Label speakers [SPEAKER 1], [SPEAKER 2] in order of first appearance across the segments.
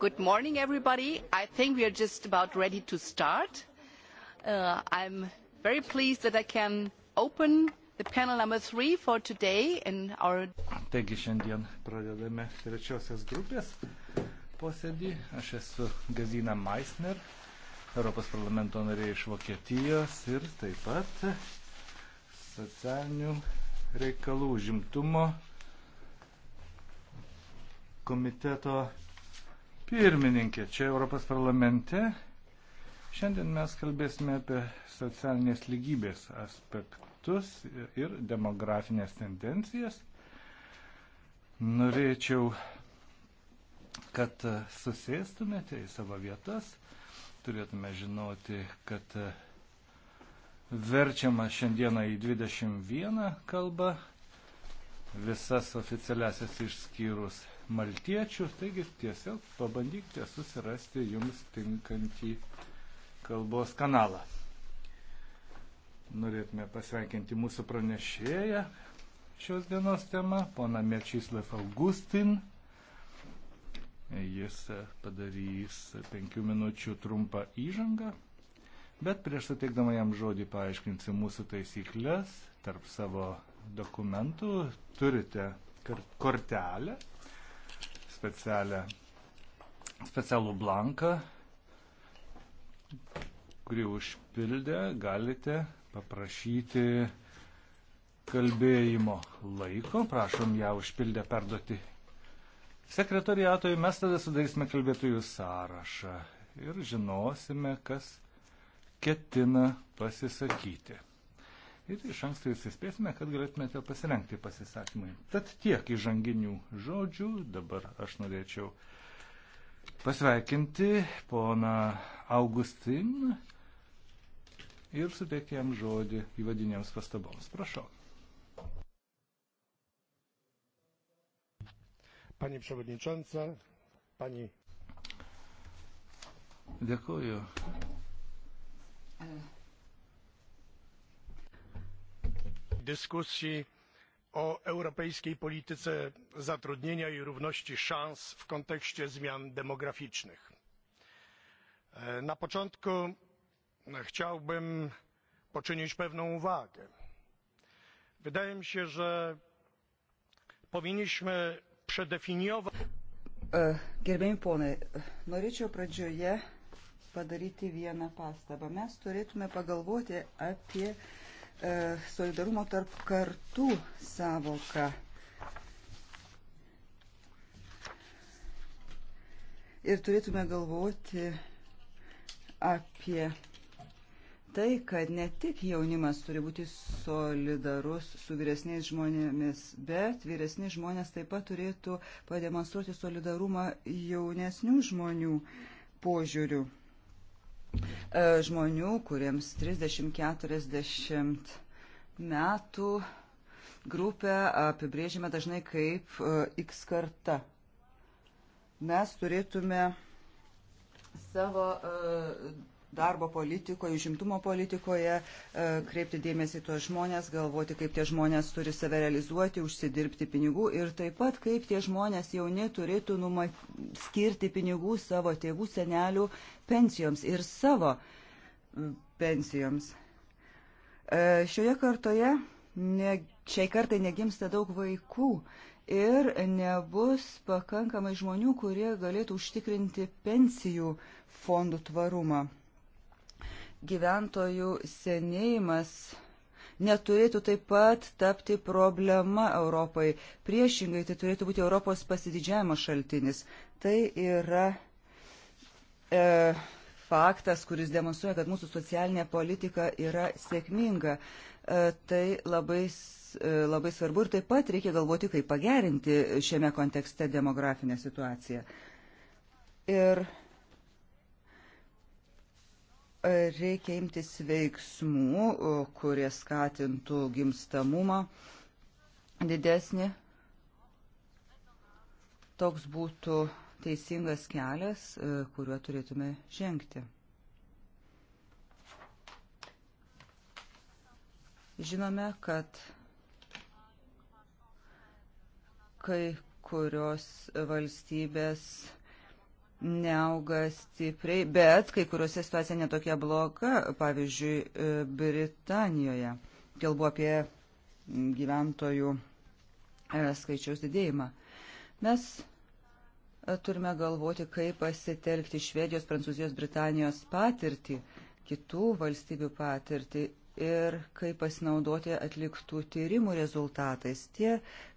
[SPEAKER 1] Good morning, everybody. I think we are just about ready to start. Uh, I'm very pleased that I can open the panel number three for today in our...
[SPEAKER 2] Taigi šiandien pradedame trečiosios grupės posėdį. Aš esu Gazina Meissner, Europos parlamento narė iš Vokietijos ir taip pat socialinių reikalų užimtumo komiteto pirmininkė, čia Europos parlamente. Šiandien mes kalbėsime apie socialinės lygybės aspektus ir demografinės tendencijas. Norėčiau, kad susėstumėte į savo vietas. Turėtume žinoti, kad verčiama šiandieną į 21 kalbą visas oficialiasias išskyrus maltiečių, taigi tiesiog pabandykite susirasti jums tinkantį kalbos kanalą. Norėtume pasveikinti mūsų pranešėją šios dienos tema, pona Mečyslav Augustin. Jis padarys penkių minučių trumpą įžangą, bet prieš suteikdama jam žodį paaiškinsiu mūsų taisyklės tarp savo dokumentų. Turite kortelę, specialią, specialų blanką, kurį užpildę galite paprašyti kalbėjimo laiko. Prašom ją užpildę perduoti sekretoriatoj. Mes tada sudarysime kalbėtojų sąrašą ir žinosime, kas ketina pasisakyti ir iš anksto jūs įspėsime, kad galėtumėte pasirengti pasisakymai. Tad tiek įžanginių žodžių, dabar aš norėčiau pasveikinti poną Augustin ir suteikti jam žodį įvadiniams pastaboms. Prašau. Pani Przewodnicząca, Pani. Dziękuję. Uh. E, dyskusji o europejskiej polityce zatrudnienia i równości szans w kontekście zmian demograficznych. E, na początku e, chciałbym poczynić pewną uwagę. wydaje mi się że powinniśmy przedefiniować
[SPEAKER 3] e, Gerbėjai ponai, norėčiau pradžioje padaryti vieną pastabą. Mes turėtume pagalvoti apie uh, E, solidarumo tarp kartų savoka. Ir turėtume galvoti apie tai, kad ne tik jaunimas turi būti solidarus su vyresniais žmonėmis, bet vyresni žmonės taip pat turėtų pademonstruoti solidarumą jaunesnių žmonių požiūrių. E, žmonių, kuriems 30-40 metų grupę apibrėžime dažnai kaip e, X karta. Mes turėtume savo e, darbo politikoje, užimtumo politikoje, e, kreipti dėmesį tuos žmonės, galvoti, kaip tie žmonės turi save realizuoti, užsidirbti pinigų ir taip pat, kaip tie žmonės jauni turėtų numat... skirti pinigų savo tėvų senelių pensijoms ir savo pensijoms. E, šioje kartoje, ne, šiai kartai negimsta daug vaikų ir nebus pakankamai žmonių, kurie galėtų užtikrinti pensijų fondų tvarumą gyventojų senėjimas neturėtų taip pat tapti problema Europai. Priešingai, tai turėtų būti Europos pasididžiavimo šaltinis. Tai yra e, faktas, kuris demonstruoja, kad mūsų socialinė politika yra sėkminga. E, tai labai, e, labai svarbu ir taip pat reikia galvoti, kaip pagerinti šiame kontekste demografinę situaciją. Ir reikia imtis veiksmų, kurie skatintų gimstamumą didesnį. Toks būtų teisingas kelias, e, kuriuo turėtume žengti. Žinome, kad kai kurios valstybės neauga stipriai, bet kai kuriuose situacija netokia bloga, pavyzdžiui, e, Britanijoje. Kalbu apie gyventojų e, skaičiaus didėjimą. Mes e, turime galvoti, kaip pasitelkti Švedijos, Prancūzijos, Britanijos patirtį, kitų valstybių patirtį ir kaip pasinaudoti atliktų tyrimų rezultatais. Tie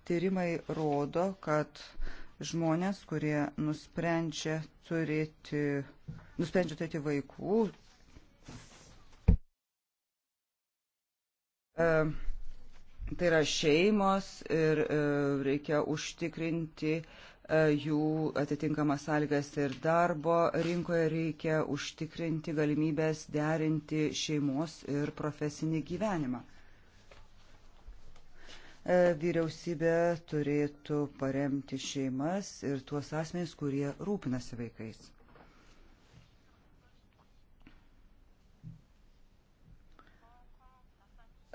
[SPEAKER 3] tyrimai rodo, kad uh, žmonės, kurie nusprendžia turėti, nusprendžia turėti vaikų. E, tai yra šeimos ir e, reikia užtikrinti e, jų atitinkamas sąlygas ir darbo rinkoje reikia užtikrinti galimybės derinti šeimos ir profesinį gyvenimą. E, vyriausybė turėtų paremti šeimas ir tuos asmenys, kurie rūpinasi vaikais.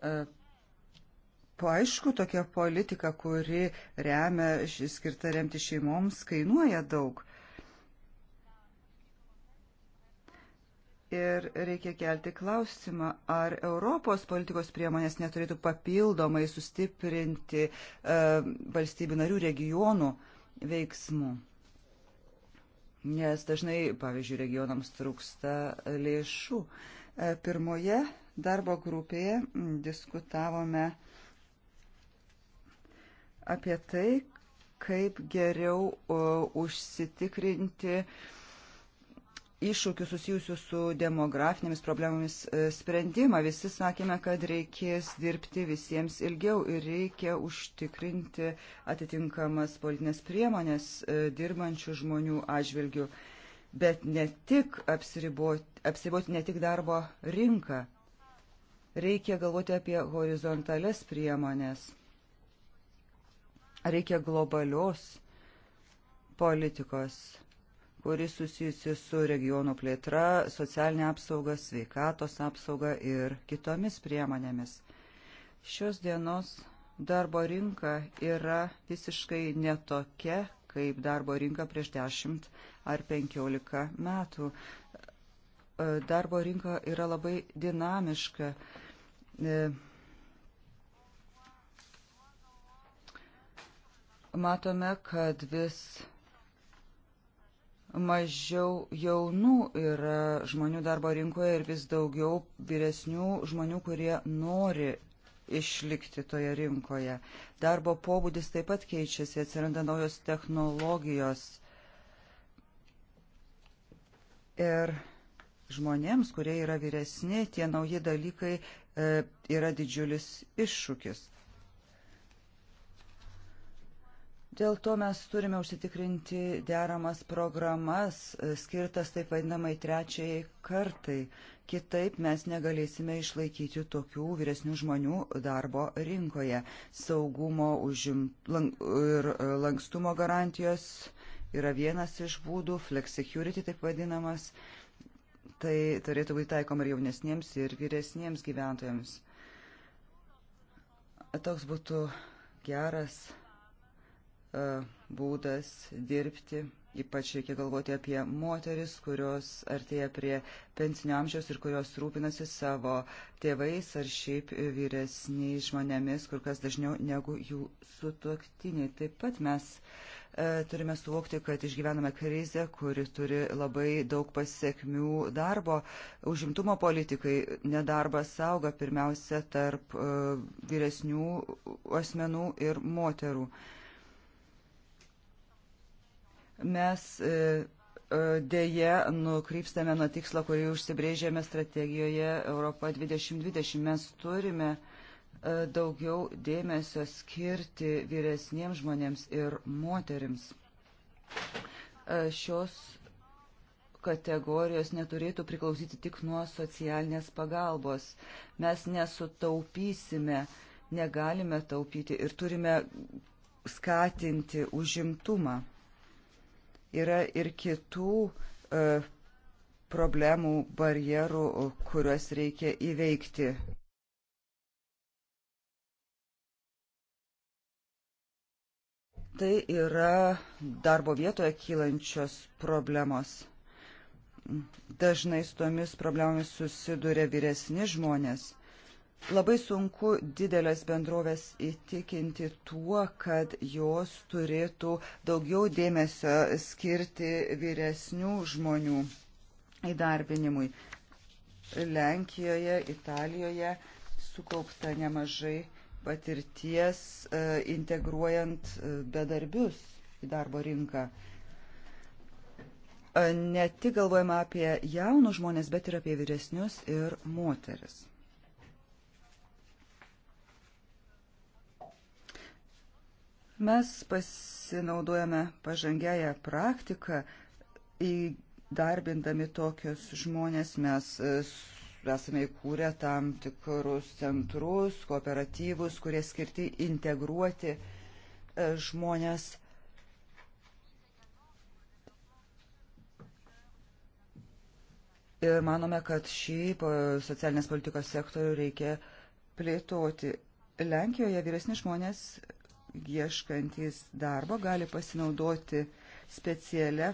[SPEAKER 3] E, po aišku, tokia politika, kuri remia, skirta remti šeimoms, kainuoja daug. Ir reikia kelti klausimą, ar Europos politikos priemonės neturėtų papildomai sustiprinti e, valstybių narių regionų veiksmų. Nes dažnai, pavyzdžiui, regionams trūksta lėšų. E, pirmoje darbo grupėje diskutavome apie tai, kaip geriau o, e, užsitikrinti uh, iššūkių susijusių su demografinėmis problemomis e, sprendimą. Visi sakėme, kad reikės dirbti visiems ilgiau ir reikia užtikrinti atitinkamas politinės priemonės e, dirbančių žmonių atžvilgių, bet ne tik apsiriboti, apsiriboti ne tik darbo rinką. Reikia galvoti apie horizontales priemonės. Reikia globalios politikos kuris susijusi su regionų plėtra, socialinė apsauga, sveikatos apsauga ir kitomis priemonėmis. Šios dienos darbo rinka yra visiškai netokia, kaip darbo rinka prieš 10 ar 15 metų. E, darbo rinka yra labai dinamiška. E, matome, kad vis mažiau jaunų yra žmonių darbo rinkoje ir vis daugiau vyresnių žmonių, kurie nori išlikti toje rinkoje. Darbo pobūdis taip pat keičiasi, atsiranda naujos technologijos. Ir žmonėms, kurie yra vyresni, tie nauji dalykai e, yra didžiulis iššūkis. Dėl to mes turime užsitikrinti deramas programas e, skirtas taip vadinamai trečiajai kartai. Kitaip mes negalėsime išlaikyti tokių vyresnių žmonių darbo rinkoje. Saugumo užim, lank, ir e, lankstumo garantijos yra vienas iš būdų, flex security taip vadinamas. Tai turėtų būti taikoma ir jaunesniems, ir vyresniems gyventojams. Toks būtų geras E, būdas dirbti. Ypač reikia galvoti apie moteris, kurios artėja prie pensinio amžiaus ir kurios rūpinasi savo tėvais ar šiaip vyresniais žmonėmis, kur kas dažniau negu jų sutuoktiniai. Taip pat mes e, turime suvokti, kad išgyvename krizę, kuri turi labai daug pasiekmių darbo. Užimtumo politikai nedarbas auga pirmiausia tarp e, vyresnių asmenų ir moterų. E, Mes e, e, dėje nukrypstame nuo tikslo, kurį užsibrėžėme strategijoje Europa 2020. Mes turime e, daugiau dėmesio skirti vyresniems žmonėms ir moterims. Šios kategorijos neturėtų priklausyti tik nuo socialinės pagalbos. Mes nesutaupysime, negalime taupyti ir turime skatinti užimtumą. Yra ir kitų e, problemų, barjerų, kuriuos reikia įveikti. Tai yra darbo vietoje kylančios problemos. Dažnai su tomis problemomis susiduria vyresni žmonės Labai sunku didelės bendrovės įtikinti tuo, kad jos turėtų daugiau dėmesio skirti vyresnių žmonių įdarbinimui. Lenkijoje, Italijoje sukaupta nemažai patirties e, integruojant e, bedarbius į darbo rinką. E, ne tik galvojama apie jaunus žmonės, bet ir apie vyresnius ir moteris. Mes pasinaudojame pažangiają praktiką, įdarbindami tokius žmonės mes e, esame įkūrę tam tikrus centrus, kooperatyvus, kurie skirti integruoti e, žmonės. Ir manome, kad šį socialinės politikos sektorių reikia plėtoti. Lenkijoje vyresni žmonės ieškantis darbo gali pasinaudoti specialią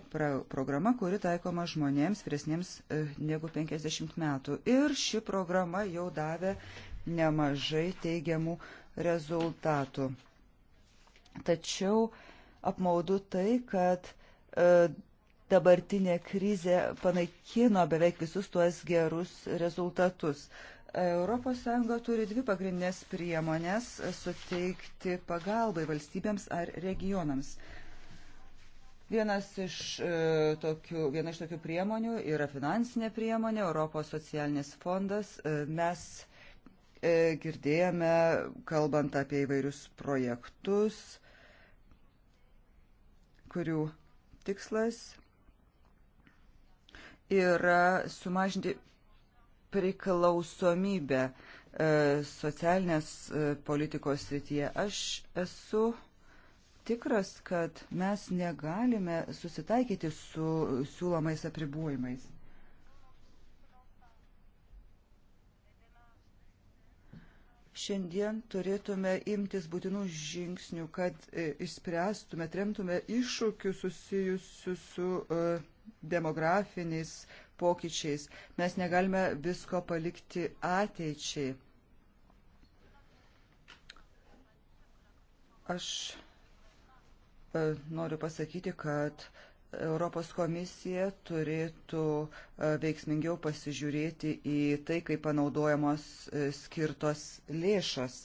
[SPEAKER 3] programą, kuri taikoma žmonėms vyresniems e, negu 50 metų. Ir ši programa jau davė nemažai teigiamų rezultatų. Tačiau apmaudu tai, kad e, dabartinė krizė panaikino beveik visus tuos gerus rezultatus. ES turi dvi pagrindinės priemonės suteikti pagalbai valstybėms ar regionams. Vienas iš, e, tokių, viena iš tokių priemonių yra finansinė priemonė, Europos socialinis fondas. E, mes e, girdėjome, kalbant apie įvairius projektus, kurių tikslas yra sumažinti priklausomybę e, socialinės e, politikos srityje. Aš esu tikras, kad mes negalime susitaikyti su siūlomais apribuojimais. Šiandien turėtume imtis būtinų žingsnių, kad e, išspręstume, tremtume iššūkius susijusius su demografiniais uh, pokyčiais. Mes negalime visko palikti ateičiai. Aš e, noriu pasakyti, kad Europos komisija turėtų e, veiksmingiau pasižiūrėti į tai, kaip panaudojamos e, skirtos lėšos.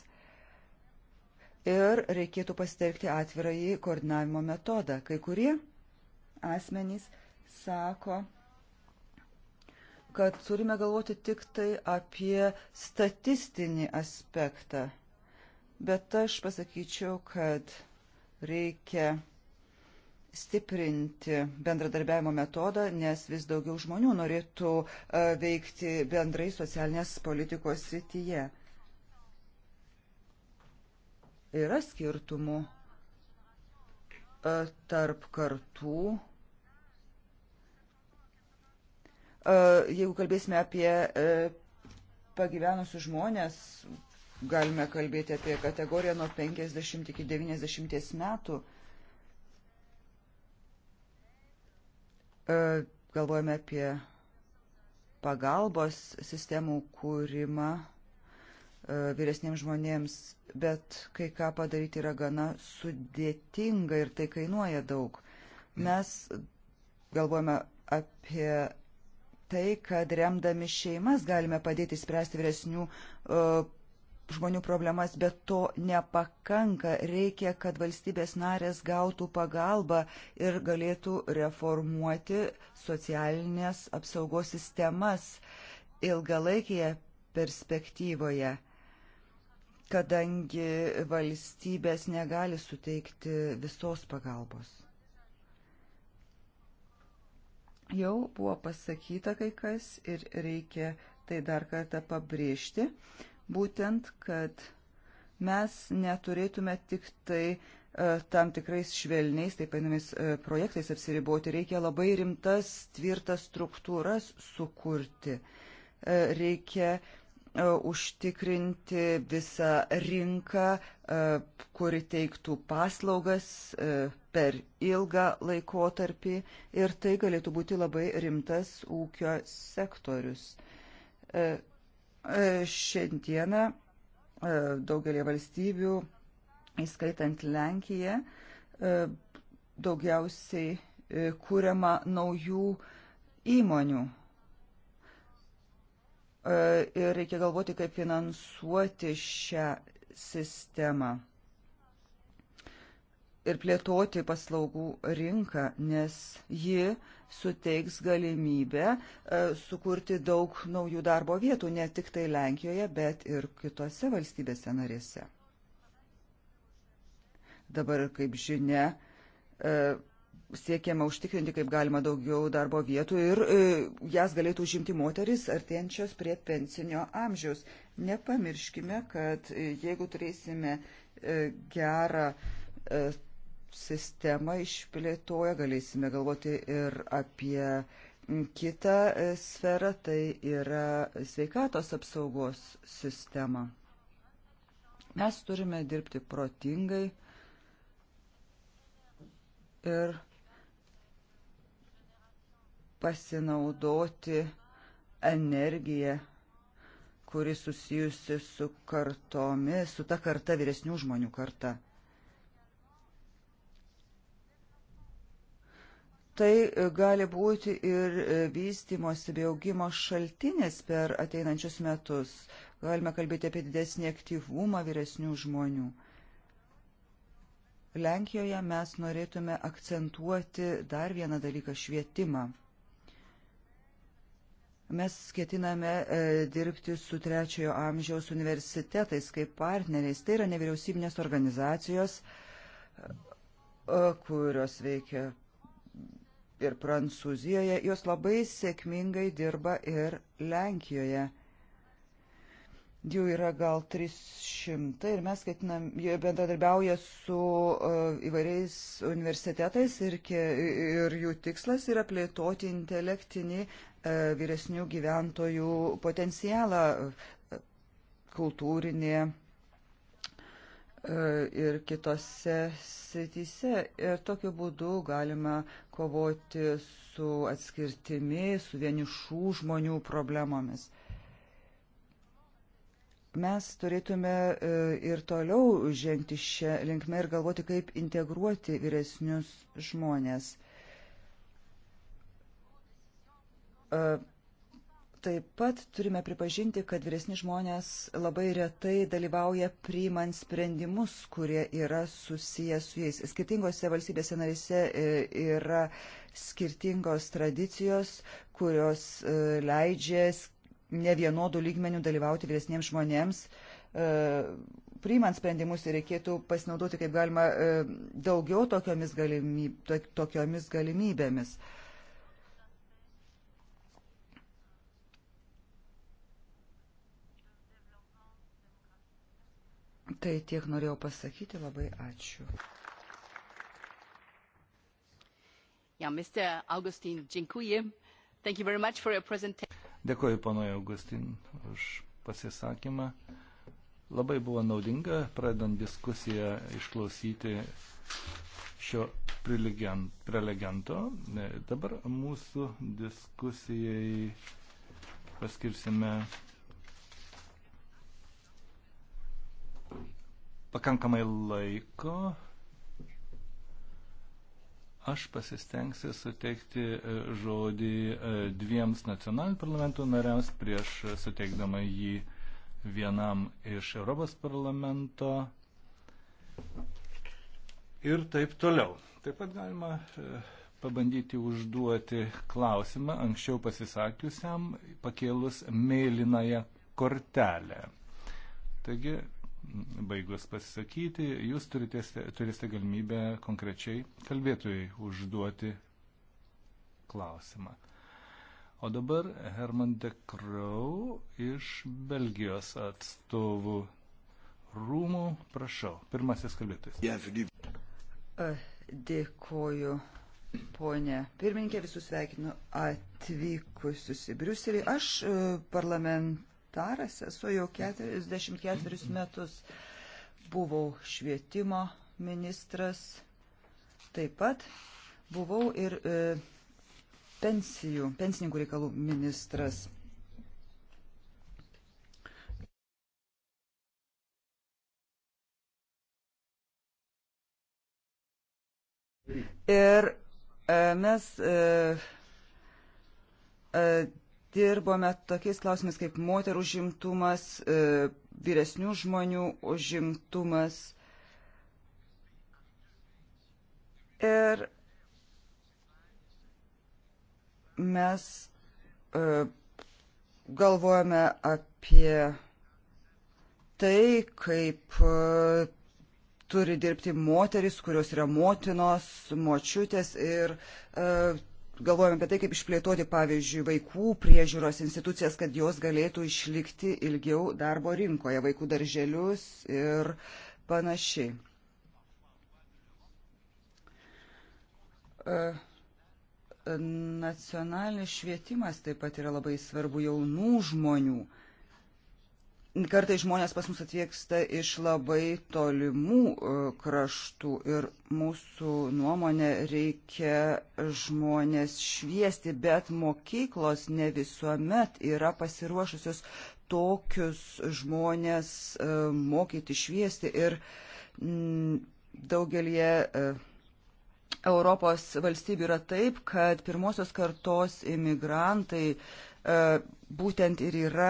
[SPEAKER 3] Ir reikėtų pasitelkti atvirąjį koordinavimo metodą. Kai kurie asmenys sako, kad turime galvoti tik tai apie statistinį aspektą. Bet aš pasakyčiau, kad reikia stiprinti bendradarbiavimo metodą, nes vis daugiau žmonių norėtų e, veikti bendrai socialinės politikos srityje. Yra skirtumų e, tarp kartų E, jeigu kalbėsime apie e, pagyvenusius žmonės, galime kalbėti apie kategoriją nuo 50 iki 90 metų. E, galvojame apie pagalbos sistemų kūrimą vyresniems žmonėms, bet kai ką padaryti yra gana sudėtinga ir tai kainuoja daug. Mes galvojame apie tai, kad remdami šeimas galime padėti spręsti vyresnių uh, žmonių problemas, bet to nepakanka. Reikia, kad valstybės narės gautų pagalbą ir galėtų reformuoti socialinės apsaugos sistemas ilgalaikėje perspektyvoje, kadangi valstybės negali suteikti visos pagalbos. Jau buvo pasakyta kai kas ir reikia tai dar kartą pabrėžti, būtent, kad mes neturėtume tik tai e, tam tikrais švelniais, taip vadinamais e, projektais apsiriboti, reikia labai rimtas, tvirtas struktūras sukurti. E, reikia užtikrinti visą rinką, kuri teiktų paslaugas, per ilgą laikotarpį ir tai galėtų būti labai rimtas ūkio sektorius. E, e, šiandieną e, daugelį valstybių, įskaitant Lenkiją, daugiausiai kūriama naujų įmonių. Ir reikia galvoti, kaip finansuoti šią sistemą ir plėtoti paslaugų rinką, nes ji suteiks galimybę e, sukurti daug naujų darbo vietų ne tik tai Lenkijoje, bet ir kitose valstybėse narėse. Dabar, kaip žinia, e, siekiama užtikrinti kaip galima daugiau darbo vietų ir e, jas galėtų užimti moteris artėjančios prie pensinio amžiaus. Nepamirškime, kad jeigu turėsime gerą sistemą išplėtoja, galėsime galvoti ir apie kitą e, sferą, tai yra sveikatos apsaugos sistema. Mes turime dirbti protingai ir pasinaudoti energiją, kuri susijusi su kartomis, su ta karta vyresnių žmonių karta. Tai e, gali būti ir e, vystimosi bei augimo šaltinis per ateinančius metus. Galime kalbėti apie didesnį aktyvumą vyresnių žmonių. Lenkijoje mes norėtume akcentuoti dar vieną dalyką - švietimą. Mes ketiname e, dirbti su trečiojo amžiaus universitetais kaip partneriais. Tai yra nevyriausybinės organizacijos, e, kurios veikia ir Prancūzijoje, jos labai sėkmingai dirba ir Lenkijoje. Jų yra gal 300 ir mes ketinam, jie bendradarbiauja su uh, įvairiais universitetais ir, ke, ir jų tikslas yra plėtoti intelektinį uh, vyresnių gyventojų potencialą uh, kultūrinį E, ir kitose srityse. Ir tokiu būdu galima kovoti su atskirtimi, su vienišų žmonių problemomis. Mes turėtume e, ir toliau žengti šią linkmę ir galvoti, kaip integruoti vyresnius žmonės. Uh, Taip pat turime pripažinti, kad vyresni žmonės labai retai dalyvauja priimant sprendimus, kurie yra susijęs su jais. Skirtingose valstybėse narise e, yra skirtingos tradicijos, kurios e, leidžia ne vienodų lygmenių dalyvauti vyresniems žmonėms. E, priimant sprendimus reikėtų pasinaudoti kaip galima daugiau tokiomis, galimyb, tokiomis galimybėmis. galimybėmis Tai tiek norėjau pasakyti, labai ačiū.
[SPEAKER 1] Ja, Mr. Augustin, dziękuję. Thank you very much for your presentation.
[SPEAKER 2] Dėkuoju, panoje Augustin, už pasisakymą. Labai buvo naudinga, pradant diskusiją, išklausyti šio prelegento. E, dabar mūsų diskusijai paskirsime pakankamai laiko. Aš pasistengsiu suteikti e, žodį e, dviems nacionalinių parlamentų nariams prieš e, suteikdama jį vienam iš Europos parlamento ir taip toliau. Taip pat galima pabandyti užduoti klausimą anksčiau pasisakiusiam pakėlus mėlynąją kortelę. Taigi baigus pasisakyti, jūs turite, turite galimybę konkrečiai kalbėtojai užduoti klausimą. O dabar Herman de Krau iš Belgijos atstovų rūmų, prašau, pirmasis kalbėtojas.
[SPEAKER 3] Dėkoju, ponė pirmininkė, visus sveikinu atvykusius į Briuselį. Aš e, parlamentą parlamentaras esu jau 44 metus. Buvau švietimo ministras, taip pat buvau ir e, pensijų, pensininkų reikalų ministras. Ir e, mes e, e, dirbome tokiais klausimais kaip moterų užimtumas, e, vyresnių žmonių užimtumas. Ir mes e, galvojame apie tai, kaip e, turi dirbti moteris, kurios yra motinos, močiutės ir galvojame apie tai, kaip išplėtoti, pavyzdžiui, vaikų priežiūros institucijas, kad jos galėtų išlikti ilgiau darbo rinkoje, vaikų darželius ir panašiai. E, nacionalinis švietimas taip pat yra labai svarbu jaunų žmonių. Uh, Kartai žmonės pas mus atvyksta iš labai tolimų e, kraštų ir mūsų nuomonė reikia žmonės šviesti, bet mokyklos ne visuomet yra pasiruošusios tokius žmonės e, mokyti šviesti ir mm, daugelie e, Europos valstybių yra taip, kad pirmosios kartos imigrantai uh, E, būtent ir yra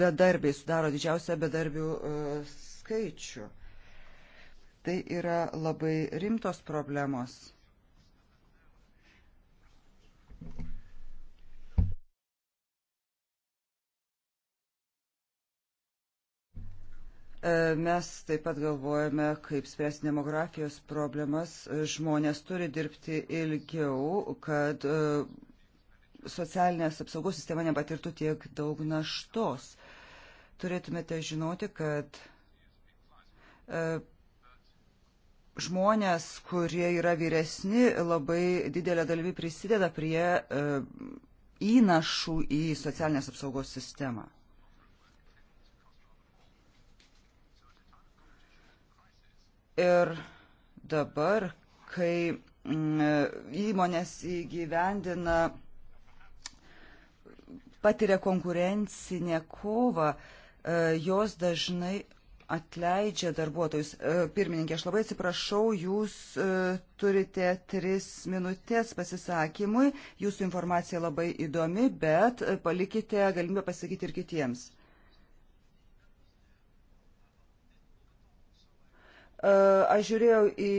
[SPEAKER 3] bedarbiai, sudaro didžiausią bedarbių e, skaičių. Tai yra labai rimtos problemos. E, mes taip pat galvojame, kaip spręsti demografijos problemas. Žmonės turi dirbti ilgiau, kad socialinės apsaugos sistema nepatirtų tiek daug naštos. Turėtumėte žinoti, kad e, žmonės, kurie yra vyresni, labai didelė dalimi prisideda prie e, įnašų į socialinės apsaugos sistemą. Ir dabar, kai mm, e, įmonės įgyvendina patiria konkurencinę kovą, e, jos dažnai atleidžia darbuotojus. E, pirmininkė, aš labai atsiprašau, jūs e, turite tris minutės pasisakymui. Jūsų informacija labai įdomi, bet palikite galimybę pasakyti ir kitiems. Aš žiūrėjau į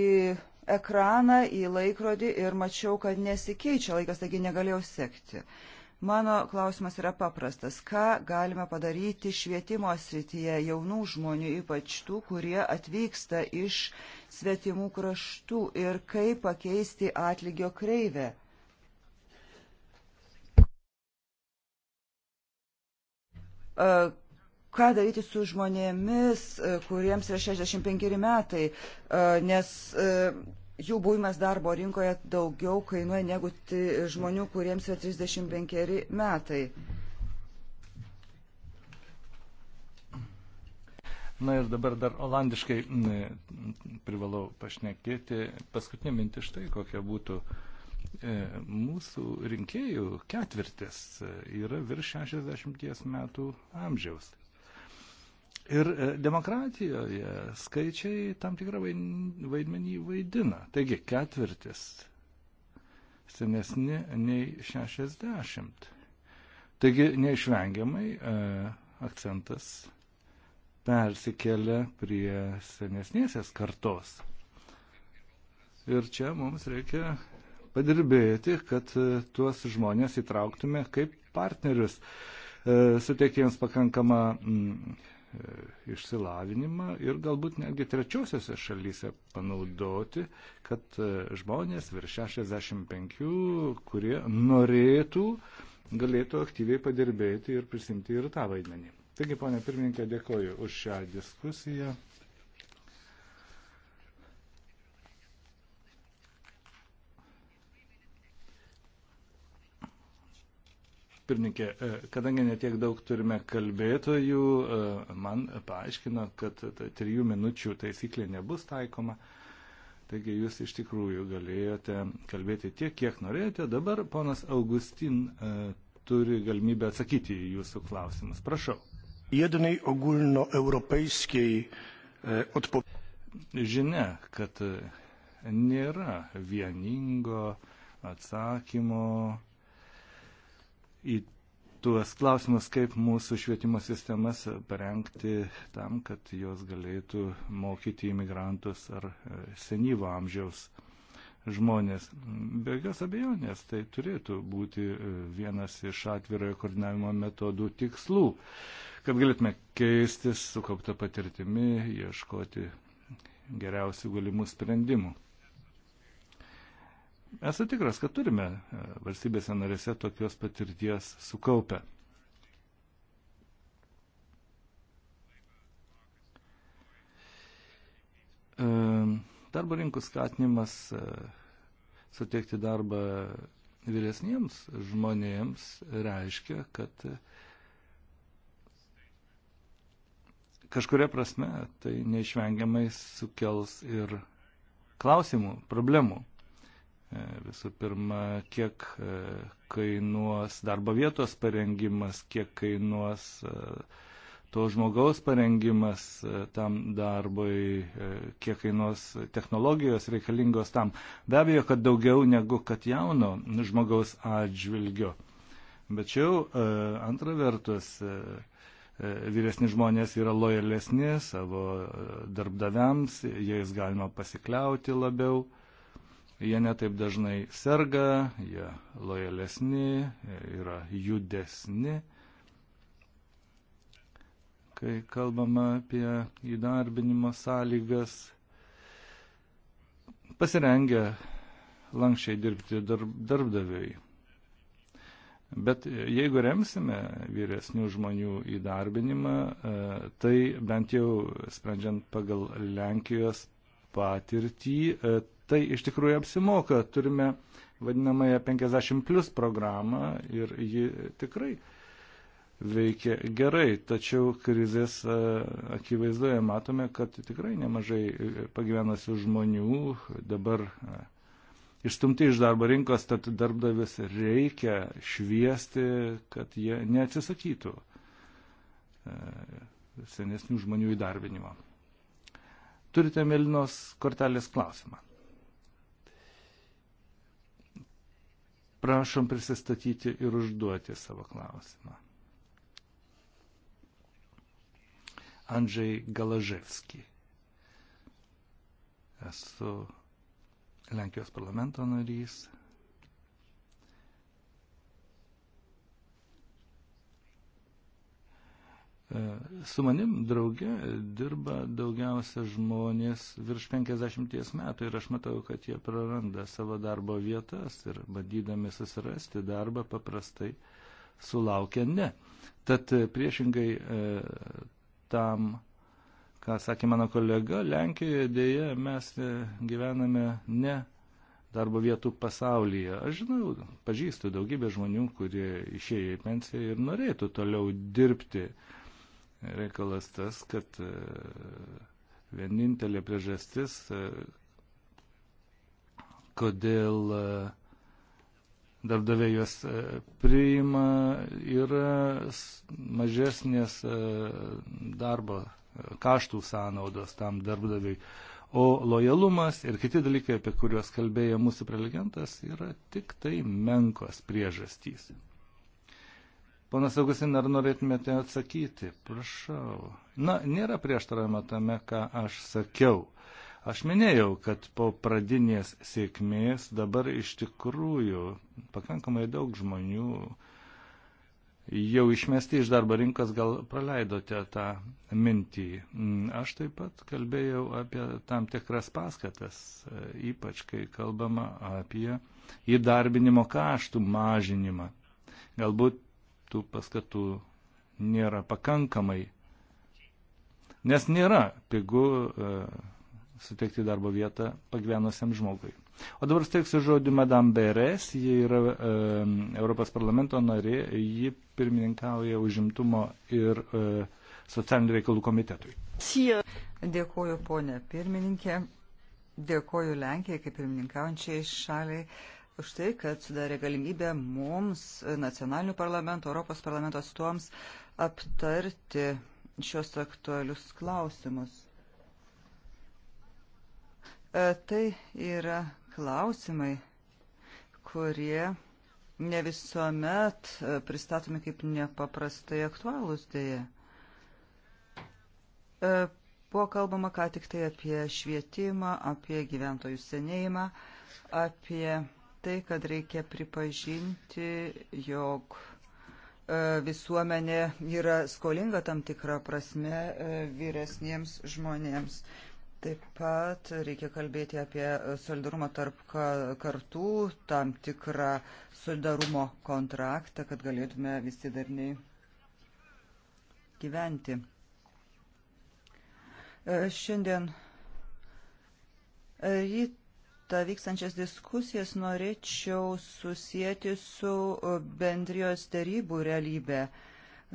[SPEAKER 3] ekraną, į laikrodį ir mačiau, kad nesikeičia laikas, taigi negalėjau sekti. Uh, Mano klausimas yra paprastas. Ką galime padaryti švietimo srityje jaunų žmonių, ypač tų, kurie atvyksta iš svetimų kraštų ir kaip pakeisti atlygio kreivę? E, ką daryti su žmonėmis, e, kuriems yra 65 metai, e, nes jų buvimas darbo rinkoje daugiau kainuoja negu žmonių, kuriems yra 35 metai.
[SPEAKER 2] Na ir dabar dar olandiškai privalau pašnekėti. Paskutinė mintis štai, kokia būtų e, mūsų rinkėjų ketvirtis e, yra virš 60 metų amžiaus. Ir e, demokratijoje skaičiai tam tikrą vaidmenį vaidina. Taigi ketvirtis senesni nei 60. Taigi neišvengiamai e, akcentas persikelia prie senesnėsės kartos. Ir čia mums reikia padirbėti, kad e, tuos žmonės įtrauktume kaip partnerius, suteikti jiems pakankamą mm, E, išsilavinimą ir galbūt netgi trečiosiose šalyse panaudoti, kad e, žmonės virš 65, kurie norėtų, galėtų aktyviai padirbėti ir prisimti ir tą vaidmenį. Taigi, ponė pirmininkė, dėkoju už šią diskusiją. Pirmininkė, e, kadangi netiek daug turime kalbėtojų, e, man paaiškino, kad trijų minučių taisyklė nebus taikoma. Taigi jūs iš tikrųjų galėjote kalbėti tiek, kiek norėjote. Dabar ponas Augustin e, turi galimybę atsakyti į jūsų klausimus. Prašau. Jednej ogólnoeuropejskiej odpowiedzi. Žinia, kad nėra vieningo atsakymo į tuos klausimus, kaip mūsų švietimo sistemas parengti tam, kad jos galėtų mokyti imigrantus ar e, senyvo amžiaus žmonės. Be jokios abejonės, tai turėtų būti e, vienas iš atvirojo koordinavimo metodų tikslų, kad galėtume keistis sukauptą patirtimi, ieškoti geriausių galimų sprendimų. Esu tikras, kad turime e, valstybėse narėse tokios patirties sukaupę. E, darbo rinkų skatinimas e, suteikti darbą vyresniems žmonėms reiškia, kad kažkuria prasme tai neišvengiamai sukels ir klausimų, problemų. E, visų pirma, kiek e, kainuos darbo vietos parengimas, kiek kainuos e, to žmogaus parengimas tam darbui, kiek kainuos technologijos reikalingos tam. Be abejo, kad daugiau negu kad jauno žmogaus atžvilgio. Bet čia jau antra vertus vyresni žmonės yra lojalesni savo darbdaviams, jais galima pasikliauti labiau. Jie netaip dažnai serga, jie lojalesni, yra judesni. Kai kalbama apie įdarbinimo sąlygas, pasirengę lankščiai dirbti darbdaviui. Bet jeigu remsime vyresnių žmonių įdarbinimą, e, tai bent jau sprendžiant pagal Lenkijos patirtį, e, tai iš tikrųjų apsimoka. Turime vadinamąją 50 plus programą ir ji tikrai veikia gerai, tačiau krizės e, akivaizdoje matome, kad tikrai nemažai e, pagyvenusių žmonių dabar e, išstumti iš darbo rinkos, tad darbdavis reikia šviesti, kad jie neatsisakytų senesnių žmonių įdarbinimo. Turite Melinos kortelės klausimą. Prašom prisistatyti ir užduoti savo klausimą. Andžiai Galaževski. Esu Lenkijos parlamento narys, E, su manim drauge dirba daugiausia žmonės virš 50 metų ir aš matau, kad jie praranda savo darbo vietas ir bandydami susirasti darbą paprastai sulaukia ne. Tad e, priešingai e, tam, ką sakė mano kolega, Lenkijoje dėje mes e, gyvename ne darbo vietų pasaulyje. Aš žinau, pažįstu daugybę žmonių, kurie išėjo į pensiją ir norėtų toliau dirbti. E, reikalas tas, kad e, vienintelė priežastis, e, kodėl e, darbdaviai juos priima, yra mažesnės darbo kaštų sąnaudos tam darbdaviai. O lojalumas ir kiti dalykai, apie kuriuos kalbėjo mūsų prelegentas, yra tik tai menkos priežastys. Ponas Augustin, ar norėtumėte atsakyti? Prašau. Na, nėra prieštaravimo tame, ką aš sakiau. Aš minėjau, kad po pradinės sėkmės dabar iš tikrųjų pakankamai daug žmonių jau išmesti iš darbo rinkos, gal praleidote tą mintį. Aš taip pat kalbėjau apie tam tikras paskatas, ypač kai kalbama apie įdarbinimo kaštų mažinimą. Galbūt tų paskatų nėra pakankamai, nes nėra pigu e, suteikti darbo vietą pagyvenusiam žmogui. O dabar steiksiu žodį Madame Beres, ji yra e, Europos parlamento narė, ji pirmininkauja užimtumo ir e, socialinių reikalų komitetui.
[SPEAKER 3] Dėkuoju, ponė pirmininkė, dėkuoju Lenkijai kaip pirmininkaujančiai šaliai už tai, kad sudarė galimybę mums, nacionalinių parlamentų, Europos parlamento atstovams, aptarti šios aktualius klausimus. E, tai yra klausimai, kurie ne visuomet e, pristatomi kaip nepaprastai aktualūs dėje. Buvo kalbama ką tik tai apie švietimą, apie gyventojų senėjimą, apie tai, kad reikia pripažinti, jog e, visuomenė yra skolinga tam tikrą prasme e, vyresniems žmonėms. Taip pat reikia kalbėti apie solidarumą tarp kartų, tam tikrą solidarumo kontraktą, kad galėtume visi darniai gyventi. E, šiandien ryt tą vykstančias diskusijas norėčiau susijęti su e, bendrijos darybų realybė.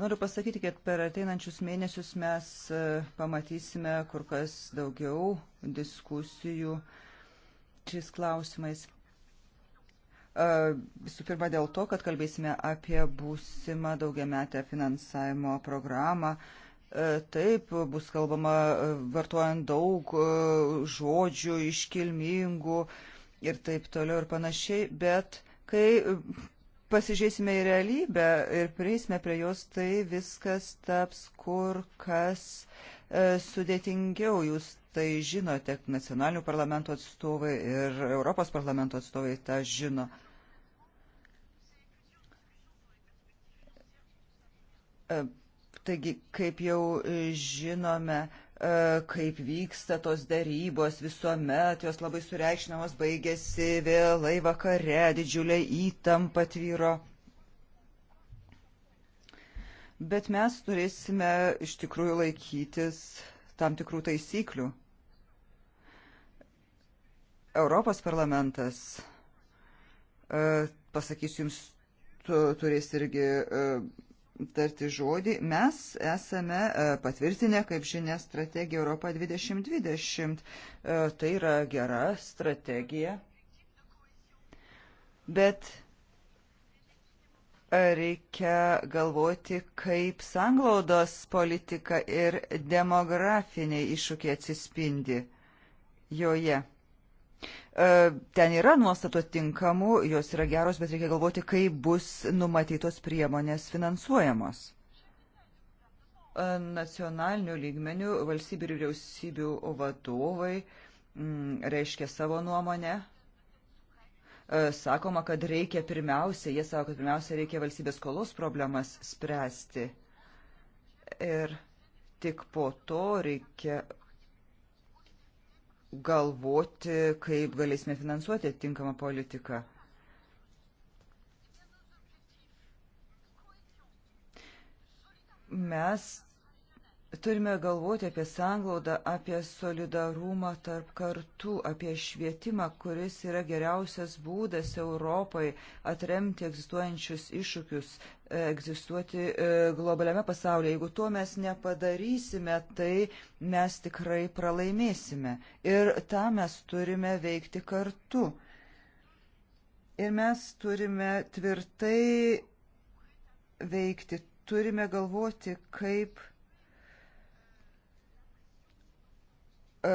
[SPEAKER 3] Noriu pasakyti, kad per ateinančius mėnesius mes e, pamatysime kur kas daugiau diskusijų šiais klausimais. E, visų pirma dėl to, kad kalbėsime apie būsimą daugiametę finansavimo programą, E, taip, bus kalbama e, vartojant daug e, žodžių, iškilmingų ir taip toliau ir panašiai, bet kai pasižiūrėsime į realybę ir prieisime prie jos, tai viskas taps kur kas sudėtingiau. Jūs tai žinote, nacionalinių parlamento atstovai ir Europos parlamento atstovai tą žino. E, Taigi, kaip jau e, žinome, e, kaip vyksta tos darybos visuomet, jos labai sureikšinamos, baigėsi vėlai vakare, didžiulė įtampa tvyro. Bet mes turėsime iš tikrųjų laikytis tam tikrų taisyklių. Europos parlamentas, e, pasakysiu jums, turės irgi tarti žodį. Mes esame e, patvirtinę, kaip žinia, strategiją Europą 2020. E, tai yra gera strategija. Bet e, reikia galvoti, kaip sanglaudos politika ir demografiniai iššūkiai atsispindi joje. E, ten yra nuostato tinkamų, jos yra geros, bet reikia galvoti, kaip bus numatytos priemonės finansuojamos. E, nacionalinių lygmenių valstybių ir vyriausybių vadovai mm, reiškia savo nuomonę, e, sakoma, kad reikia pirmiausia, jie sako, kad pirmiausia reikia valstybės skolos problemas spręsti. Ir tik po to reikia galvoti, kaip galėsime finansuoti atitinkamą politiką. Mes Turime galvoti apie sanglaudą, apie solidarumą tarp kartų, apie švietimą, kuris yra geriausias būdas Europai atremti egzistuojančius iššūkius, e, egzistuoti e, globaliame pasaulyje. Jeigu to mes nepadarysime, tai mes tikrai pralaimėsime. Ir tą mes turime veikti kartu. Ir mes turime tvirtai veikti, turime galvoti, kaip E,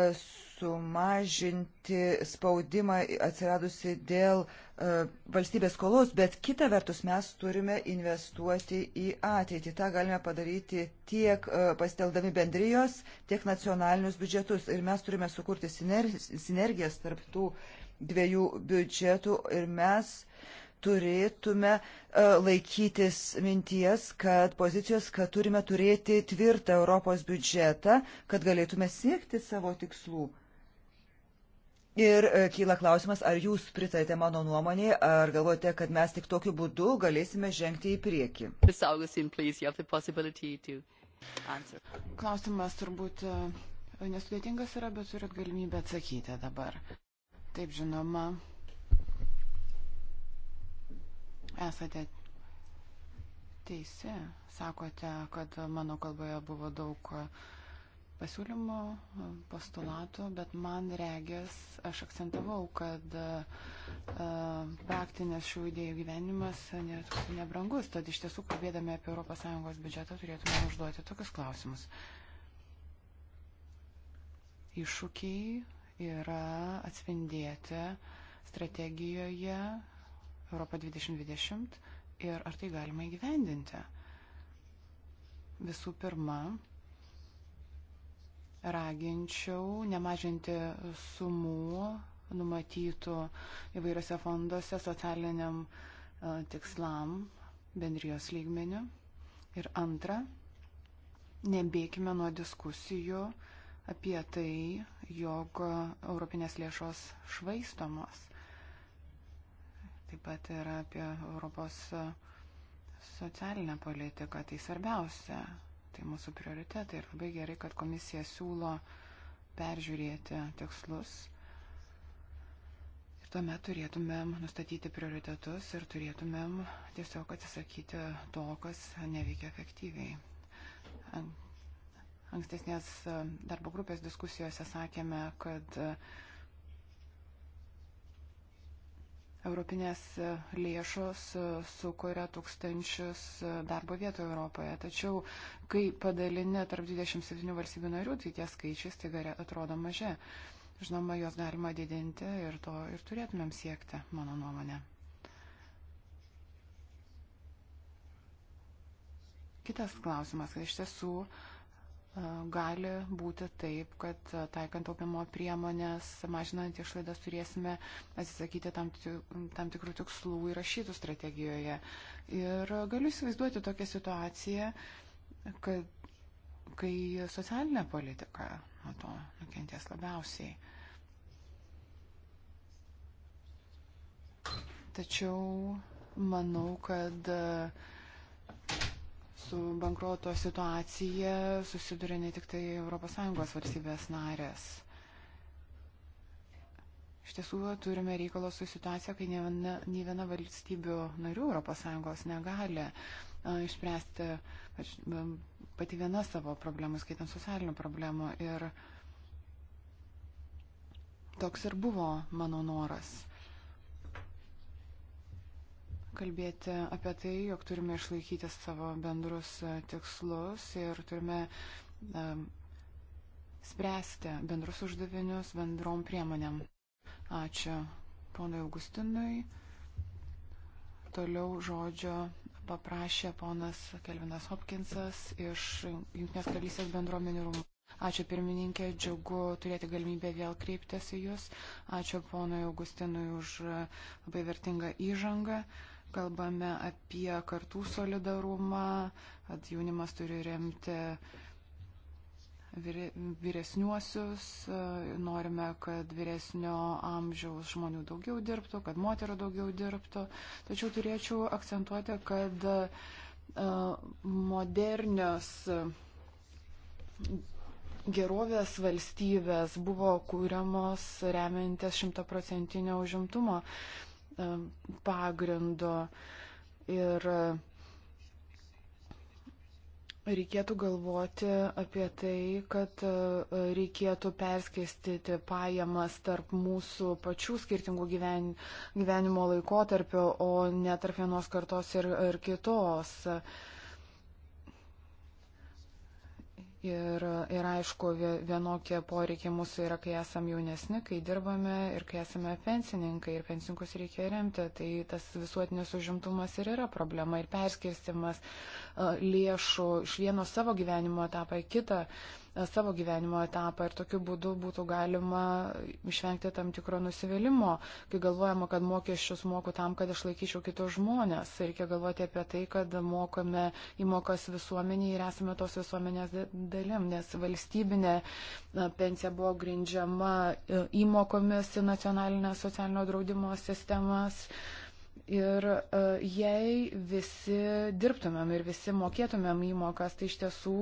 [SPEAKER 3] sumažinti spaudimą atsiradusi dėl e, valstybės skolos, bet kita vertus mes turime investuoti į ateitį. Ta galime padaryti tiek e, pasteldami bendrijos, tiek nacionalinius biudžetus. Ir mes turime sukurti sinergijas tarp tų dviejų biudžetų ir mes turėtume e, laikytis minties, kad pozicijos, kad turime turėti tvirtą Europos biudžetą, kad galėtume siekti savo tikslų. Ir e, kyla klausimas, ar jūs pritarėte mano nuomonėje, ar galvojate, kad mes tik tokiu būdu galėsime žengti į priekį.
[SPEAKER 1] Klausimas turbūt e, nesudėtingas yra, bet turit galimybę atsakyti dabar. Taip žinoma, Esate teisi, sakote, kad mano kalboje buvo daug pasiūlymų, postulatų, bet man regės, aš akcentavau, kad e, praktinės šių idėjų gyvenimas nėra toks nebrangus, tad iš tiesų, kalbėdami apie ES biudžetą, turėtume užduoti tokius klausimus. Iššūkiai yra atspindėti strategijoje Europą 2020 ir ar tai galima įgyvendinti. Visų pirma, raginčiau nemažinti sumų numatytų įvairiose fonduose socialiniam e, tikslam bendrijos lygmeniu. Ir antra, nebėkime nuo diskusijų apie tai, jog europinės lėšos švaistomos taip pat ir apie Europos socialinę politiką. Tai svarbiausia, tai mūsų prioritetai ir labai gerai, kad komisija siūlo peržiūrėti tikslus. Ir tuomet turėtumėm nustatyti prioritetus ir turėtumėm tiesiog atsisakyti to, kas neveikia efektyviai. Ankstesnės darbo grupės diskusijose sakėme, kad Europinės lėšos sukuria tūkstančius darbo vietų Europoje. Tačiau, kai padalinė tarp 27 valstybių narių, tai tie skaičiai staiga atrodo mažia. Žinoma, juos galima didinti ir to ir turėtumėm siekti, mano nuomonė. Kitas klausimas, kad iš tiesų uh, gali būti taip, kad taikant taupimo priemonės, mažinant išlaidas, turėsime atsisakyti tam, tam tikrų tikslų įrašytų strategijoje. Ir galiu įsivaizduoti tokią situaciją, kad kai socialinė politika nuo to nukentės labiausiai. Tačiau manau, kad uh, su bankruoto situacija susiduria ne tik tai ES valstybės narės. Iš tiesų turime reikalo su situacija, kai nei viena, nei viena valstybių narių ES negali a, išspręsti pač, pati viena savo problemų, skaitant socialinių problemų. Ir toks ir buvo mano noras kalbėti apie tai, jog turime išlaikyti savo bendrus e, tikslus ir turime um, spręsti bendrus uždavinius bendrom priemonėm. Ačiū ponui Augustinui. Toliau žodžio paprašė ponas Kelvinas Hopkinsas iš Junktinės karalystės bendruomenių rūmų. Ačiū pirmininkė, džiugu turėti galimybę vėl kreiptis į Jūs. Ačiū ponui Augustinui už e, labai vertingą įžangą. Uh, kalbame apie kartų solidarumą, kad jaunimas turi remti vyresniuosius, norime, kad vyresnio amžiaus žmonių daugiau dirbtų, kad moterų daugiau dirbtų. Tačiau turėčiau akcentuoti, kad e, modernios gerovės valstybės buvo kūriamos remiantis šimtaprocentinio užimtumo pagrindo. Ir Reikėtų galvoti apie tai, kad reikėtų perskirstyti pajamas tarp mūsų pačių skirtingų gyven, gyvenimo laikotarpio, o ne tarp vienos kartos ir, ir kitos. Uh, Ir, ir aišku, vienokie poreikiai mūsų yra, kai esame jaunesni, kai dirbame ir kai esame pensininkai ir pensininkus reikia remti. Tai tas visuotinis užimtumas ir yra problema ir perskirstimas lėšų iš vieno savo gyvenimo etapą į kitą savo gyvenimo etapą ir tokiu būdu būtų galima išvengti tam tikro nusivylimo, kai galvojama, kad mokesčius moku tam, kad išlaikyčiau kitus žmonės. Reikia galvoti apie tai, kad mokame įmokas visuomeniai ir esame tos visuomenės dalim, nes valstybinė pensija buvo grindžiama e, įmokomis į nacionalinę socialinio draudimo sistemas. Uh, Ir e, jei visi dirbtumėm ir visi mokėtumėm įmokas, tai iš tiesų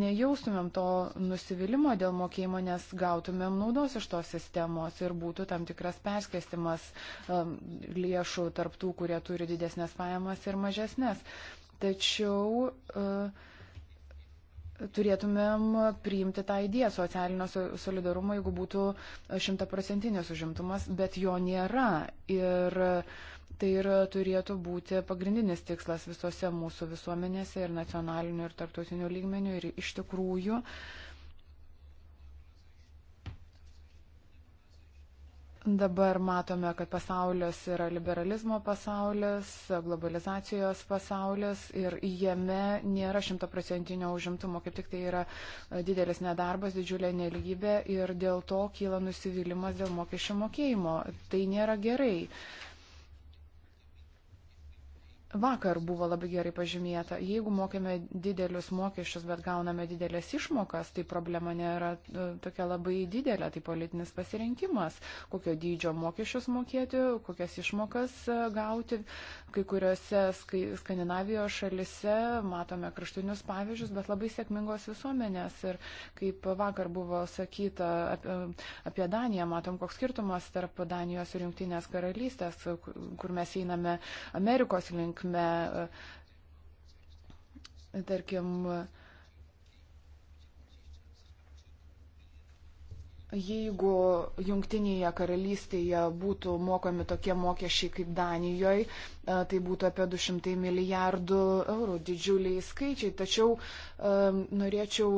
[SPEAKER 1] nejaustumėm to nusivylimą dėl mokėjimo, nes gautumėm naudos iš tos sistemos ir būtų tam tikras perskestimas e, lėšų tarptų, kurie turi didesnės pajamas ir mažesnės. Tačiau e, turėtumėm priimti tą idėją socialinio solidarumo, jeigu būtų šimtaprocentinis užimtumas, bet jo nėra. Ir uh, Tai ir turėtų būti pagrindinis tikslas visose mūsų visuomenėse ir nacionaliniu ir tarptautiniu lygmeniu. Ir iš tikrųjų dabar matome, kad pasaulis yra liberalizmo pasaulis, globalizacijos pasaulis ir jame nėra šimtaprocentinio užimtumo, kaip tik tai yra didelis nedarbas, didžiulė neligybė ir dėl to kyla nusivylimas dėl mokesčių mokėjimo. Tai nėra gerai. Uh, vakar buvo labai gerai pažymėta, jeigu mokėme didelius mokesčius, bet gauname didelės išmokas, tai problema nėra e, tokia labai didelė, tai politinis pasirinkimas, kokio dydžio mokesčius mokėti, kokias išmokas e, gauti. Kai kuriuose Skandinavijos šalise matome kraštinius pavyzdžius, bet labai sėkmingos visuomenės. Ir kaip vakar buvo sakyta e, apie Daniją, matom, koks skirtumas tarp Danijos ir Junktinės karalystės, kur mes einame Amerikos link linkme, e, tarkim, Jeigu jungtinėje karalystėje būtų mokami tokie mokesčiai kaip Danijoje, tai būtų apie 200 milijardų eurų didžiuliai skaičiai. Tačiau um, norėčiau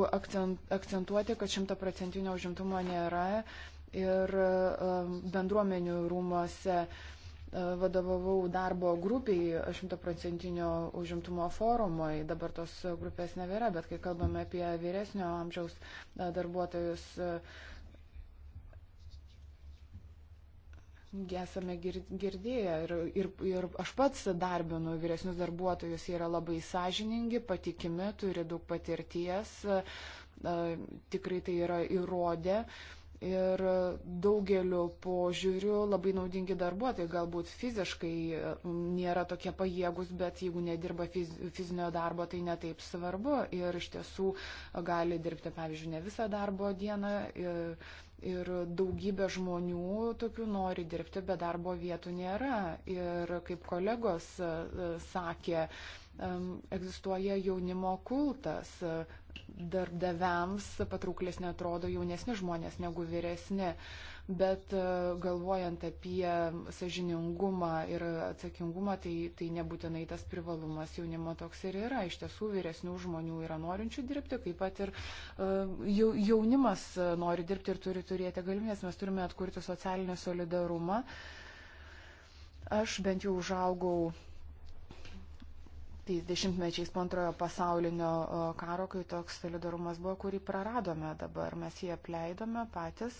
[SPEAKER 1] akcentuoti, kad šimtaprocentinio užimtumo nėra ir um, bendruomenių rūmose. Um, E, vadovavau darbo grupiai šimtaprocentinio užimtumo forumui, dabar tos grupės nebėra, bet kai kalbame apie vyresnio amžiaus e, darbuotojus, e, esame girdėję ir, ir, ir aš pats darbinu vyresnius darbuotojus, jie yra labai sąžiningi, patikimi, turi daug patirties, tikrai tai yra įrodę ir daugeliu požiūrių labai naudingi darbuotojai, galbūt fiziškai e, nėra tokie pajėgus, bet jeigu nedirba fiz, fizinio darbo, tai netaip svarbu ir iš tiesų e, gali dirbti, pavyzdžiui, ne visą darbo dieną. Ir, e, ir daugybė žmonių tokių nori dirbti, bet darbo vietų nėra. Ir kaip kolegos sakė, egzistuoja jaunimo kultas. Darbdaviams patrauklesnė atrodo jaunesni žmonės negu vyresni, bet e, galvojant apie sažiningumą ir atsakingumą, tai, tai nebūtinai tas privalumas jaunimo toks ir yra. Iš tiesų vyresnių žmonių yra norinčių dirbti, kaip pat ir e, jaunimas e, nori dirbti ir turi turėti galimybės. Mes turime atkurti socialinį solidarumą. Aš bent jau užaugau tais dešimtmečiais po antrojo pasaulinio karo, kai toks solidarumas buvo, kurį praradome dabar, mes jį apleidome patys.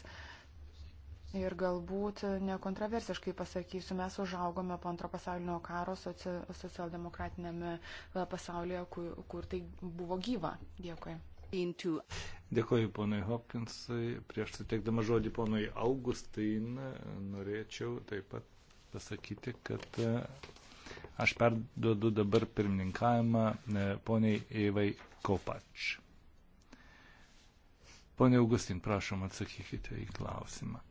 [SPEAKER 1] Ir galbūt nekontroversiškai pasakysiu, mes užaugome po antro pasaulinio karo soci, socialdemokratinėme e, pasaulyje, kur, kur tai buvo gyva. Dėkui. Into.
[SPEAKER 2] Dėkuoju ponui Hopkinsui. Prieš suteikdama žodį ponui Augustin norėčiau taip pat pasakyti, kad Aš perduodu dabar pirmininkavimą e, poniai Eivai Kopač. Pone Augustin, prašom atsakykite į klausimą.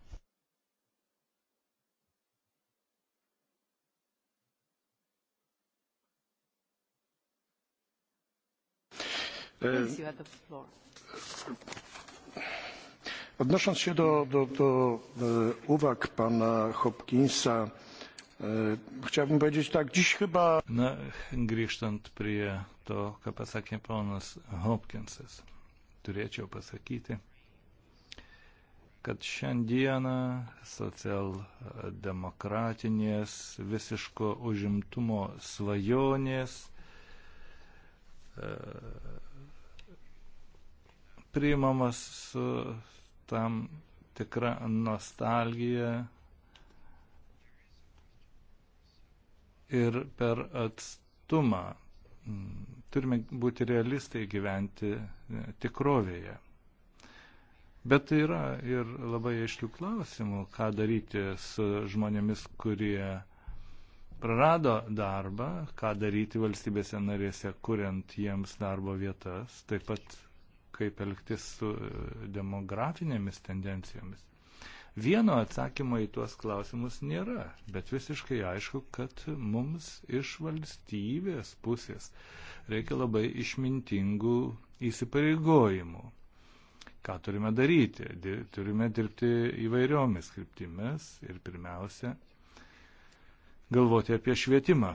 [SPEAKER 2] E, Odnosząc się do, do, do e, uwag pana Hopkinsa, E, chciałbym powiedzieć tak, dziś chyba... Na, grįžtant prie to, ką pasakė ponas Hopkinsas, turėčiau pasakyti, kad šiandieną socialdemokratinės visiško užimtumo svajonės e, priimamas su tam tikra nostalgija ir per atstumą. Turime būti realistai gyventi e, tikrovėje. Bet tai yra ir labai aiškių klausimų, ką daryti su žmonėmis, kurie prarado darbą, ką daryti valstybėse narėse, kuriant jiems darbo vietas, taip pat kaip elgtis su e, demografinėmis tendencijomis. Vieno atsakymo į tuos klausimus nėra, bet visiškai aišku, kad mums iš valstybės pusės reikia labai išmintingų įsipareigojimų. Ką turime daryti? Turime dirbti įvairiomis kryptimis ir pirmiausia, galvoti apie švietimą,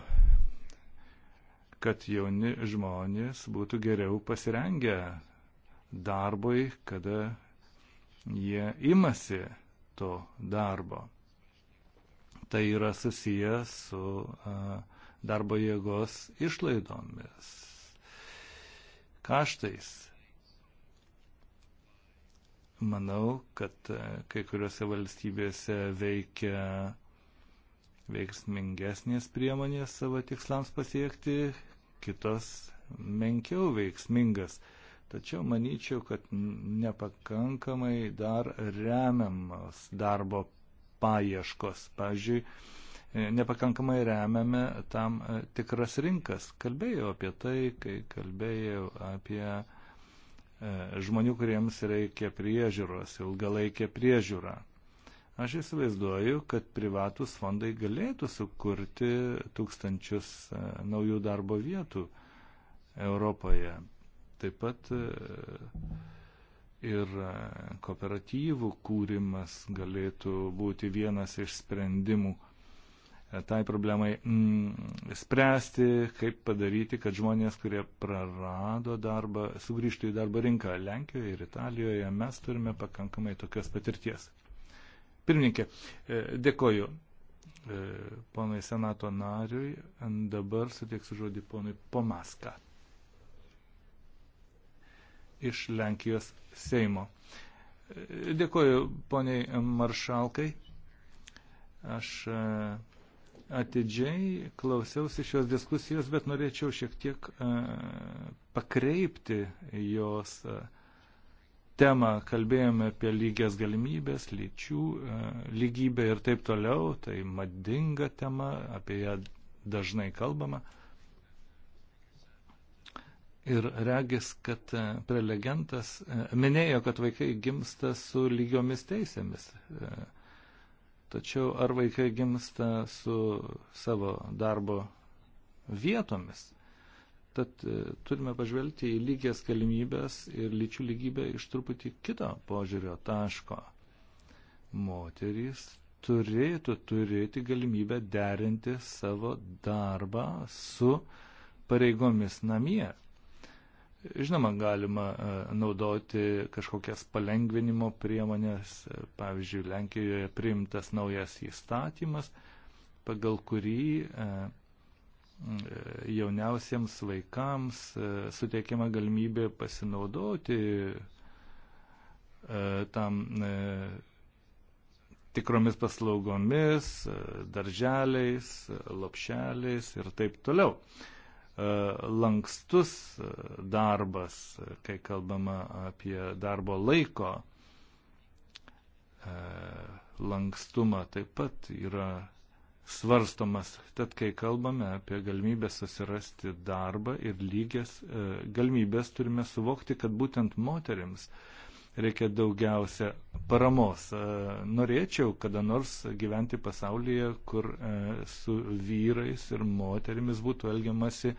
[SPEAKER 2] kad jauni žmonės būtų geriau pasirengę darbui, kada jie imasi to darbo. Tai yra susiję su darbo jėgos išlaidomis, kaštais. Manau, kad kai kuriuose valstybėse veikia veiksmingesnės priemonės savo tikslams pasiekti, kitos menkiau veiksmingas. Tačiau manyčiau, kad nepakankamai dar remiamos darbo paieškos. Pavyzdžiui, e, nepakankamai remiame tam e, tikras rinkas. Kalbėjau apie tai, kai kalbėjau apie e, žmonių, kuriems reikia priežiūros, ilgalaikė priežiūra. Aš įsivaizduoju, kad privatus fondai galėtų sukurti tūkstančius naujų darbo vietų Europoje. Taip pat e, ir e, kooperatyvų kūrimas galėtų būti vienas iš sprendimų e, tai problemai mm, spręsti, kaip padaryti, kad žmonės, kurie prarado darbą, sugrįžtų į darbo rinką Lenkijoje ir Italijoje, mes turime pakankamai tokios patirties. Pirmininkė, dėkoju ponui senato nariui, dabar suteiksiu žodį ponui Pomaskat iš Lenkijos Seimo. Dėkuoju poniai Maršalkai. Aš e, atidžiai klausiausi šios diskusijos, bet norėčiau šiek tiek e, pakreipti jos e, temą. Kalbėjome apie lygias galimybės, lyčių lygybę ir taip toliau. Tai madinga tema, apie ją dažnai kalbama. Ir regis, kad e, prelegentas e, minėjo, kad vaikai gimsta su lygiomis teisėmis. E, tačiau ar vaikai gimsta su savo darbo vietomis? Tad turime pažvelgti į lygias galimybės ir lyčių lygybę iš truputį kito požiūrio taško. Moterys turėtų turėti galimybę derinti savo darbą su pareigomis namie. Žinoma, galima e, naudoti kažkokias palengvinimo priemonės, e, pavyzdžiui, Lenkijoje priimtas naujas įstatymas, pagal kurį e, jauniausiems vaikams suteikiama galimybė pasinaudoti tam tikromis paslaugomis, darželiais, lopšeliais ir taip toliau. E, lankstus darbas, kai kalbama apie darbo laiko e, lankstumą, taip pat yra svarstomas. Tad kai kalbame apie galimybę susirasti darbą ir lygias e, galimybės, turime suvokti, kad būtent moteriams reikia daugiausia paramos. E, norėčiau kada nors gyventi pasaulyje, kur e, su vyrais ir moterimis būtų elgiamasi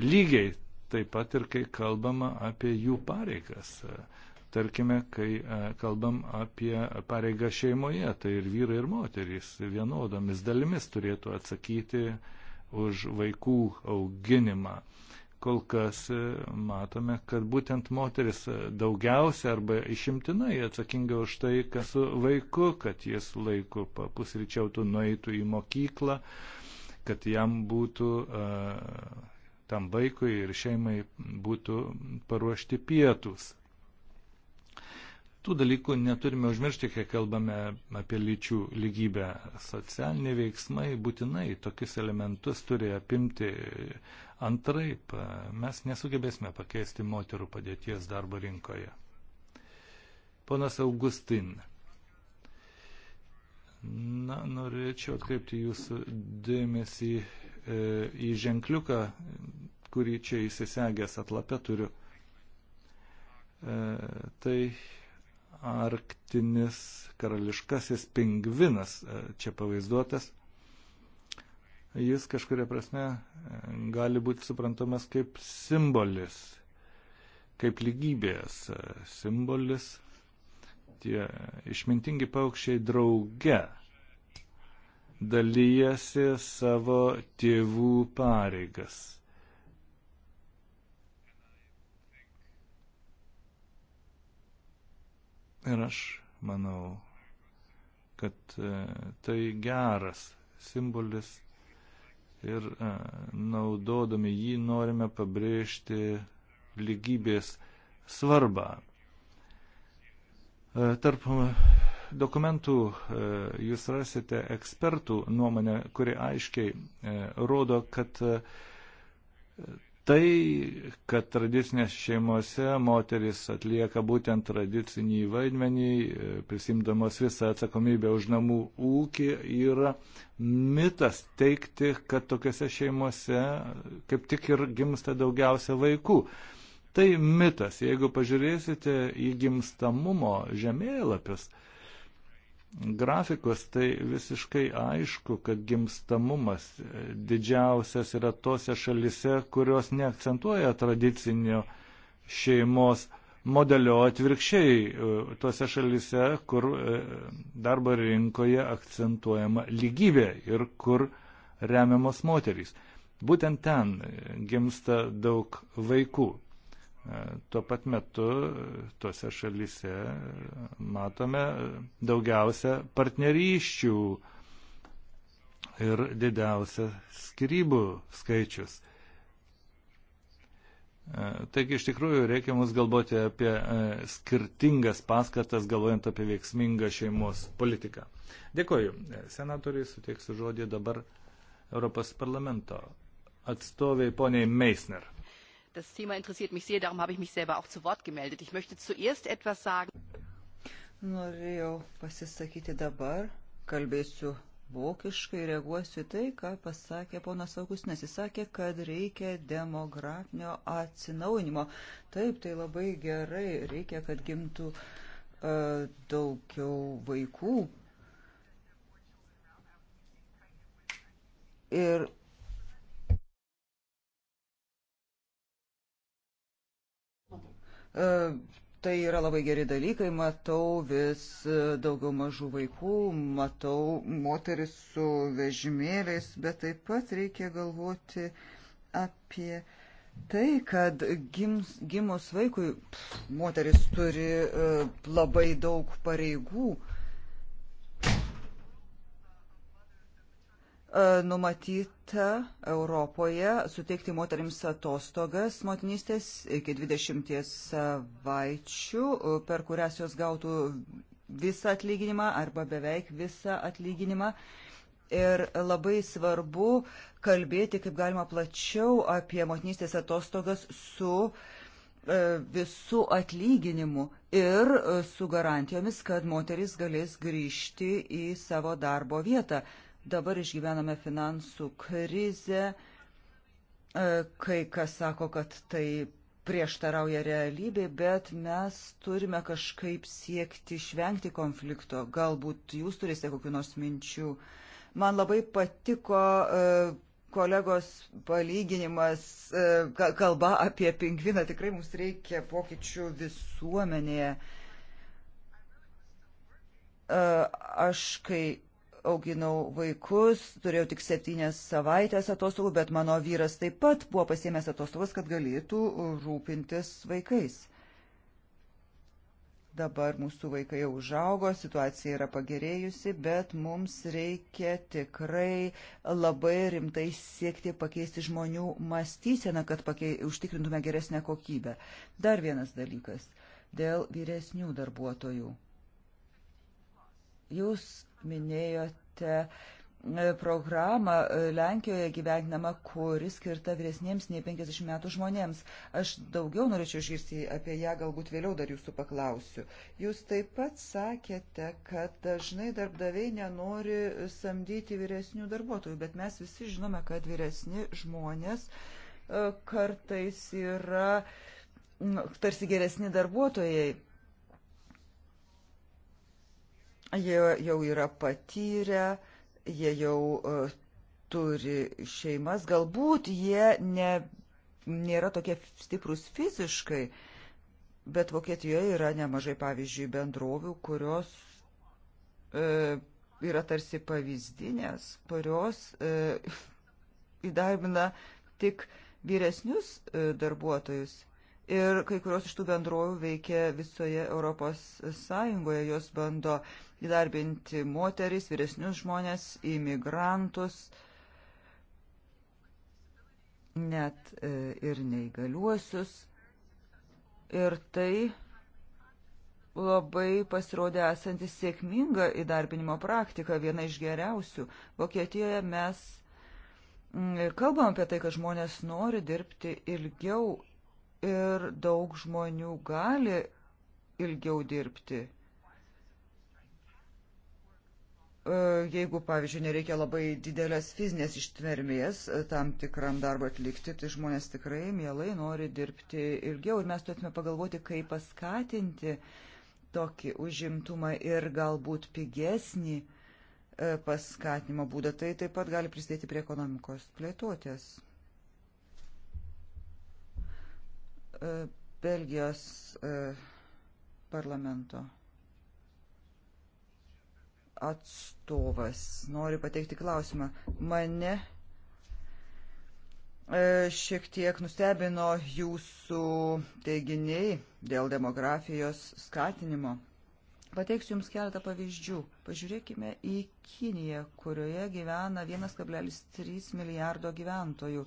[SPEAKER 2] lygiai, taip pat ir kai kalbama apie jų pareigas. E, tarkime, kai kalbam apie pareigą šeimoje, tai ir vyrai, ir moterys vienodomis dalimis turėtų atsakyti už vaikų auginimą kol kas e, matome, kad būtent moteris e, daugiausia arba išimtinai atsakinga už tai, kas su vaiku, kad jis laiku papusryčiautų, nueitų į mokyklą, kad jam būtų, e, tam vaikui ir šeimai būtų paruošti pietus. Tų dalykų neturime užmiršti, kai kalbame apie lyčių lygybę. Socialiniai veiksmai būtinai tokius elementus turi apimti Antraip, mes nesugebėsime pakeisti moterų padėties darbo rinkoje. Ponas Augustin. Na, norėčiau atkreipti jūsų dėmesį e, į ženkliuką, kurį čia įsisegęs atlapę turiu. E, tai arktinis karališkasis pingvinas e, čia pavaizduotas. E, jis kažkuria prasme e, gali būti suprantamas kaip simbolis, kaip lygybės e, simbolis. Tie išmintingi paukščiai drauge dalyjasi savo tėvų pareigas. Ir aš manau, kad e, tai geras simbolis ir e, naudodami jį norime pabrėžti lygybės svarbą. E, tarp dokumentų e, jūs rasite ekspertų nuomonę, kuri aiškiai rodo, kad tai, kad tradicinės šeimose moteris atlieka būtent tradicinį vaidmenį, e, prisimdamos visą atsakomybę už namų ūkį, yra mitas teikti, kad tokiuose šeimose kaip tik ir gimsta daugiausia vaikų. Tai mitas, jeigu pažiūrėsite į gimstamumo žemėlapius, grafikus, tai visiškai aišku, kad gimstamumas didžiausias yra tose šalise, kurios neakcentuoja tradicinio šeimos modelio atvirkščiai, e, tose šalise, kur e, darbo rinkoje akcentuojama lygybė ir kur remiamos moterys. Būtent ten gimsta daug vaikų. Tuo pat metu e, tose šalise e, matome e, daugiausia partneryščių ir didžiausia skirybų skaičius. Taigi iš tikrųjų reikia mums galvoti apie skirtingas paskatas, galvojant apie veiksmingą šeimos politiką. Dėkoju. Senatoriai suteiksiu žodį dabar Europos parlamento atstoviai poniai Meisner
[SPEAKER 1] das Thema interessiert mich sehr, darum habe ich mich selber auch zu Wort gemeldet. Ich möchte zuerst etwas sagen.
[SPEAKER 3] Norėjau pasisakyti dabar, kalbėsiu vokiškai, reaguosiu į tai, ką pasakė ponas Augustinas. Jis sakė, kad reikia demografinio atsinaujinimo. Taip, tai labai gerai, reikia, kad gimtų uh, daugiau vaikų. Ir E, tai yra labai geri dalykai, matau vis e, daugiau mažų vaikų, matau moteris su vežimėliais, bet taip pat reikia galvoti apie tai, kad gims, gimus vaikui pff, moteris turi e, labai daug pareigų. Uh, E, numatyta Europoje suteikti moterims atostogas motinystės iki 20 savaičių, e, per kurias jos gautų visą atlyginimą arba beveik visą atlyginimą. Ir labai svarbu kalbėti, kaip galima plačiau apie motinystės atostogas su e, visų atlyginimų ir su garantijomis, kad moteris galės grįžti į savo darbo vietą. Dabar išgyvename finansų krizę. E, kai kas sako, kad tai prieštarauja realybė, bet mes turime kažkaip siekti išvengti konflikto. Galbūt jūs turėsite kokiu nors minčių. Man labai patiko e, kolegos palyginimas, e, kalba apie pingviną. Tikrai mums reikia pokyčių visuomenėje. Aš kai auginau vaikus, turėjau tik septynės savaitės atostogų, bet mano vyras taip pat buvo pasiėmęs atostogas, kad galėtų rūpintis vaikais. Dabar mūsų vaikai jau užaugo, situacija yra pagerėjusi, bet mums reikia tikrai labai rimtai siekti pakeisti žmonių mąstyseną, kad pakei, užtikrintume geresnę kokybę. Dar vienas dalykas - dėl vyresnių darbuotojų. Jūs minėjote e, programą e, Lenkijoje gyventinama, kuri skirta vyresniems nei 50 metų žmonėms. Aš daugiau norėčiau išgirsti apie ją, galbūt vėliau dar jūsų paklausiu. Jūs taip pat sakėte, kad dažnai darbdaviai nenori samdyti vyresnių darbuotojų, bet mes visi žinome, kad vyresni žmonės e, kartais yra tarsi geresni darbuotojai Jie jau yra patyrę, jie jau e, turi šeimas, galbūt jie ne, nėra tokie stiprus fiziškai, bet Vokietijoje yra nemažai, pavyzdžiui, bendrovių, kurios e, yra tarsi pavyzdinės, kurios e, įdarbina tik vyresnius e, darbuotojus. Ir kai kurios iš tų bendrovių veikia visoje Europos Sąjungoje, jos bando e, įdarbinti moteris, vyresnius žmonės, imigrantus, net e, ir neįgaliuosius. Ir tai labai pasirodė esanti sėkminga įdarbinimo praktika, viena iš geriausių. Vokietijoje mes mm, kalbam apie tai, kad žmonės nori dirbti ilgiau ir daug žmonių gali ilgiau dirbti. E, jeigu, pavyzdžiui, nereikia labai didelės fizinės ištvermės e, tam tikram darbą atlikti, tai žmonės tikrai mielai nori dirbti ilgiau ir mes turėtume pagalvoti, kaip paskatinti tokį užimtumą ir galbūt pigesnį e, paskatinimo būdą. Tai taip pat gali prisidėti prie ekonomikos plėtotės. Belgijos parlamento atstovas nori pateikti klausimą. Mane e, šiek tiek nustebino jūsų teiginiai dėl demografijos skatinimo. Pateiksiu Jums keletą pavyzdžių. Pažiūrėkime į Kiniją, kurioje gyvena 1,3 milijardo gyventojų.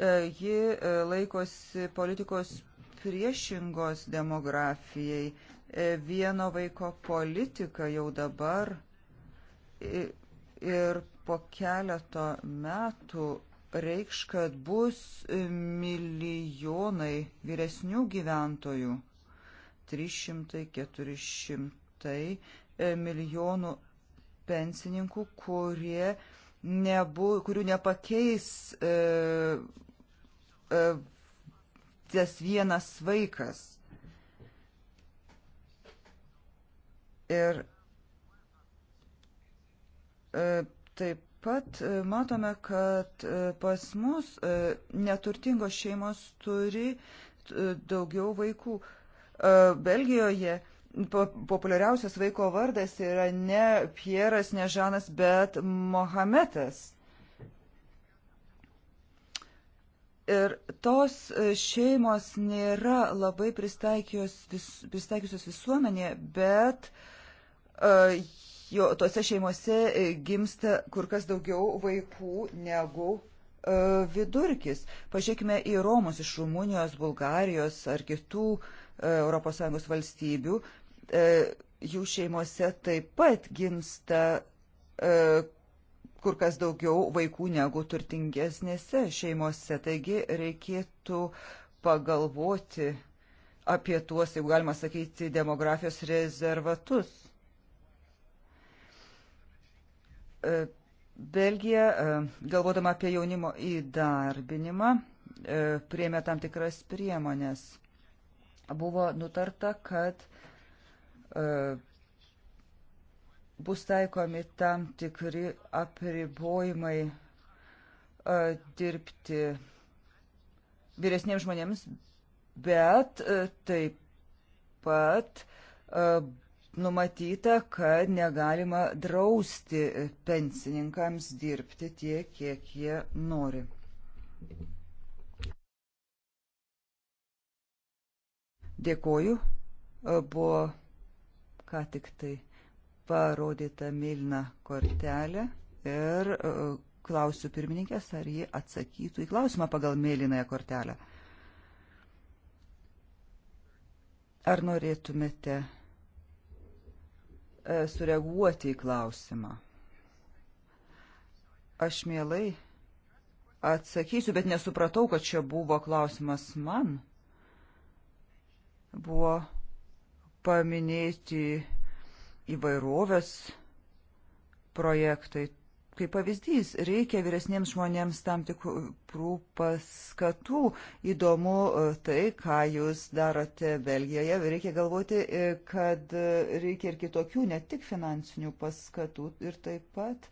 [SPEAKER 3] E, ji e, laikosi politikos priešingos demografijai E, vieno vaiko politika jau dabar ir po keleto metų reikš, kad bus milijonai vyresnių gyventojų. 300-400 e, milijonų pensininkų, kurie nebu, kurių nepakeis e, e, tas vienas vaikas. Ir e, taip pat e, matome, kad e, pas mus neturtingos šeimos turi daugiau vaikų. Belgijoje populiariausias vaiko vardas yra ne Pieras, ne Žanas, bet Mohametas. Ir tos šeimos nėra labai vis, pristaikiusios visuomenėje, bet uh, jo, tose šeimose e, gimsta kur kas daugiau vaikų negu e, vidurkis. Pažiūrėkime į Romus iš Rumunijos, Bulgarijos ar kitų ES valstybių. E, jų šeimose taip pat gimsta kur kas daugiau vaikų negu turtingesnėse šeimose. Taigi reikėtų pagalvoti apie tuos, jeigu galima sakyti, demografijos rezervatus. E, Belgija, e, galvodama apie jaunimo įdarbinimą, e, priemė tam tikras priemonės. Buvo nutarta, kad bus taikomi tam tikri apribojimai dirbti vyresniems žmonėms, bet taip pat numatyta, kad negalima drausti pensininkams dirbti tiek, kiek jie nori. Dėkoju. Buvo ką tik tai parodyta Milna kortelė ir e, klausiu pirmininkės, ar ji atsakytų į klausimą pagal mėlynąją kortelę. Ar norėtumėte E, sureaguoti į klausimą. Aš mielai atsakysiu, bet nesupratau, kad čia buvo klausimas man. Buvo paminėti įvairovės projektai kaip pavyzdys. Reikia vyresniems žmonėms tam tikrų paskatų. Įdomu e, tai, ką jūs darote Belgijoje. Reikia galvoti, e, kad e, reikia ir kitokių, ne tik finansinių paskatų. Ir taip pat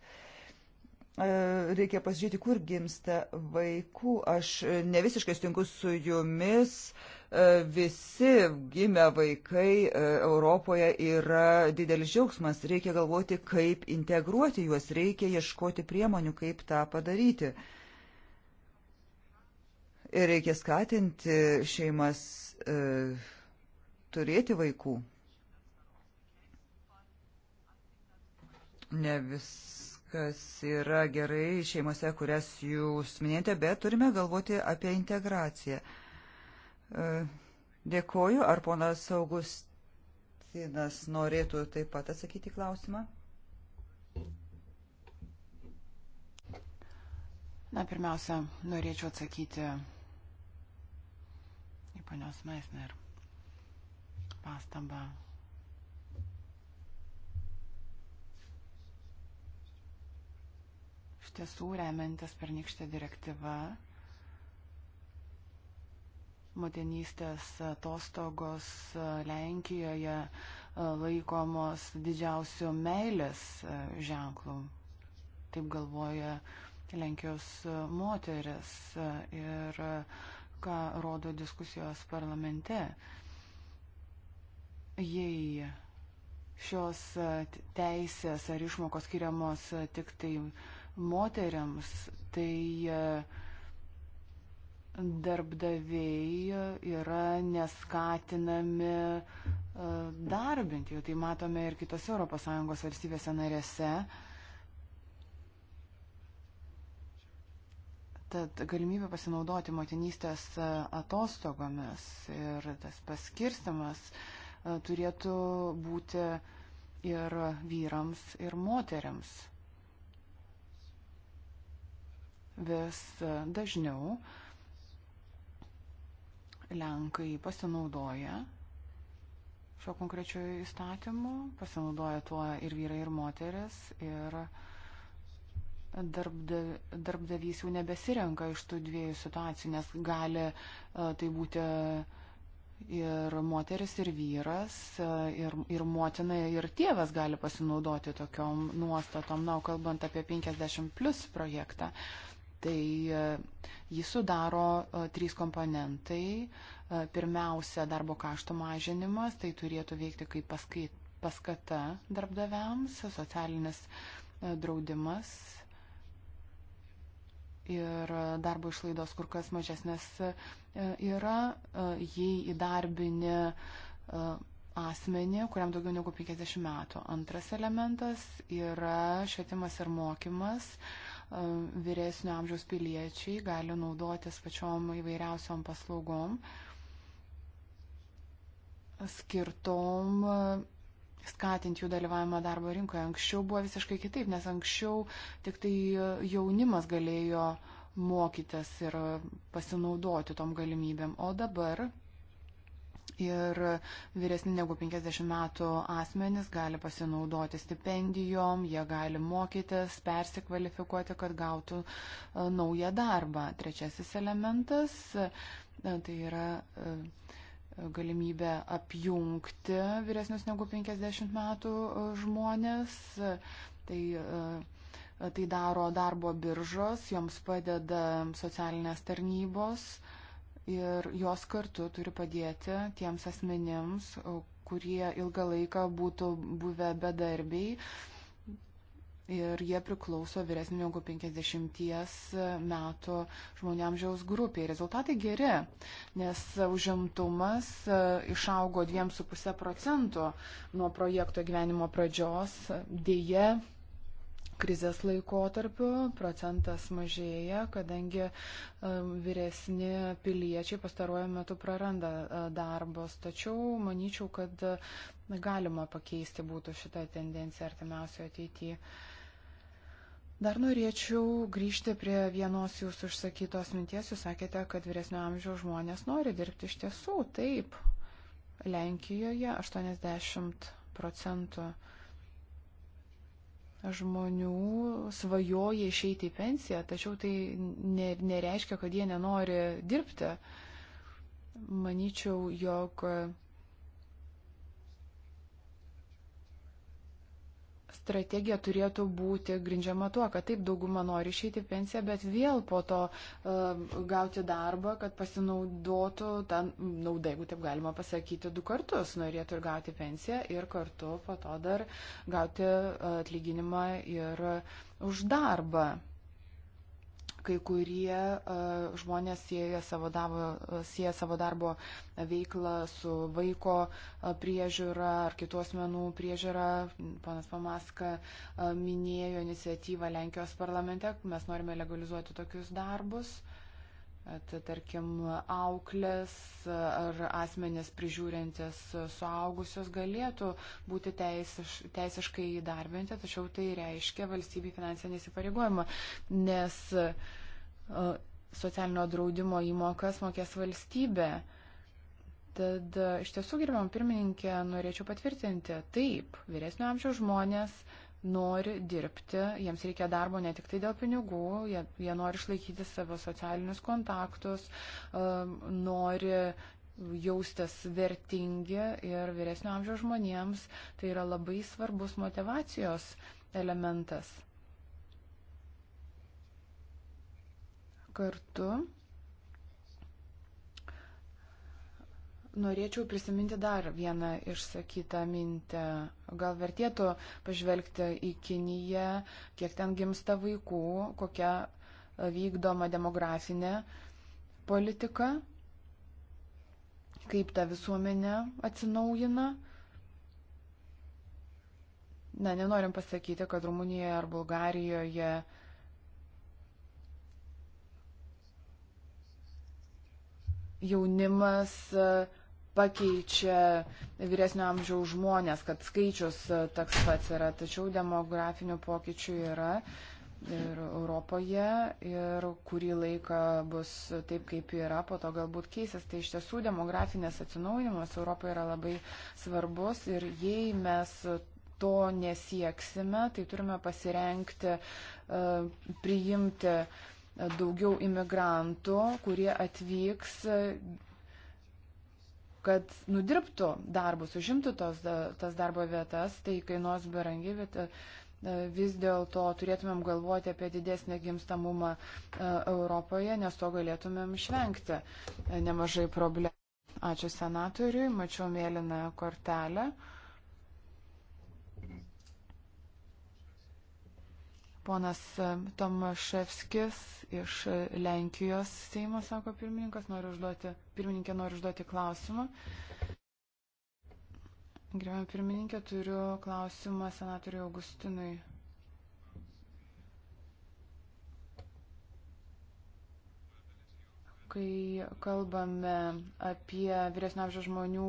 [SPEAKER 3] reikia pasižiūrėti, kur gimsta vaikų. Aš ne visiškai sutinku su jumis. Uh, E, visi gimę vaikai e, Europoje yra didelis džiaugsmas. Reikia galvoti, kaip integruoti juos, reikia ieškoti priemonių, kaip tą padaryti. Ir reikia skatinti šeimas e, turėti vaikų. Ne viskas yra gerai šeimose, kurias jūs minėjote, bet turime galvoti apie integraciją. E, E, dėkoju. Ar ponas Augustinas norėtų taip pat atsakyti klausimą?
[SPEAKER 1] Na, pirmiausia, norėčiau atsakyti į ponios Meisner pastabą. Iš tiesų, remiantis pernykštė direktyva, motinystės atostogos Lenkijoje e, laikomos didžiausių meilės e, ženklų. Taip galvoja Lenkijos e, moteris ir ką rodo diskusijos parlamente. Jei šios teisės ar išmokos skiriamos tik tai moteriams, tai uh, darbdaviai yra neskatinami e, darbinti, jau tai matome ir kitose ES valstybėse narėse. Tad galimybė pasinaudoti motinystės e, atostogomis ir tas paskirstimas e, turėtų būti ir vyrams, ir moteriams. Vis dažniau uh, Lenkai pasinaudoja šio konkrečio įstatymu, pasinaudoja tuo ir vyrai, ir moteris, ir darbda, darbdavys jau nebesirenka iš tų dviejų situacijų, nes gali e, tai būti e, ir moteris, ir vyras, e, ir, ir motina, ir tėvas gali pasinaudoti tokiom nuostatom. Na, o kalbant apie 50 plus projektą, uh, Tai e, jį sudaro e, trys komponentai. E, pirmiausia, darbo kaštų mažinimas, tai turėtų veikti kaip paskait, paskata darbdaviams, socialinis draudimas ir darbo išlaidos kur kas mažesnės yra, jei įdarbinė asmenį, kuriam daugiau negu 50 metų. Antras elementas yra švietimas ir mokymas. E, vyresnio amžiaus piliečiai gali naudotis pačiom įvairiausiom paslaugom skirtom e, skatinti jų dalyvavimą darbo rinkoje. Anksčiau buvo visiškai kitaip, nes anksčiau tik tai e, jaunimas galėjo mokytis ir pasinaudoti tom galimybėm. O dabar Ir vyresni negu 50 metų asmenys gali pasinaudoti stipendijom, jie gali mokytis, persikvalifikuoti, kad gautų e, naują darbą. Trečiasis elementas e, tai yra e, galimybė apjungti vyresnius negu 50 metų žmonės. Tai, tai daro darbo biržos, joms padeda socialinės tarnybos ir jos kartu turi padėti tiems asmenims, kurie ilgą laiką būtų buvę bedarbiai ir jie priklauso vyresnių negu 50 metų žmonėmžiaus grupiai. Rezultatai geri, nes užimtumas e, išaugo 2,5 procento nuo projekto gyvenimo pradžios. Deja, krizės laikotarpiu procentas mažėja, kadangi um, vyresni piliečiai pastaruoju metu praranda uh, darbos. Tačiau manyčiau, kad uh, galima pakeisti būtų šitą tendenciją artimiausioje ateityje. Dar norėčiau grįžti prie vienos jūsų išsakytos minties. Jūs sakėte, kad vyresnio amžiaus žmonės nori dirbti iš tiesų. Taip, Lenkijoje 80 procentų žmonių svajoja išeiti į pensiją, tačiau tai nereiškia, kad jie nenori dirbti. Maničiau, jog strategija turėtų būti grindžiama tuo, kad taip dauguma nori išeiti pensiją, bet vėl po to uh, gauti darbą, kad pasinaudotų tą naudą, jeigu taip galima pasakyti, du kartus norėtų ir gauti pensiją ir kartu po to dar gauti e, atlyginimą ir už darbą kai kurie žmonės sieja savo, darbo, sieja savo darbo veiklą su vaiko priežiūra ar kitų asmenų priežiūra. Panas Pamaska minėjo iniciatyvą Lenkijos parlamente, mes norime legalizuoti tokius darbus tarkim, auklės ar asmenės prižiūrintis suaugusios galėtų būti teisiš, teisiškai įdarbinti, tačiau tai reiškia valstybei finansinį įsipareigojimą, nes e, socialinio draudimo įmokas mokės valstybė. Tad iš tiesų, gerbiam pirmininkė, norėčiau patvirtinti, taip, vyresnio amžiaus žmonės nori dirbti, jiems reikia darbo ne tik tai dėl pinigų, jie, jie nori išlaikyti savo socialinius kontaktus, um, nori jaustis vertingi ir vyresnio amžiaus žmonėms tai yra labai svarbus motivacijos elementas. Kartu Norėčiau prisiminti dar vieną išsakytą mintę. Gal vertėtų pažvelgti į Kiniją, kiek ten gimsta vaikų, kokia vykdoma demografinė politika, kaip ta visuomenė atsinaujina. Na, nenorim pasakyti, kad Rumunijoje ar Bulgarijoje jaunimas uh, pakeičia vyresnio amžiaus žmonės, kad skaičius e, toks pats yra, tačiau demografinių pokyčių yra ir Europoje ir kurį laiką bus taip, kaip yra, po to galbūt keisis. Tai iš tiesų demografinės atsinaujinimas Europoje yra labai svarbus ir jei mes to nesieksime, tai turime pasirenkti e, priimti daugiau imigrantų, kurie atvyks kad nudirbtų darbus, užimtų tos, tas darbo vietas, tai kainuos brangiai, bet e, e, vis dėlto turėtumėm galvoti apie didesnį gimstamumą e, Europoje, nes to galėtumėm išvengti nemažai problemų. Ačiū senatoriui, mačiau mėlyną kortelę. Ponas e, Tomaševskis iš e, Lenkijos Seimo, sako pirmininkas, noriu užduoti, pirmininkė nori užduoti klausimą. Gerbiam pirmininkė, turiu klausimą senatoriui Augustinui kai kalbame apie vyresnio amžiaus žmonių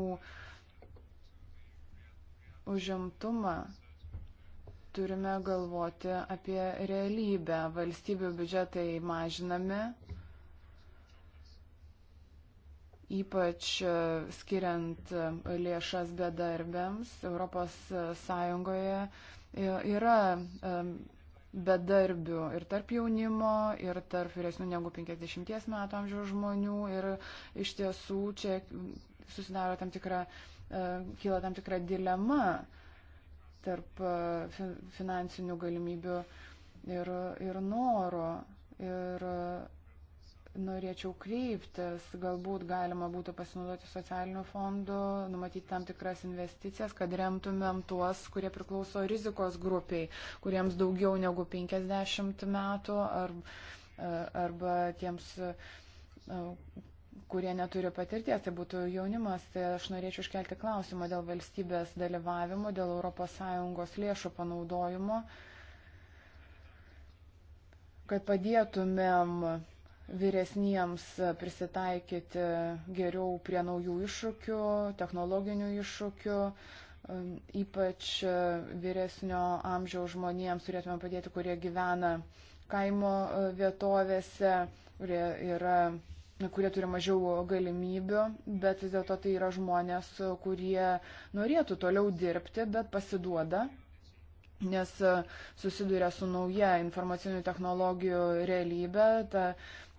[SPEAKER 1] užimtumą, turime galvoti apie realybę. Valstybių biudžetai mažinami, ypač e, skiriant e, lėšas bedarbiams. ES e, yra bedarbių ir tarp jaunimo, ir tarp vyresnių negu 50 metų amžiaus žmonių. Ir iš tiesų čia susidaro tam tikra, kyla tam tikra dilema tarp e, finansinių galimybių ir, ir noro. Ir e, norėčiau kreiptis, galbūt galima būtų pasinaudoti socialiniu fondu, numatyti tam tikras investicijas, kad remtumėm tuos, kurie priklauso rizikos grupiai, kuriems daugiau negu 50 metų ar, e, arba tiems kurie neturi patirties, tai būtų jaunimas, tai aš norėčiau iškelti klausimą dėl valstybės dalyvavimo, dėl ES lėšų panaudojimo, kad padėtumėm vyresniems prisitaikyti geriau prie naujų iššūkių, technologinių iššūkių, um, ypač uh, vyresnio amžiaus žmonėms turėtume padėti, kurie gyvena kaimo uh, vietovėse, kurie yra kurie turi mažiau galimybių, bet vis dėlto tai yra žmonės, kurie norėtų toliau dirbti, bet pasiduoda, nes susiduria su nauja informacinių technologijų realybė. Ta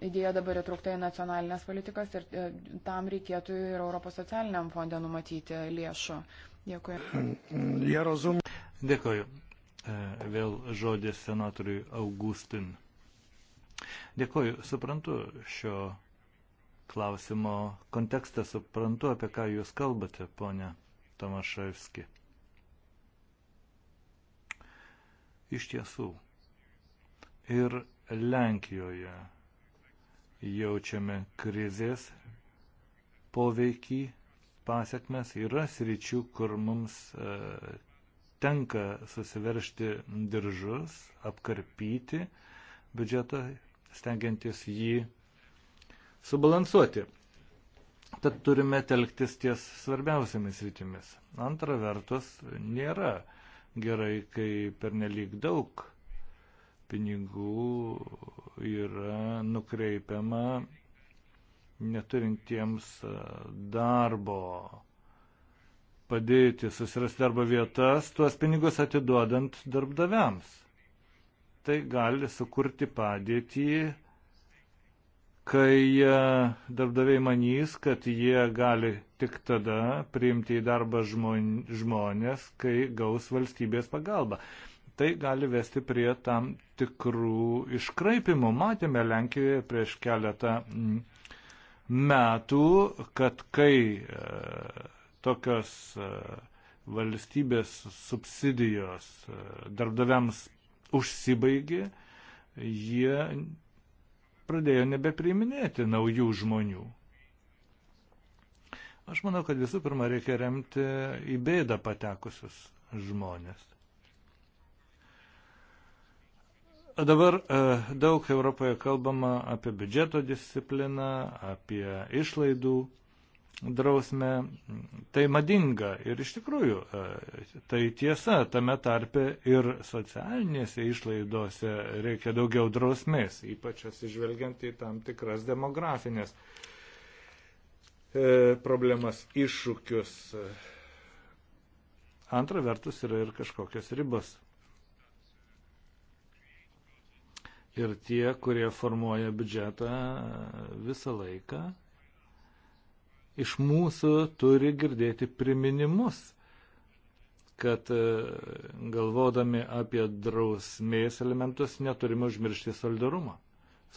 [SPEAKER 1] idėja dabar įtraukta į nacionalinės politikas ir e, tam reikėtų ir Europos socialiniam fondė numatyti lėšų. Dėkui.
[SPEAKER 2] Jarozum. Dėkoju. E, vėl žodis senatoriui Augustin. Dėkoju. Suprantu šio klausimo kontekstą suprantu, apie ką jūs kalbate, ponia Tomaševski. Iš tiesų, ir Lenkijoje jaučiame krizės poveikį, pasiekmes, yra sričių, kur mums e, tenka susiveršti diržus, apkarpyti biudžetą, stengiantis jį subalansuoti. Tad turime telktis ties svarbiausiamis rytimis. Antra vertus, nėra gerai, kai pernelyg daug pinigų yra nukreipiama neturintiems e, darbo padėti susirasti darbo vietas, tuos pinigus atiduodant darbdaviams. Tai gali sukurti padėtį, kai e, darbdaviai manys, kad jie gali tik tada priimti į darbą žmonės, kai gaus valstybės pagalbą. Tai gali vesti prie tam tikrų iškraipimų. Matėme Lenkijoje prieš keletą metų, kad kai e, tokios e, valstybės subsidijos darbdaviams užsibaigė, jie pradėjo nebepriiminėti naujų žmonių. Aš manau, kad visų pirma reikia remti į bėdą patekusius žmonės. Dabar e, daug Europoje kalbama apie biudžeto discipliną, apie išlaidų drausmę, tai madinga ir iš tikrųjų e, tai tiesa, tame tarpe ir socialinėse išlaidose reikia daugiau drausmės, ypač atsižvelgiant į tam tikras demografinės e, problemas, iššūkius. Antra vertus yra ir kažkokios ribos. Ir tie, kurie formuoja biudžetą visą laiką, iš mūsų turi girdėti priminimus, kad e, galvodami apie drausmės elementus neturime užmiršti solidarumo.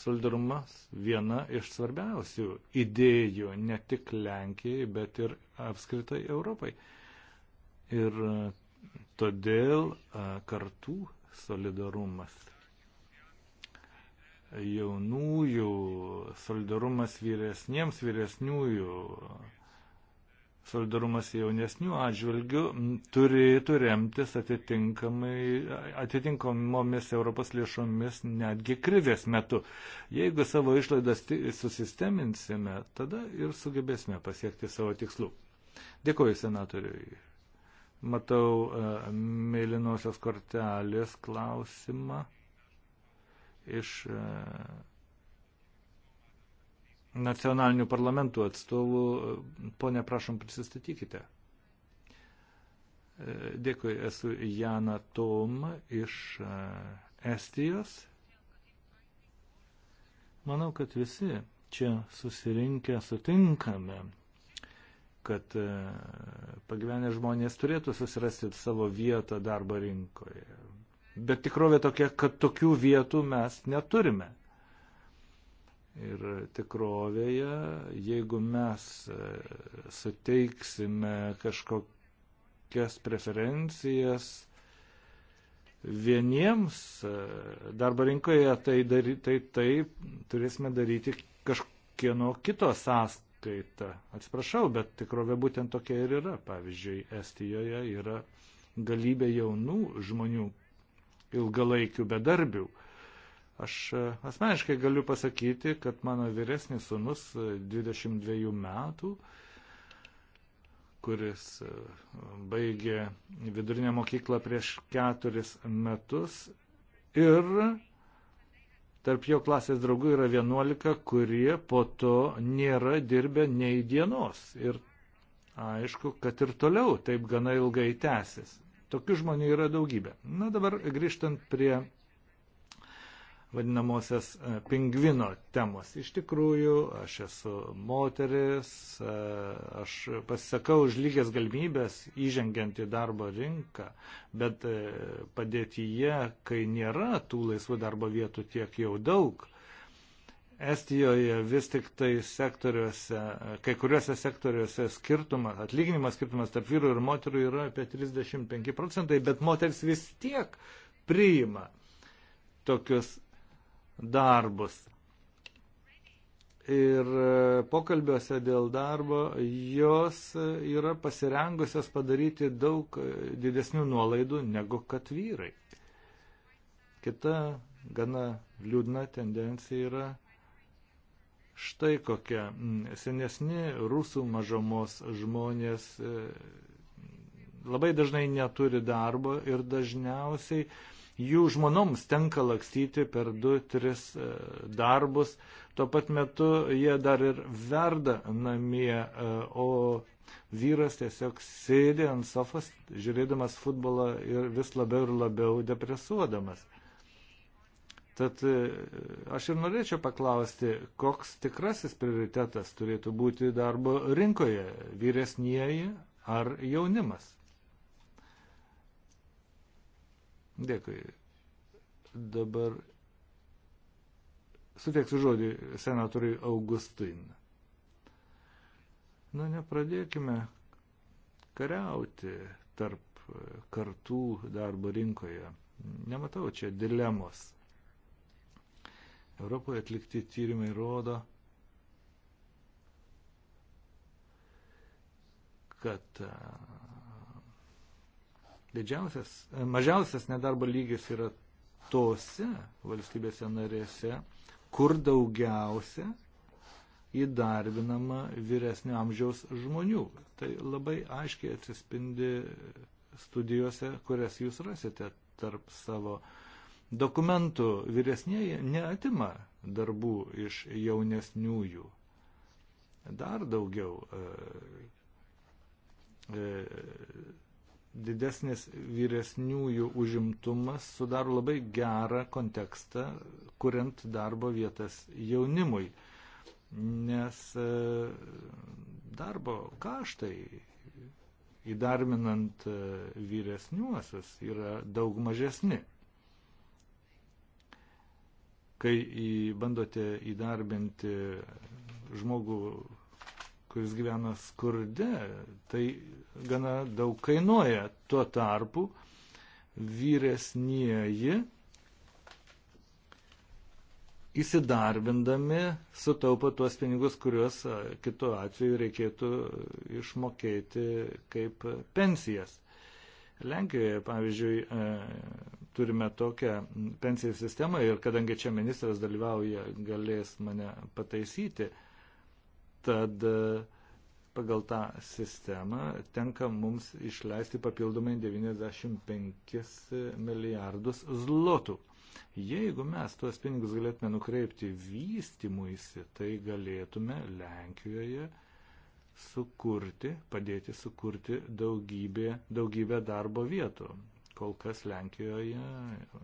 [SPEAKER 2] Solidarumas viena iš svarbiausių idėjų ne tik Lenkijai, bet ir apskritai Europai. Ir e, todėl e, kartų solidarumas jaunųjų, solidarumas vyresniems, vyresniųjų, solidarumas jaunesnių atžvilgių turėtų remtis atitinkamomis Europos lėšomis netgi krizės metu. Jeigu savo išlaidas susisteminsime, tada ir sugebėsime pasiekti savo tikslų. Dėkuoju senatoriui. Matau e, mėlynosios kortelės klausimą iš e, nacionalinių parlamentų atstovų. Pone, prašom, prisistatykite. E, dėkui, esu Jana Tom iš e, Estijos. Manau, kad visi čia susirinkę sutinkame, kad pagyvenę žmonės turėtų susirasti savo vietą darbo rinkoje bet tikrovė tokia, kad tokių vietų mes neturime. Ir tikrovėje, jeigu mes e, suteiksime kažkokias preferencijas vieniems e, darbo rinkoje, tai, dary, tai, tai turėsime daryti kažkieno kito sąskaitą. Atsiprašau, bet tikrovė būtent tokia ir yra. Pavyzdžiui, Estijoje yra galybė jaunų žmonių, ilgalaikių bedarbių. Aš e, asmeniškai galiu pasakyti, kad mano vyresnis sunus 22 e, metų, kuris e, baigė vidurinę mokyklą prieš keturis metus ir tarp jo klasės draugų yra 11, kurie po to nėra dirbę nei dienos. Ir aišku, kad ir toliau taip gana ilgai tęsis. Tokių žmonių yra daugybė. Na dabar grįžtant prie vadinamosios e, pingvino temos. Iš tikrųjų, aš esu moteris, e, aš pasisakau už lygias galimybės įžengiant į darbo rinką, bet e, padėtyje, kai nėra tų laisvų darbo vietų tiek jau daug, Estijoje vis tik tai sektoriuose, kai kuriuose sektoriuose skirtumas, atlyginimas skirtumas tarp vyrų ir moterų yra apie 35 procentai, bet moteris vis tiek priima tokius darbus. Ir e, pokalbiuose dėl darbo jos yra pasirengusios padaryti daug e, didesnių nuolaidų negu kad vyrai. Kita gana liūdna tendencija yra štai kokia. Mm, senesni rusų mažomos žmonės e, labai dažnai neturi darbo ir dažniausiai jų žmonoms tenka lakstyti per 2-3 e, darbus. Tuo pat metu jie dar ir verda namie, e, o vyras tiesiog sėdi ant sofas, žiūrėdamas futbolą ir vis labiau ir labiau depresuodamas. Tad e, aš ir norėčiau paklausti, koks tikrasis prioritetas turėtų būti darbo rinkoje - vyresnieji ar jaunimas? Dėkui. Dabar suteiksiu žodį senatoriui Augustin. Na, nu, nepradėkime kariauti tarp kartų darbo rinkoje. Nematau čia dilemos Europoje atlikti tyrimai rodo, kad e, didžiausias, e, mažiausias nedarbo lygis yra tose valstybėse narėse, kur daugiausia įdarbinama vyresnio amžiaus žmonių. Tai labai aiškiai atsispindi studijuose, kurias jūs rasite tarp savo uh, dokumentų vyresnieji neatima darbų iš jaunesniųjų. Dar daugiau e, e, didesnis vyresniųjų užimtumas sudaro labai gerą kontekstą, kuriant darbo vietas jaunimui, nes e, darbo kaštai įdarbinant vyresniuosius yra daug mažesni kai į, bandote įdarbinti žmogų, kuris gyvena skurde, tai gana daug kainuoja. Tuo tarpu vyresnieji įsidarbindami sutaupo tuos pinigus, kuriuos kitu atveju reikėtų išmokėti kaip pensijas. Lenkijoje, pavyzdžiui, turime tokią pensijų sistemą ir kadangi čia ministras dalyvauja, galės mane pataisyti, tad e, pagal tą sistemą tenka mums išleisti papildomai 95 milijardus zlotų. Jeigu mes tuos pinigus galėtume nukreipti vystimuisi, tai galėtume Lenkijoje sukurti, padėti sukurti daugybę, daugybę darbo vietų. Kol kas Lenkijoje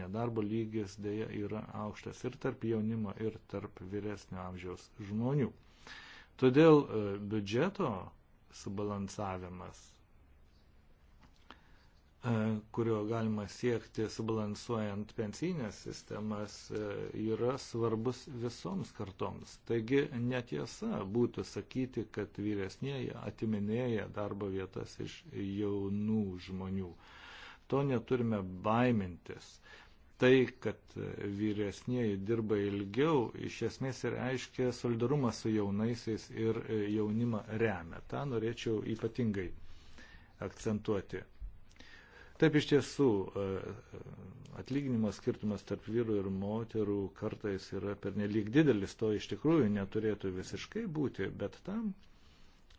[SPEAKER 2] nedarbo lygis dėja yra aukštas ir tarp jaunimo, ir tarp vyresnio amžiaus žmonių. Todėl e, biudžeto subalansavimas, e, kurio galima siekti subalansuojant pensijinės sistemas, e, yra svarbus visoms kartoms. Taigi netiesa būtų sakyti, kad vyresnėje atiminėja darbo vietas iš jaunų žmonių to neturime baimintis. Tai, kad vyresnieji dirba ilgiau, iš esmės ir aiškia solidarumą su jaunaisiais ir e, jaunimą remia. Ta norėčiau ypatingai akcentuoti. Taip iš tiesų, e, atlyginimo skirtumas tarp vyrų ir moterų kartais yra pernelyg didelis, to iš tikrųjų neturėtų visiškai būti, bet tam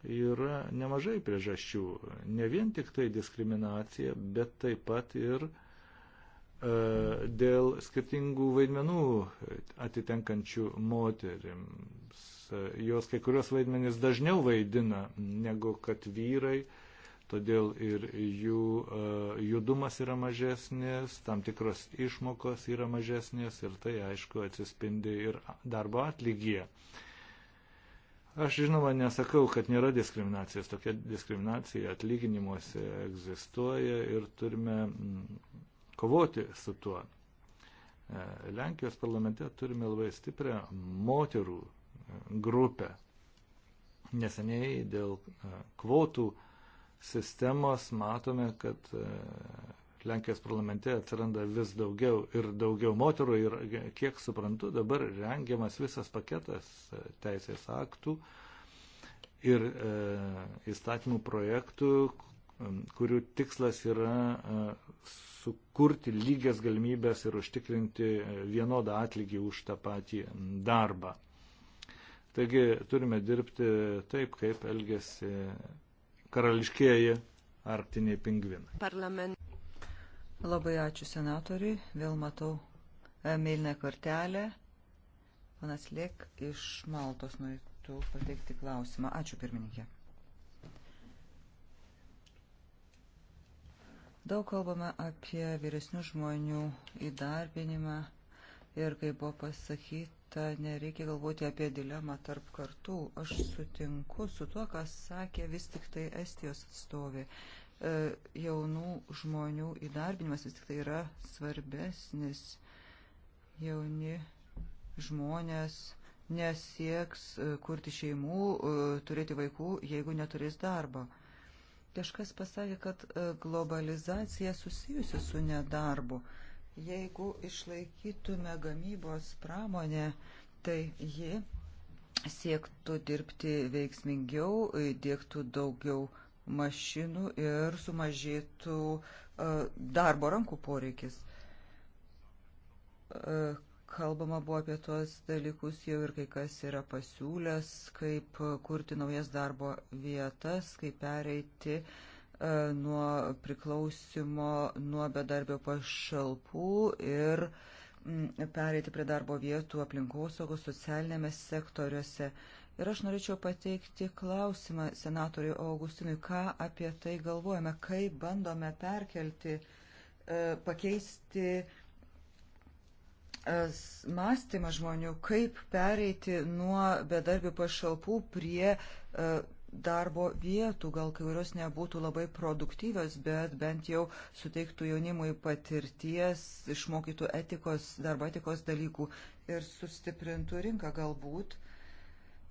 [SPEAKER 2] yra nemažai priežasčių. Ne vien tik tai diskriminacija, bet taip pat ir e, dėl skirtingų vaidmenų atitenkančių moterims. Jos kai kurios vaidmenys dažniau vaidina negu kad vyrai, todėl ir jų e, judumas yra mažesnis, tam tikros išmokos yra mažesnės ir tai aišku atsispindi ir darbo atlygyje. E, Aš žinoma nesakau, kad nėra diskriminacijos. Tokia diskriminacija atlyginimuose egzistuoja ir turime mm, kovoti su tuo. E, Lenkijos parlamente turime labai stiprią moterų e, grupę. Neseniai dėl e, kvotų sistemos matome, kad Lenkijos parlamente atsiranda vis daugiau ir daugiau moterų ir, kiek suprantu, dabar rengiamas visas paketas e, teisės aktų ir e, įstatymų projektų, kurių tikslas yra e, sukurti lygias galimybės ir užtikrinti e, vienodą atlygį už tą patį darbą. Taigi turime dirbti taip, kaip elgesi karališkieji arktiniai pingvinai.
[SPEAKER 3] Parlament. Labai ačiū senatoriui. Vėl matau e, mėlyną kortelę. Panas Lėk iš Maltos norėtų pateikti klausimą. Ačiū pirmininkė. Daug kalbame apie vyresnių žmonių įdarbinimą ir, kaip buvo pasakyta, nereikia galvoti apie dilemą tarp kartų. Aš sutinku su tuo, kas sakė vis tik tai Estijos atstovė. E, jaunų žmonių įdarbinimas vis tik tai yra svarbesnis. Jauni žmonės nesieks e, kurti šeimų, e, turėti vaikų, jeigu neturės darbo. Kažkas pasakė, kad globalizacija susijusi su nedarbu. Jeigu išlaikytume gamybos pramonę, tai ji siektų dirbti veiksmingiau, dėktų daugiau mašinų ir sumažėtų e, darbo rankų poreikis. E, kalbama buvo apie tuos dalykus jau ir kai kas yra pasiūlęs, kaip kurti naujas darbo vietas, kaip pereiti e, nuo priklausimo nuo bedarbio pašalpų ir mm, pereiti prie darbo vietų aplinkosaugos socialinėme sektoriuose. Uh, Ir aš norėčiau pateikti klausimą senatoriui Augustinui, ką apie tai galvojame, kaip bandome perkelti, e, pakeisti e, mąstymą žmonių, kaip pereiti nuo bedarbių pašalpų prie e, darbo vietų, gal kai kurios nebūtų labai produktyvios, bet bent jau suteiktų jaunimui patirties, išmokytų etikos, darbo etikos dalykų ir sustiprintų rinką galbūt. Uh,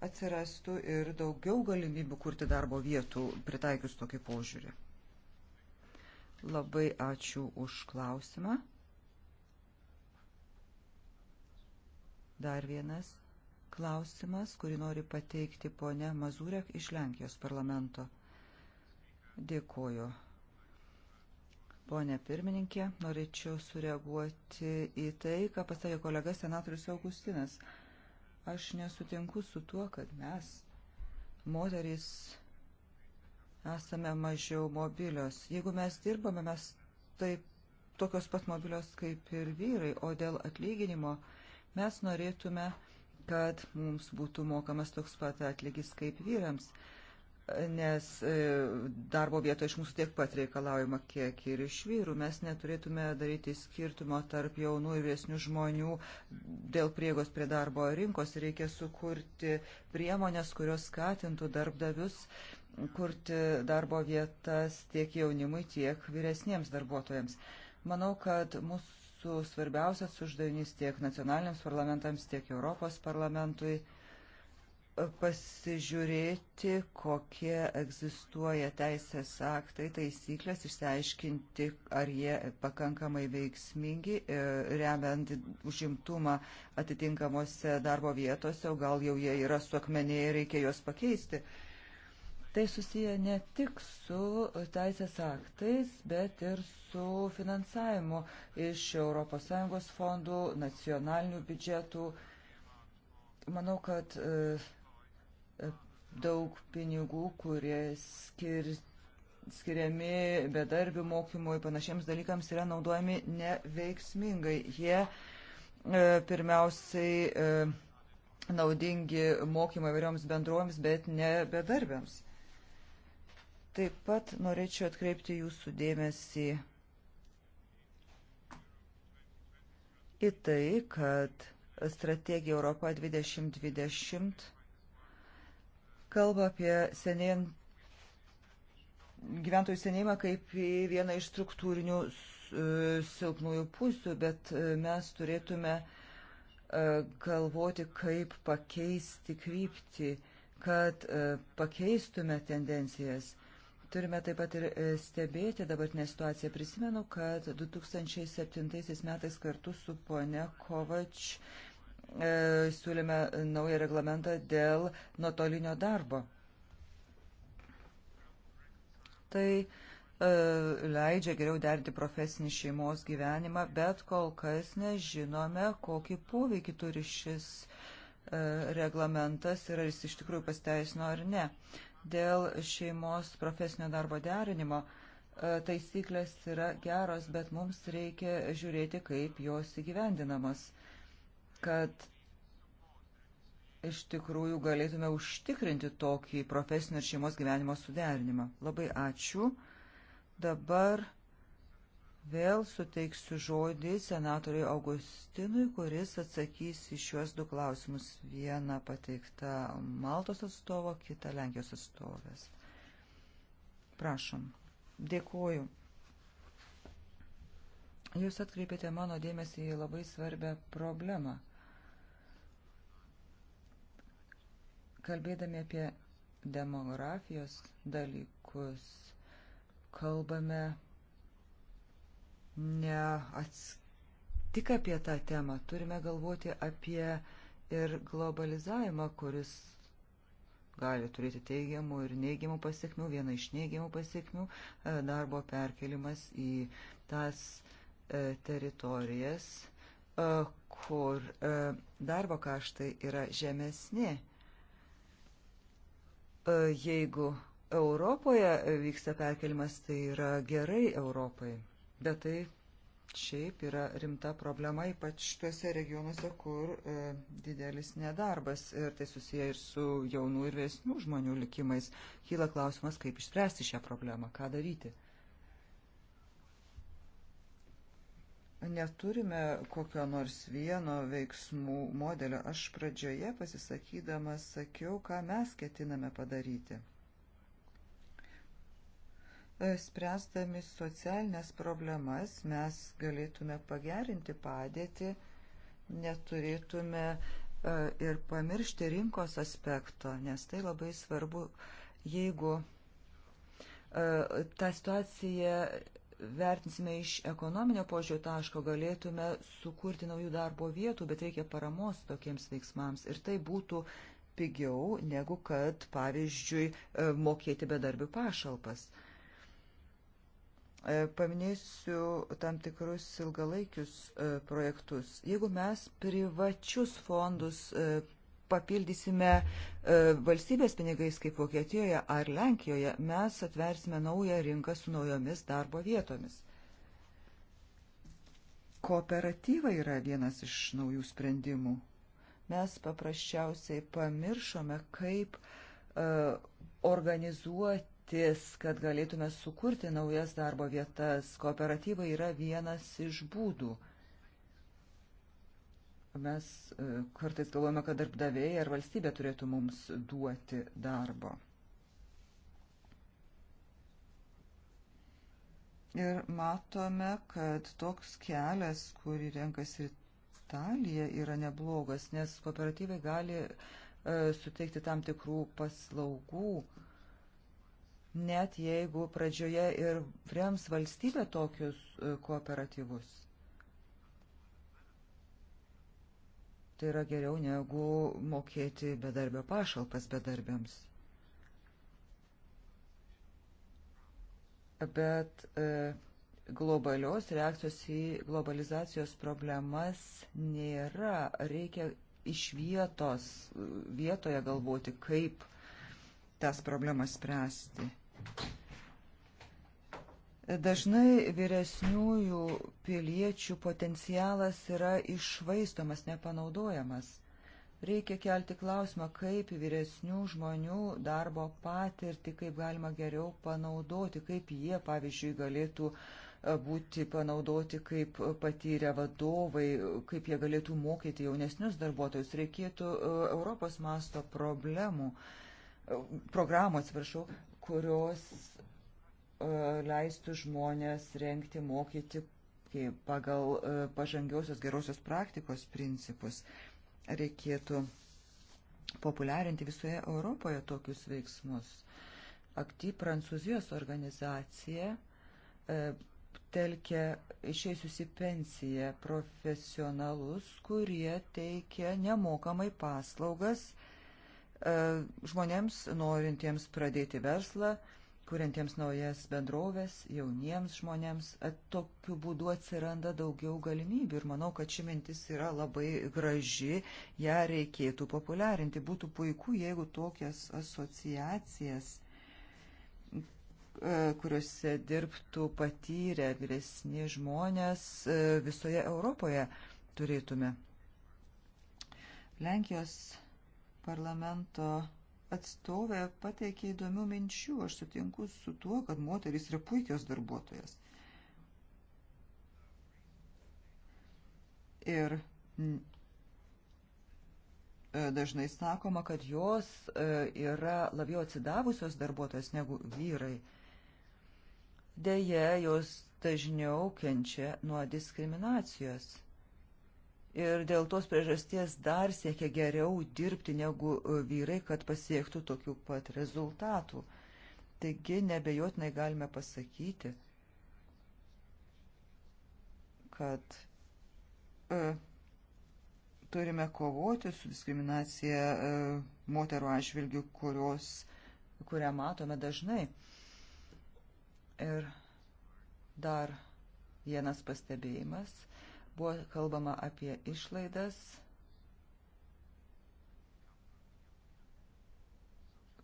[SPEAKER 3] atsirastų ir daugiau galimybių kurti darbo vietų pritaikius tokį požiūrį. Labai ačiū už klausimą. Dar vienas klausimas, kurį nori pateikti ponė Mazurek iš Lenkijos parlamento. Dėkuoju. Pone pirmininkė, norėčiau sureaguoti į tai, ką pasakė kolega senatorius Augustinas. Aš nesutinku su tuo, kad mes, moterys, esame mažiau mobilios. Jeigu mes dirbame, mes taip tokios pat mobilios kaip ir vyrai, o dėl atlyginimo mes norėtume, kad mums būtų mokamas toks pat atlygis kaip vyrams nes e, darbo vieto iš mūsų tiek pat reikalaujama, kiek ir iš vyrų. Mes neturėtume daryti skirtumo tarp jaunų ir vyresnių žmonių dėl priegos prie darbo rinkos. Reikia sukurti priemonės, kurios skatintų darbdavius kurti darbo vietas tiek jaunimui, tiek vyresniems darbuotojams. Manau, kad mūsų svarbiausias uždavinys tiek nacionaliniams parlamentams, tiek Europos parlamentui pasižiūrėti, kokie egzistuoja teisės aktai, taisyklės, išsiaiškinti, ar jie pakankamai veiksmingi, e, remiant užimtumą atitinkamuose darbo vietose, o gal jau jie yra suakmenėje ir reikia juos pakeisti. Tai susiję ne tik su teisės aktais, bet ir su finansavimu iš ES fondų, nacionalinių biudžetų. Manau, kad e, daug pinigų, kurie skir, skiriami bedarbių mokymui, panašiems dalykams yra naudojami neveiksmingai. Jie e, pirmiausiai e, naudingi mokymai įvairioms bendruoms, bet ne bedarbiams. Taip pat norėčiau atkreipti jūsų dėmesį į tai, kad strategija Europa 2020 kalba apie senėjant, gyventojų senėjimą kaip į vieną iš struktūrinių e, silpnųjų pusių, bet e, mes turėtume e, galvoti, kaip pakeisti kryptį, kad pakeistume tendencijas. Turime taip pat ir stebėti dabartinę situaciją. Prisimenu, kad 2007 metais kartu su ponia Kovač E, siūlėme naują reglamentą dėl nuotolinio darbo. Tai e, leidžia geriau derinti profesinį šeimos gyvenimą, bet kol kas nežinome, kokį poveikį turi šis e, reglamentas ir ar jis iš tikrųjų pasteisino ar ne. Dėl šeimos profesinio darbo derinimo taisyklės yra geros, bet mums reikia žiūrėti, kaip jos įgyvendinamos kad iš tikrųjų galėtume užtikrinti tokį profesinio ir šeimos gyvenimo suderinimą. Labai ačiū. Dabar vėl suteiksiu žodį senatoriui Augustinui, kuris atsakys į šiuos du klausimus. Vieną pateiktą Maltos atstovo, kitą Lenkijos atstovės. Prašom. Dėkuoju. Jūs atkreipėte mano dėmesį į labai svarbę problemą – Kalbėdami apie demografijos dalykus, kalbame ne atskirti tik apie tą temą, turime galvoti apie ir globalizavimą, kuris gali turėti teigiamų ir neigiamų pasiekmių. Viena iš neigiamų pasiekmių e, - darbo perkelimas į tas e, teritorijas, e, kur darbo kaštai yra žemesni. E, jeigu Europoje vyksta perkelimas, tai yra gerai Europai, bet tai šiaip yra rimta problema, ypač tuose regionuose, kur e, didelis nedarbas ir tai susiję ir su jaunų ir vėsnių žmonių likimais. Kyla klausimas, kaip išspręsti šią problemą, ką daryti. neturime kokio nors vieno veiksmų modelio. Aš pradžioje pasisakydamas sakiau, ką mes ketiname padaryti. E, spręsdami socialinės problemas mes galėtume pagerinti padėtį, neturėtume e, ir pamiršti rinkos aspekto, nes tai labai svarbu, jeigu e, ta situacija vertinsime iš ekonominio požiūrio taško, galėtume sukurti naujų darbo vietų, bet reikia paramos tokiems veiksmams. Ir tai būtų pigiau negu kad, pavyzdžiui, e, mokėti bedarbių pašalpas. E, paminėsiu tam tikrus ilgalaikius e, projektus. Jeigu mes privačius fondus papildysime e, valstybės pinigais kaip Vokietijoje ar Lenkijoje, mes atversime naują rinką su naujomis darbo vietomis. Kooperatyva yra vienas iš naujų sprendimų. Mes paprasčiausiai pamiršome, kaip uh, e, organizuoti kryptis, kad galėtume sukurti naujas darbo vietas. Kooperatyva yra vienas iš būdų. Mes e, kartais galvojame, kad darbdaviai ar valstybė turėtų mums duoti darbo. Ir matome, kad toks kelias, kurį renkasi Italija, yra neblogas, nes kooperatyvai gali e, suteikti tam tikrų paslaugų, net jeigu pradžioje ir rems valstybė tokius e, kooperatyvus. Tai yra geriau negu mokėti bedarbio pašalpas bedarbiams. Bet e, globalios reakcijos į globalizacijos problemas nėra. Reikia iš vietos, vietoje galvoti, kaip tas problemas spręsti. Dažnai vyresniųjų piliečių potencialas yra išvaistomas, nepanaudojamas. Reikia kelti klausimą, kaip vyresnių žmonių darbo patirtį, kaip galima geriau panaudoti, kaip jie, pavyzdžiui, galėtų e, būti panaudoti kaip patyrę vadovai, kaip jie galėtų mokyti jaunesnius darbuotojus. Reikėtų e, Europos masto problemų, e, programų, atsiprašau, kurios E, leistų žmonės renkti, mokyti pagal e, pažangiausios gerosios praktikos principus. Reikėtų populiarinti visoje Europoje tokius veiksmus. Aktyv Prancūzijos organizacija e, telkia išeisius į pensiją profesionalus, kurie teikia nemokamai paslaugas žmonėms norintiems pradėti verslą, kuriantiems naujas bendrovės, jauniems žmonėms. E, tokiu būdu atsiranda daugiau galimybių ir manau, kad ši mintis yra labai graži, ją reikėtų populiarinti. Būtų puiku, jeigu tokias asociacijas e, kuriuose dirbtų patyrę vyresni žmonės e, visoje Europoje turėtume. Lenkijos parlamento atstovė pateikė įdomių minčių. Aš sutinku su tuo, kad moteris yra puikios darbuotojas. Ir e, dažnai sakoma, kad jos e, yra labiau atsidavusios darbuotojas negu vyrai. Deja, jos dažniau kenčia nuo diskriminacijos ir dėl tos priežasties dar siekia geriau dirbti negu e, vyrai, kad pasiektų tokių pat rezultatų. Taigi nebejotinai galime pasakyti, kad e, turime kovoti su diskriminacija e, moterų atžvilgių, kurią matome dažnai. Ir dar vienas pastebėjimas – Buvo kalbama apie išlaidas.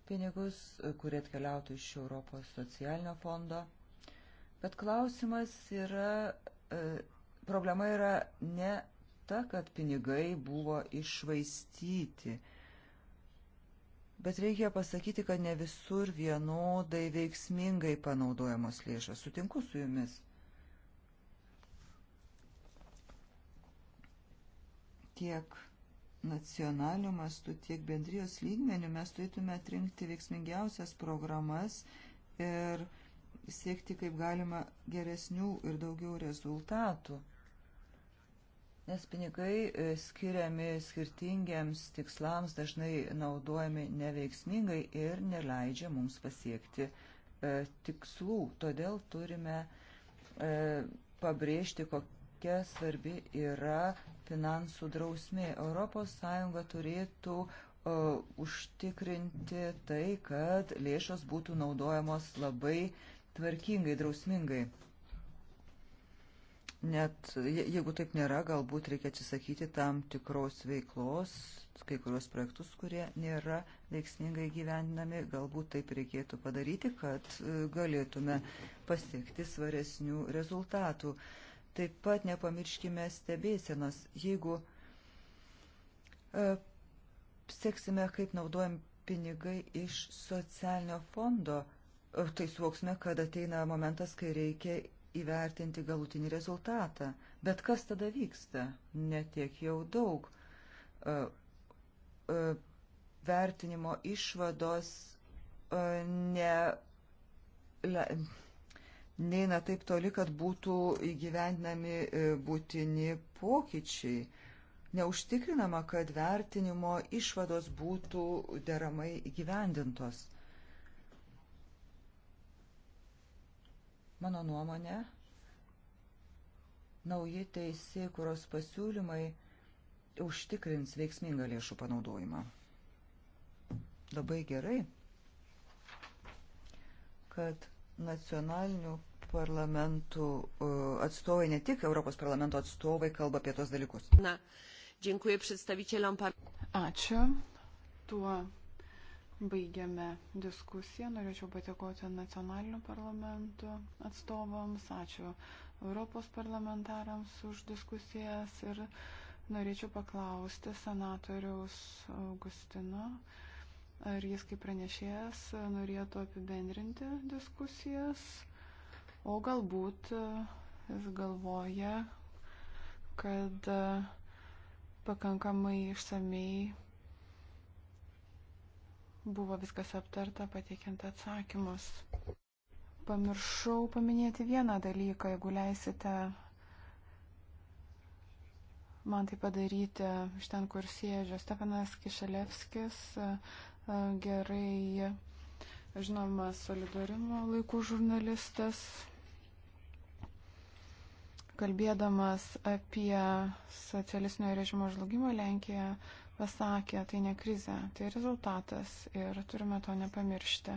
[SPEAKER 3] pinigus, kurie atkeliautų iš Europos socialinio fondo. Bet klausimas yra, e, problema yra ne ta, kad pinigai buvo išvaistyti. Bet reikia pasakyti, kad ne visur vienodai veiksmingai panaudojamos lėšas. Sutinku su jumis. tiek nacionaliniu mastu, tiek bendrijos lygmeniu mes turėtume atrinkti veiksmingiausias programas ir siekti kaip galima geresnių ir daugiau rezultatų. Nes pinigai e, skiriami skirtingiems tikslams dažnai naudojami neveiksmingai ir neleidžia mums pasiekti e, tikslų. Todėl turime e, pabrėžti, kokie kokia svarbi yra finansų drausmė. ES turėtų uh, užtikrinti tai, kad lėšos būtų naudojamos labai tvarkingai, drausmingai. Net jeigu taip nėra, galbūt reikia atsisakyti tam tikros veiklos, kai kurios projektus, kurie nėra veiksmingai gyvendinami, galbūt taip reikėtų padaryti, kad e, galėtume pasiekti svaresnių rezultatų. Uh, Taip pat nepamirškime stebėsenos. Jeigu e, seksime, kaip naudojam pinigai iš socialinio fondo, e, tai suvoksime, kad ateina momentas, kai reikia įvertinti galutinį rezultatą. Bet kas tada vyksta? Netiek jau daug. E, e, vertinimo išvados e, ne. Le, neina taip toli, kad būtų įgyvendinami e, būtini pokyčiai. Neužtikrinama, kad vertinimo išvados būtų deramai įgyvendintos. Mano nuomonė, nauji teisė, kurios pasiūlymai užtikrins veiksmingą lėšų panaudojimą. Labai gerai, kad nacionalinių parlamentų e, atstovai, ne tik Europos parlamento atstovai kalba apie tos dalykus.
[SPEAKER 1] Na, dėkuoju pristatyčiam par. Ačiū. Tuo baigiame diskusiją. Norėčiau patikoti nacionalinių parlamentų atstovams. Ačiū Europos parlamentarams už diskusijas. Ir norėčiau paklausti senatoriaus Augustino ar jis kaip pranešėjas norėtų apibendrinti diskusijas o galbūt e, jis galvoja, kad e, pakankamai išsamei buvo viskas aptarta pateikiant atsakymus. Pamiršau paminėti vieną dalyką, jeigu leisite man tai padaryti iš ten, kur sėdžiu. Stefanas Kišelevskis, e, gerai žinomas solidarimo laikų žurnalistas, kalbėdamas apie socialistinio režimo žlugimą Lenkijoje, pasakė, tai ne krize, tai rezultatas ir turime to nepamiršti.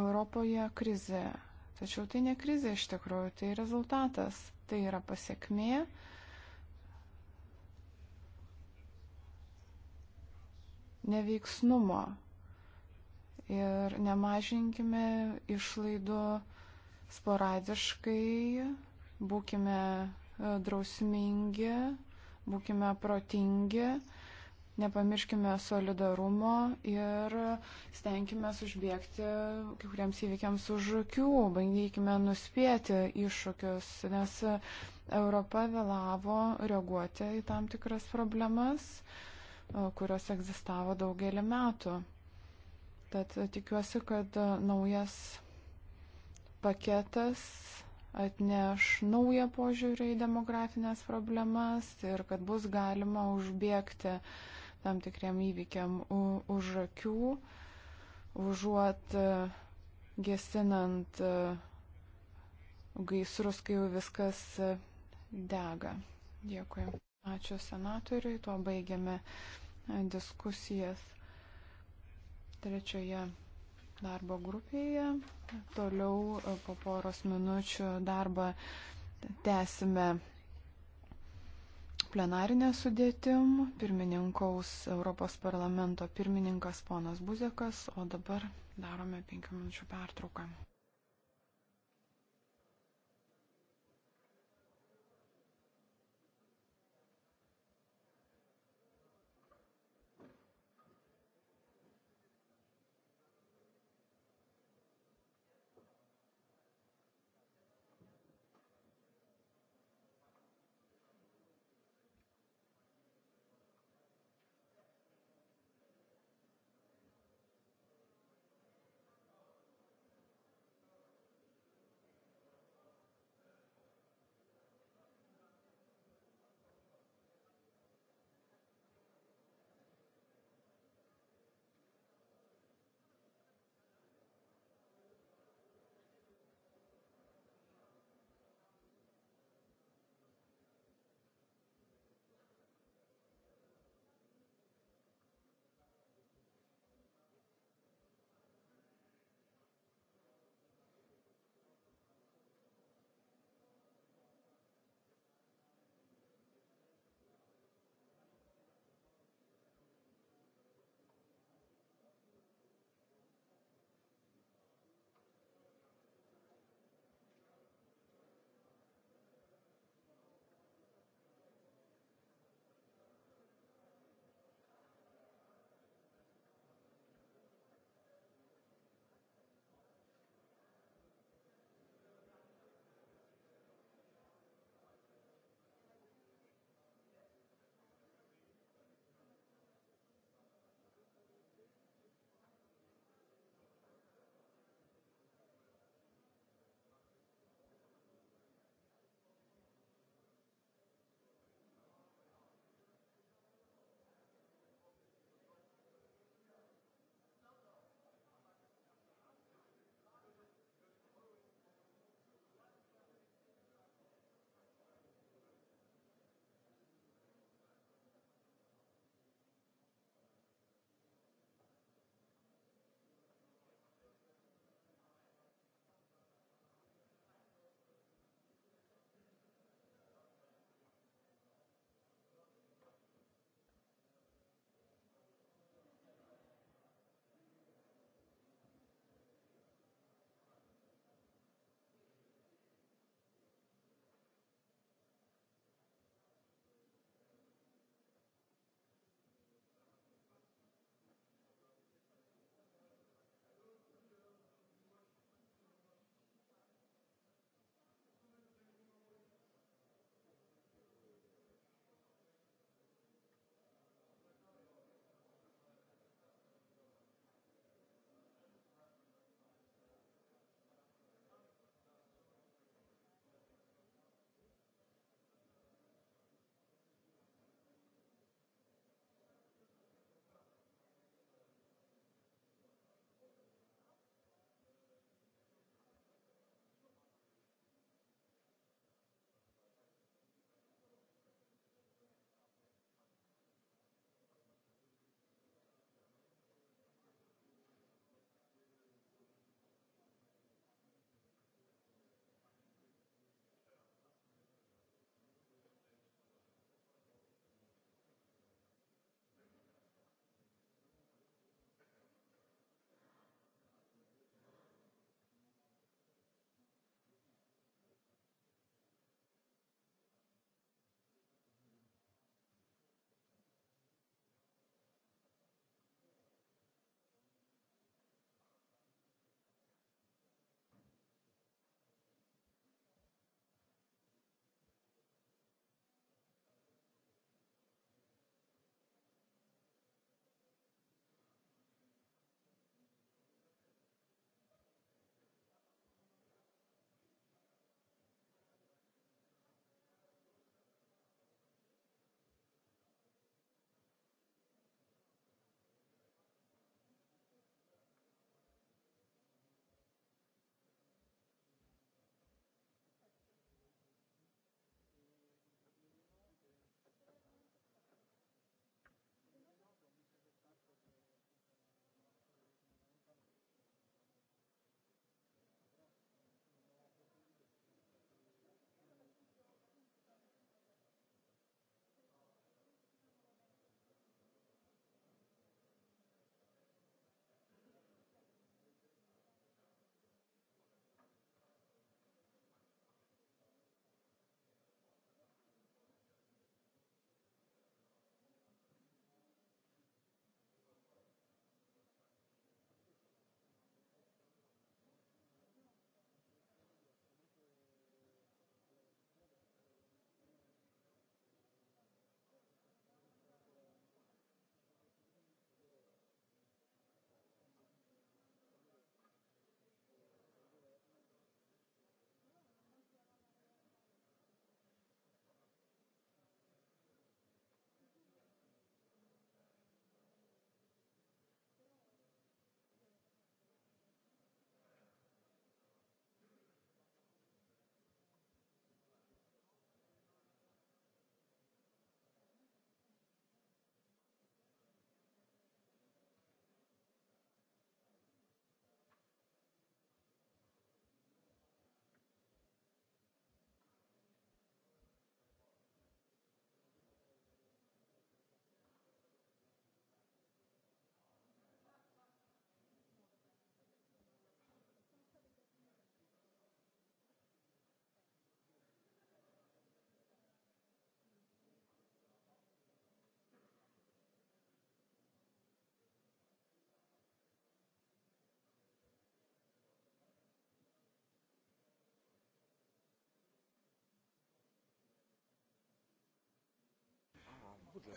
[SPEAKER 1] Europoje krize, tačiau tai ne krize iš tikrųjų, tai rezultatas, tai yra pasiekmė. Neveiksnumo ir nemažinkime išlaidų sporadiškai, būkime e, drausmingi, būkime protingi, nepamirškime solidarumo ir stenkime užbėgti kai kuriems įvykiams už akių, bandykime nuspėti iššūkius, nes Europa vėlavo reaguoti į tam tikras problemas, e, kurios egzistavo daugelį metų. Tad tikiuosi, kad naujas paketas atneš naują požiūrį į demografinės problemas ir kad bus galima užbėgti tam tikriam įvykiam už akių, užuot e, gesinant e, gaisrus, kai jau viskas e, dega. Dėkui. Ačiū senatoriui, tuo baigiame diskusijas trečioje darbo grupėje. Toliau e, po poros minučių darbą tęsime plenarinę sudėtim. Pirmininkaus Europos parlamento pirmininkas ponas Buzekas, o dabar darome penkių minučių pertrauką.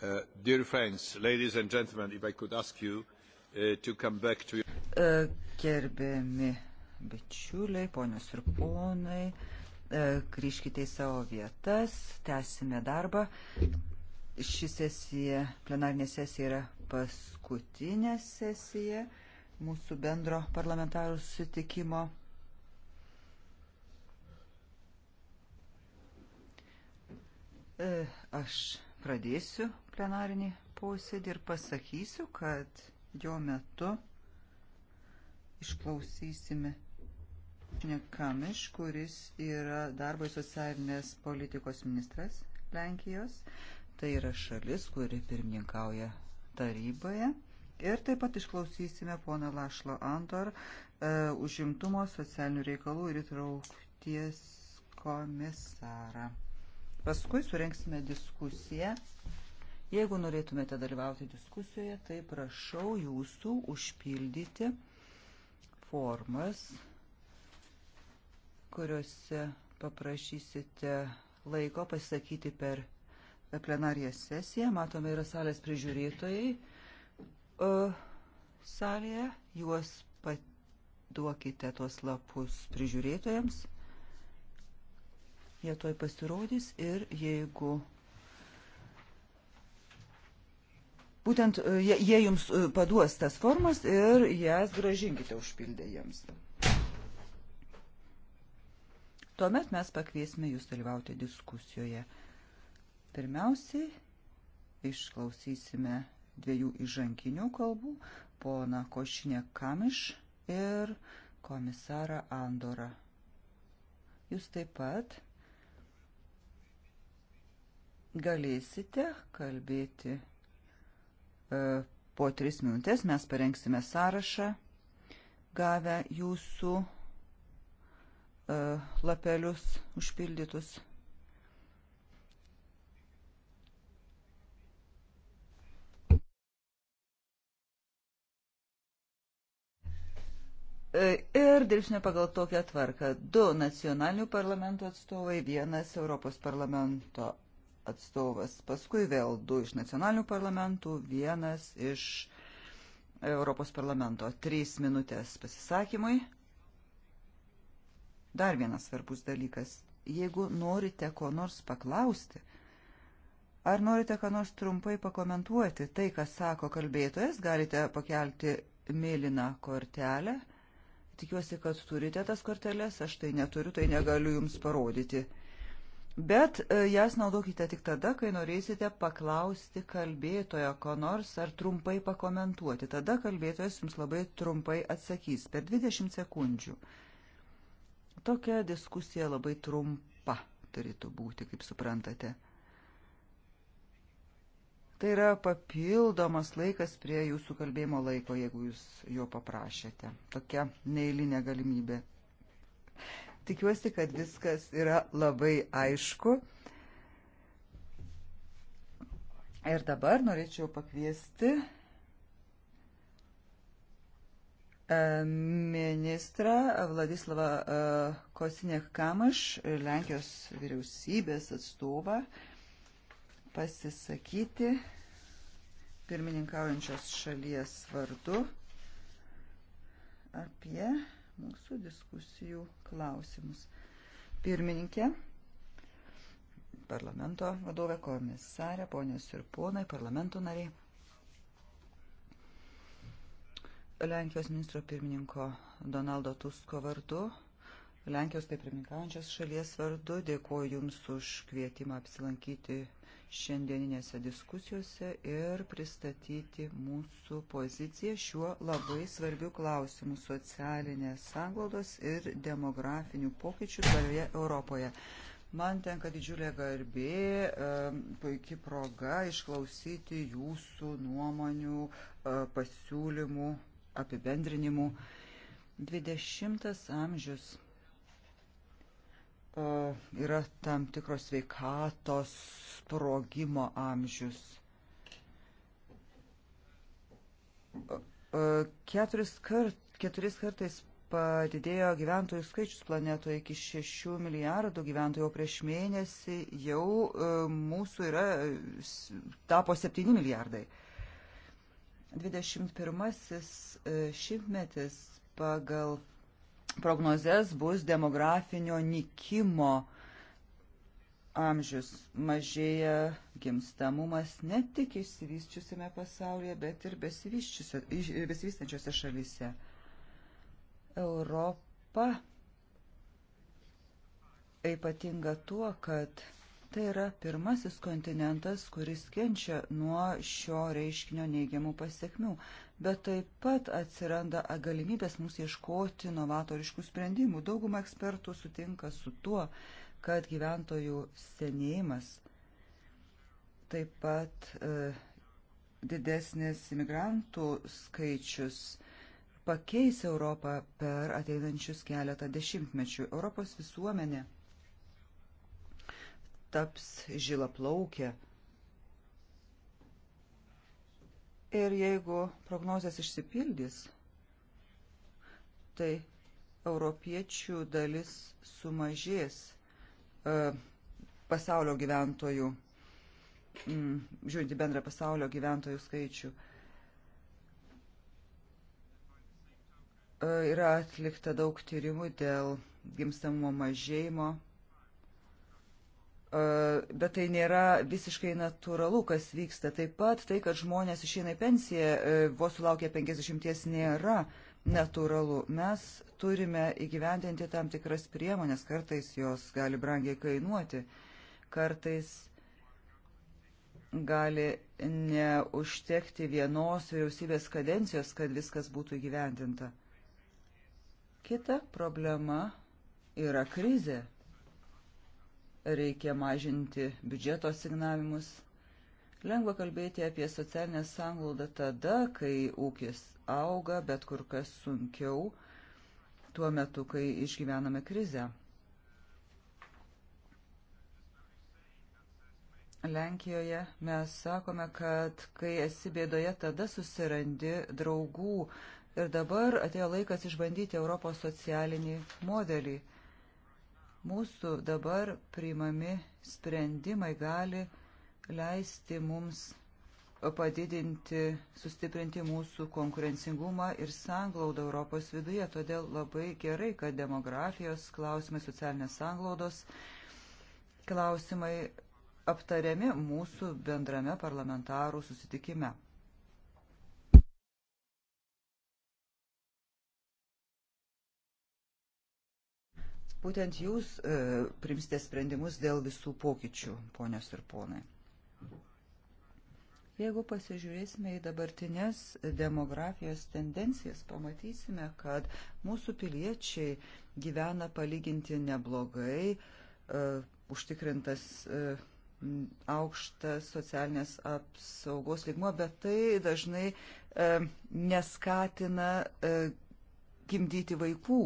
[SPEAKER 2] Uh, dear friends, ladies and gentlemen, if I could ask you uh, to come back to your...
[SPEAKER 3] Uh, gerbiami bičiuliai, ponios ir ponai, uh, grįžkite į savo vietas, tęsime darbą. Ši sesija, plenarinė sesija yra paskutinė sesija mūsų bendro parlamentarų sutikimo. Uh, aš pradėsiu plenarinį posėdį ir pasakysiu, kad jo metu išklausysime Kamiš, kuris yra darbo socialinės politikos ministras Lenkijos. Tai yra šalis, kuri pirmininkauja taryboje. Ir taip pat išklausysime poną Lašlo Antor, e, užimtumo socialinių reikalų ir įtraukties komisarą. Paskui surenksime diskusiją Jeigu norėtumėte dalyvauti diskusijoje, tai prašau jūsų užpildyti formas, kuriuose paprašysite laiko pasakyti per plenariją sesiją. Matome, yra salės prižiūrėtojai e, salėje. Juos paduokite tuos lapus prižiūrėtojams. Jie toj pasirodys ir jeigu Būtent e, jie, jie jums e, paduos tas formas ir jas gražinkite užpildę jiems. Tuomet mes pakviesime jūs dalyvauti diskusijoje. Pirmiausiai išklausysime dviejų įžankinių kalbų - pona Košinė Kamiš ir komisarą Andorą. Jūs taip pat galėsite kalbėti E, po tris minutės mes parengsime sąrašą, gavę jūsų e, lapelius užpildytus. E, ir dirbsime pagal tokią tvarką. Du nacionalinių parlamentų atstovai, vienas Europos parlamento atstovas, paskui vėl du iš nacionalinių parlamentų, vienas iš Europos parlamento. Trys minutės pasisakymui. Dar vienas svarbus dalykas. Jeigu norite ko nors paklausti, ar norite ką nors trumpai pakomentuoti, tai, kas sako kalbėtojas, galite pakelti mėlyną kortelę. Tikiuosi, kad turite tas korteles, aš tai neturiu, tai negaliu jums parodyti. Bet e, jas naudokite tik tada, kai norėsite paklausti kalbėtojo ko nors ar trumpai pakomentuoti. Tada kalbėtojas jums labai trumpai atsakys per 20 sekundžių. Tokia diskusija labai trumpa turėtų būti, kaip suprantate. Tai yra papildomas laikas prie jūsų kalbėjimo laiko, jeigu jūs jo paprašėte. Tokia neįlinė galimybė. Tikiuosi, kad viskas yra labai aišku. Ir dabar norėčiau pakviesti e, ministrą Vladislavą e, Kosinėk Kamaš, Lenkijos vyriausybės atstovą, pasisakyti pirmininkaujančios šalies vardu apie mūsų diskusijų klausimus. Pirmininkė, parlamento vadovė komisarė, ponios ir ponai, parlamento nariai. Lenkijos ministro pirmininko Donaldo Tusko vardu, Lenkijos kaip pirmininkaujančios šalies vardu dėkuoju Jums už kvietimą apsilankyti šiandieninėse diskusijose ir pristatyti mūsų poziciją šiuo labai svarbiu klausimu socialinės sanglaudos ir demografinių pokyčių tvarioje Europoje. Man tenka didžiulė garbė, e, puikia proga išklausyti jūsų nuomonių, e, pasiūlymų, apibendrinimų. 20 amžius E, yra tam tikros sveikatos sprogimo amžius. E, keturis, kart, keturis kartais padidėjo gyventojų skaičius planetoje iki 6 milijardų gyventojų, o prieš mėnesį jau e, mūsų yra tapo 7 milijardai. 21 šimtmetis pagal prognozes bus demografinio nikimo amžius. Mažėja gimstamumas ne tik išsivyščiusiame pasaulyje, bet ir besivystančiose šalyse. Europa ypatinga tuo, kad tai yra pirmasis kontinentas, kuris kenčia nuo šio reiškinio neigiamų pasiekmių bet taip pat atsiranda galimybės mums ieškoti novatoriškų sprendimų. Dauguma ekspertų sutinka su tuo, kad gyventojų senėjimas, taip pat e, didesnis imigrantų skaičius pakeis Europą per ateinančius keletą dešimtmečių. Europos visuomenė taps žilaplaukė. Ir jeigu prognozijas išsipildys, tai europiečių dalis sumažės e, pasaulio gyventojų, m, mm, žiūrint į bendrą pasaulio gyventojų skaičių. E, yra atlikta daug tyrimų dėl gimstamumo mažėjimo E, bet tai nėra visiškai natūralu, kas vyksta. Taip pat tai, kad žmonės išeina į pensiją, e, vos sulaukia 50, nėra natūralu. Mes turime įgyvendinti tam tikras priemonės, kartais jos gali brangiai kainuoti, kartais gali neužtekti vienos vyriausybės kadencijos, kad viskas būtų įgyvendinta. Kita problema yra krizė reikia mažinti biudžeto signavimus. Lengva kalbėti apie socialinę sanglaudą tada, kai ūkis auga, bet kur kas sunkiau tuo metu, kai išgyvename krizę. Lenkijoje mes sakome, kad kai esi bėdoje, tada susirandi draugų. Ir dabar atėjo laikas išbandyti Europos socialinį modelį. Mūsų dabar priimami sprendimai gali leisti mums padidinti, sustiprinti mūsų konkurencingumą ir sanglaudą Europos viduje. Todėl labai gerai, kad demografijos klausimai, socialinės sanglaudos klausimai aptariami mūsų bendrame parlamentarų susitikime. Būtent jūs e, primstė sprendimus dėl visų pokyčių, ponios ir ponai. Jeigu pasižiūrėsime į dabartinės demografijos tendencijas, pamatysime, kad mūsų piliečiai gyvena palyginti neblogai, e, užtikrintas e, aukštas socialinės apsaugos lygmo, bet tai dažnai e, neskatina e, gimdyti vaikų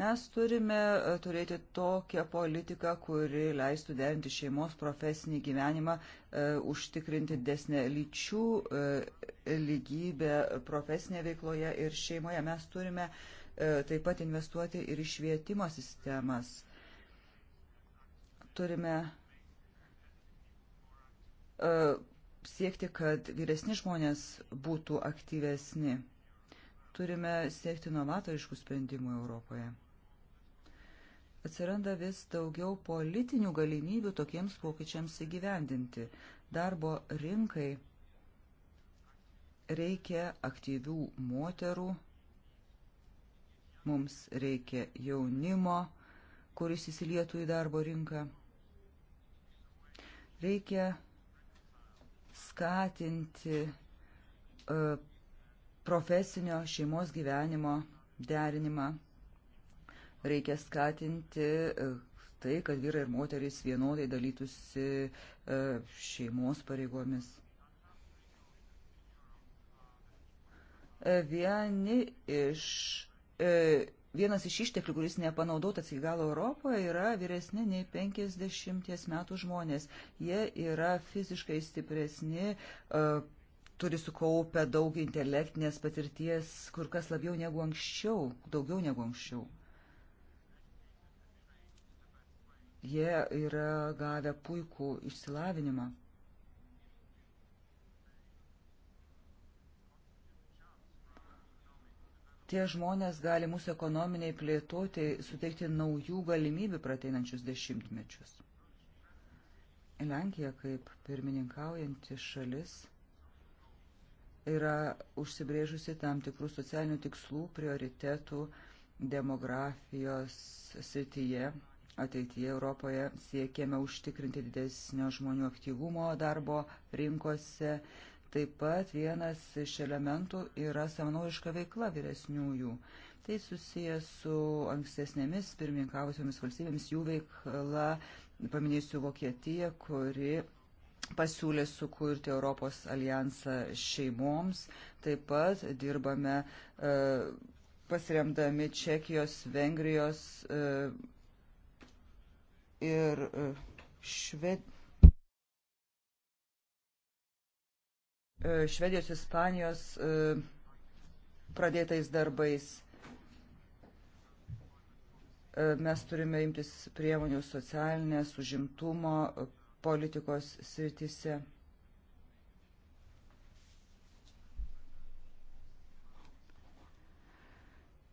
[SPEAKER 3] Mes turime e, turėti tokią politiką, kuri leistų derinti šeimos profesinį gyvenimą, e, užtikrinti desnę lyčių e, lygybę profesinėje veikloje ir šeimoje. Mes turime taip pat investuoti ir į švietimo sistemas. Turime siekti, kad vyresni žmonės būtų aktyvesni. Turime siekti novatoriškų sprendimų Europoje atsiranda vis daugiau politinių galimybių tokiems pokyčiams įgyvendinti. Darbo rinkai reikia aktyvių moterų, mums reikia jaunimo, kuris įsilietų į darbo rinką. Reikia skatinti e, profesinio šeimos gyvenimo derinimą Reikia skatinti e, tai, kad vyrai ir moterys vienodai dalytųsi e, šeimos pareigomis. E, vieni iš Vienas iš išteklių, kuris nepanaudotas iki galo Europoje, yra vyresni nei 50 metų žmonės. Jie yra fiziškai stipresni, turi sukaupę daug intelektinės patirties, kur kas labiau negu anksčiau, daugiau negu anksčiau. Jie yra gavę puikų išsilavinimą. Tie žmonės gali mūsų ekonominiai plėtoti suteikti naujų galimybių prateinančius dešimtmečius. Lenkija kaip pirmininkaujanti šalis yra užsibrėžusi tam tikrų socialinių tikslų, prioritetų demografijos srityje Ateityje Europoje siekėme užtikrinti didesnio žmonių aktyvumo darbo rinkose. Taip pat vienas iš elementų yra savanoriška veikla vyresniųjų. Tai susijęs su ankstesnėmis pirmininkavusiomis valstybėmis jų veikla, paminėsiu Vokietiją, kuri pasiūlė sukurti Europos alijansą šeimoms. Taip pat dirbame e, pasiremdami Čekijos, Vengrijos e, ir e, šved... E, Švedijos, Ispanijos e, pradėtais darbais. Mes turime imtis priemonių socialinės, užimtumo politikos sritise.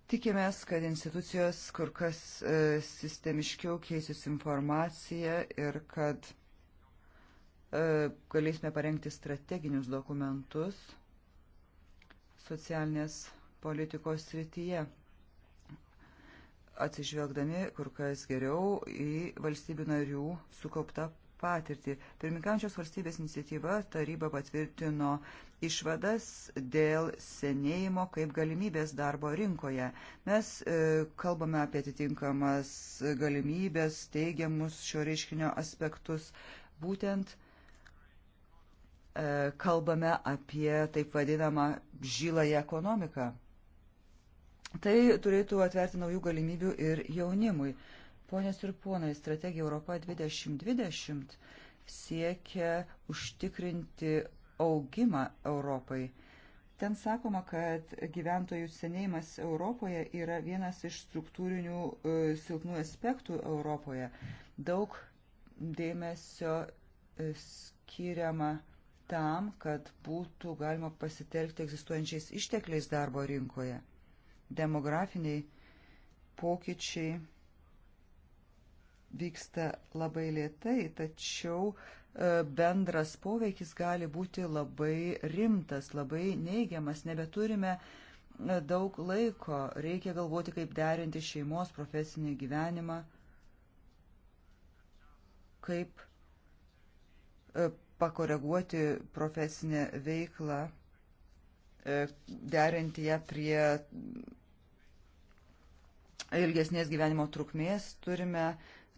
[SPEAKER 3] Tikimės, kad institucijos kur kas e, sistemiškiau keisis informaciją ir kad e, galėsime parengti strateginius dokumentus socialinės politikos srityje, atsižvelgdami kur kas geriau į valstybių narių sukauptą patirtį. Pirminkančios valstybės iniciatyva taryba patvirtino e, išvadas dėl senėjimo kaip galimybės darbo rinkoje. Mes e, kalbame apie atitinkamas galimybės, teigiamus šio reiškinio aspektus. Būtent e, kalbame apie taip vadinamą žyląją ekonomiką. Tai turėtų atverti naujų galimybių ir jaunimui. Ponės ir ponai, strategija Europa 2020 siekia užtikrinti augimą Europai. Ten sakoma, kad gyventojų senėjimas Europoje yra vienas iš struktūrinių e, silpnų aspektų Europoje. Daug dėmesio e, skiriama tam, kad būtų galima pasitelkti egzistuojančiais ištekliais darbo rinkoje. Demografiniai pokyčiai vyksta labai lėtai, tačiau bendras poveikis gali būti labai rimtas, labai neigiamas. Nebeturime e, daug laiko, reikia galvoti, kaip derinti šeimos profesinį gyvenimą, kaip e, pakoreguoti profesinę veiklą, e, derinti ją prie ilgesnės gyvenimo trukmės. Turime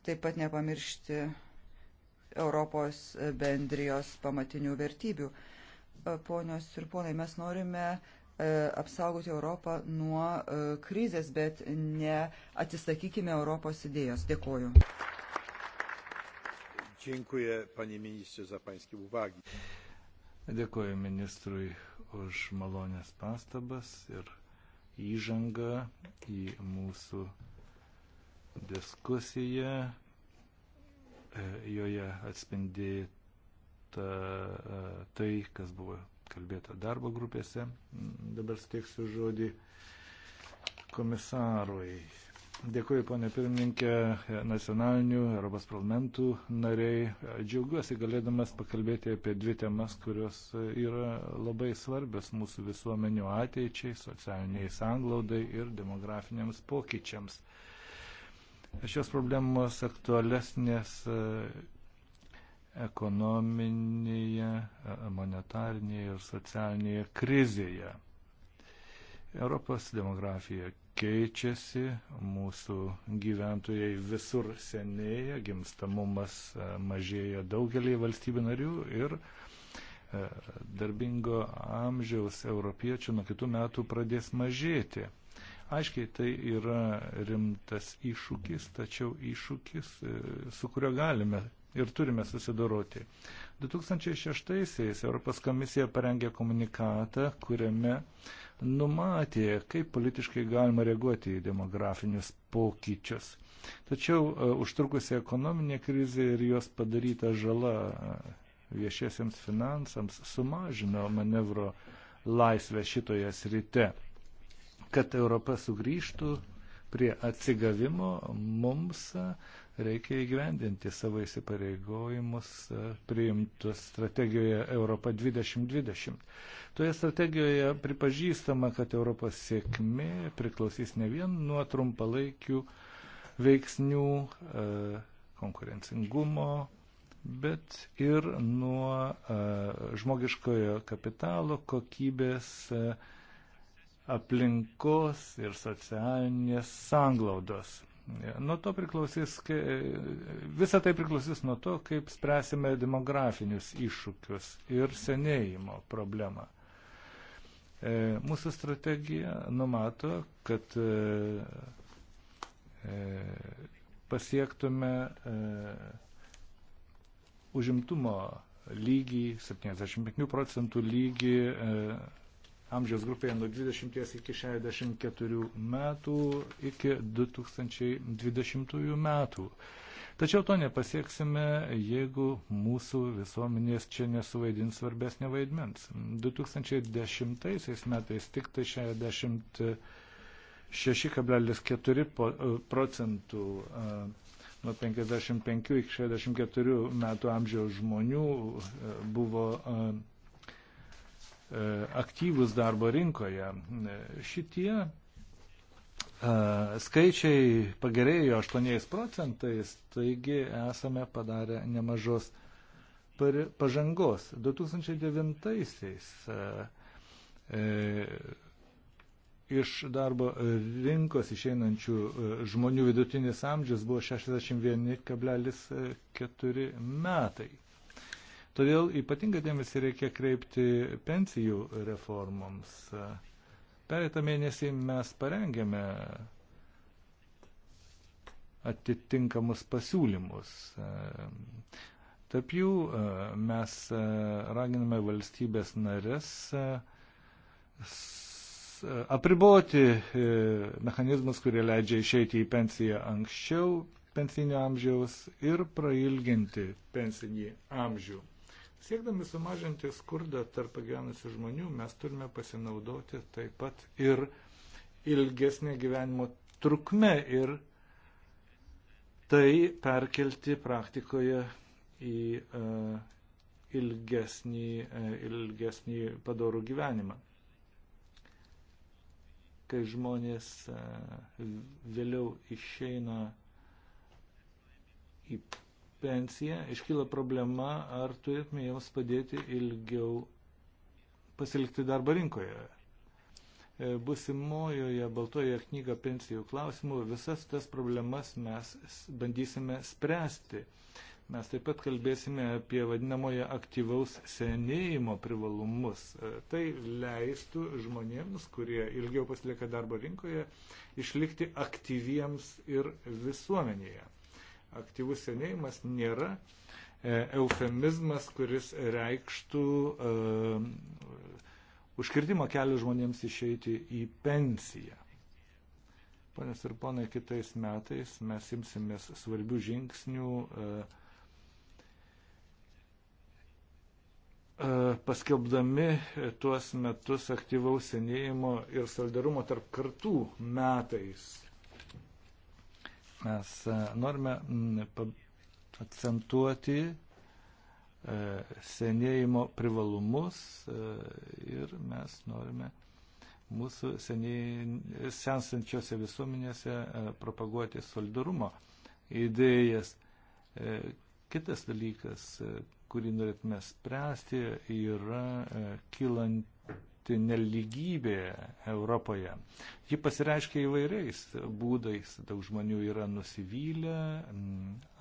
[SPEAKER 3] taip pat nepamiršti Europos bendrijos pamatinių vertybių. E, ponios ir ponai, mes norime e, apsaugoti Europą nuo e, krizės, bet ne atsisakykime Europos idėjos. Dėkoju.
[SPEAKER 2] Dziękuję panie ministrze za pańskie uwagi. Dėkoju ministrui už malonės pastabas ir įžangą į mūsų diskusiją. E, joje atspindėta e, tai, kas buvo kalbėta darbo grupėse. Mm, dabar steiksiu žodį komisarui. Dėkuoju, ponė pirmininkė, nacionalinių Europos parlamentų nariai. Džiaugiuosi galėdamas pakalbėti apie dvi temas, kurios yra labai svarbios mūsų visuomenių ateičiai, socialiniai sanglaudai ir demografiniams pokyčiams. Uh, šios problemos aktualesnės e, ekonominėje, e, monetarinėje ir socialinėje krizėje. Europos demografija keičiasi, mūsų gyventojai visur senėja, gimstamumas e, mažėja daugelį valstybių narių ir darbingo amžiaus europiečių nuo kitų metų pradės mažėti. Aiškiai, tai yra rimtas iššūkis, tačiau iššūkis, e, su kurio galime ir turime susidoroti. 2006-aisiais Europos komisija parengė komunikatą, kuriame numatė, kaip politiškai galima reaguoti į demografinius pokyčius. Tačiau e, užtrukusi ekonominė krizė ir jos padaryta žala e, viešiesiems finansams sumažino manevro laisvę šitoje srite kad Europa sugrįžtų prie atsigavimo, mums reikia įgyvendinti savo įsipareigojimus priimtus strategijoje Europa 2020. Toje strategijoje pripažįstama, kad Europos sėkmė priklausys ne vien nuo trumpalaikių veiksnių e, konkurencingumo, bet ir nuo e, žmogiškojo kapitalo kokybės e, aplinkos ir socialinės sanglaudos. Nuo to priklausys, visa tai priklausys nuo to, kaip spręsime demografinius iššūkius ir senėjimo problemą. E, mūsų strategija numato, kad e, e, pasiektume užimtumo lygį, 75 procentų lygį amžiaus grupėje nuo 20 iki 64 metų iki 2020 metų. Tačiau to nepasieksime, jeigu mūsų visuomenės čia nesuvaidins svarbesnė vaidmens. 2010 metais tik tai 66,4 e, procentų e, nuo 55 iki 64 metų amžiaus žmonių e, buvo E, aktyvus darbo rinkoje. E, šitie e, skaičiai pagerėjo 8 procentais, taigi esame padarę nemažos pažangos. 2009-aisiais iš darbo rinkos išeinančių žmonių vidutinis amžius buvo 61,4 metai. Todėl ypatingą dėmesį reikia kreipti pensijų reformoms. Pereitą mėnesį mes parengėme atitinkamus pasiūlymus. Tarp jų mes raginame valstybės narės apriboti mechanizmus, kurie leidžia išeiti į pensiją anksčiau pensinio amžiaus ir prailginti pensinį amžių. Siekdami sumažinti skurdą tarp gyvenusių žmonių, mes turime pasinaudoti taip pat ir ilgesnė gyvenimo trukme ir tai perkelti praktikoje į uh, ilgesnį, uh, ilgesnį padorų gyvenimą. Kai žmonės uh, vėliau išeina į pensiją, iškyla problema, ar turėtume jiems padėti ilgiau pasilikti darbo rinkoje. E, Busimojoje Baltoje knyga pensijų klausimų visas tas problemas mes bandysime spręsti. Mes taip pat kalbėsime apie vadinamoje aktyvaus senėjimo privalumus. E, tai leistų žmonėms, kurie ilgiau pasilieka darbo rinkoje, išlikti aktyviems ir visuomenėje aktyvus senėjimas nėra e, eufemizmas, kuris reikštų uh, e, užkirtimą kelių žmonėms išeiti į pensiją. Ponės ir ponai, kitais metais mes imsimės svarbių žingsnių uh, paskelbdami tuos metus aktyvaus senėjimo ir solidarumo tarp kartų metais. Mes e, norime akcentuoti e, senėjimo privalumus e, ir mes norime mūsų seniai, sensančiose visuomenėse propaguoti solidarumo idėjas. Kitas dalykas, kurį norėtume spręsti, yra kylant išlikti neligybė Europoje. Ji pasireiškia įvairiais būdais. Daug žmonių yra nusivylę,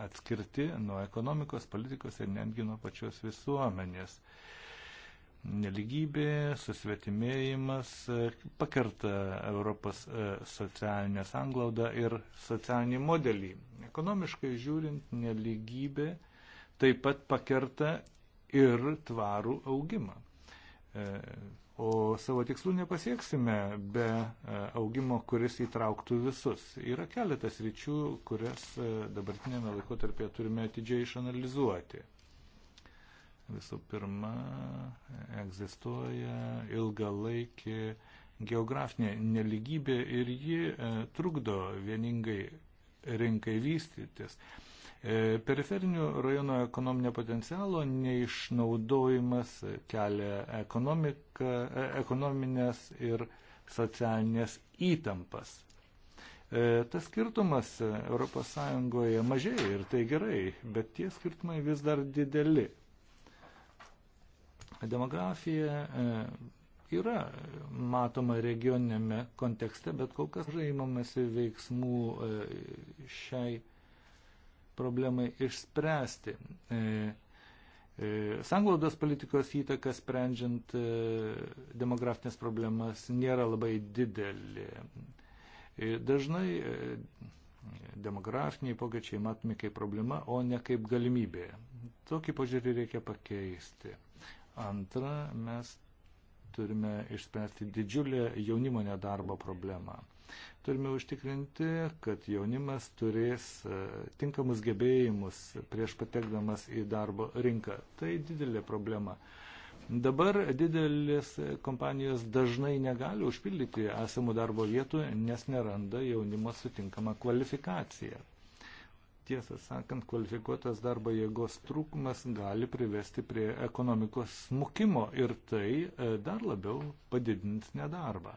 [SPEAKER 2] atskirti nuo ekonomikos, politikos ir netgi nuo pačios visuomenės. Neligybė, susvetimėjimas pakerta Europos e, socialinę sanglaudą ir socialinį modelį. Ekonomiškai žiūrint, neligybė taip pat pakerta ir tvarų augimą. E, O savo tikslų nepasieksime be e, augimo, kuris įtrauktų visus. Yra keletas ryčių, kurias e, dabartinėme laikotarpėje turime atidžiai išanalizuoti. Visų pirma, egzistuoja ilgalaikė geografinė neligybė ir ji e, trukdo vieningai rinkai vystytis. E, periferinių rajonų ekonominio potencialo neišnaudojimas kelia e, ekonominės ir socialinės įtampas. E, tas skirtumas ES mažėja ir tai gerai, bet tie skirtumai vis dar dideli. Demografija yra matoma regioninėme kontekste, bet kol kas žaimamasi veiksmų šiai problemai išspręsti. E, e, sanglaudos politikos įtaka sprendžiant e, demografinės problemas nėra labai didelė. Dažnai demografiniai pokyčiai matomi kaip problema, o ne kaip galimybė. Tokį požiūrį reikia pakeisti. Antra, mes turime išspręsti didžiulę jaunimo nedarbo problemą. Turime užtikrinti, kad jaunimas turės e, tinkamus gebėjimus prieš patekdamas į darbo rinką. Tai didelė problema. Dabar didelės kompanijos dažnai negali užpildyti esamų darbo vietų, nes neranda jaunimo sutinkamą kvalifikaciją. Tiesą sakant, kvalifikuotas darbo jėgos trūkumas gali privesti prie ekonomikos smukimo ir tai e, dar labiau padidins nedarbą.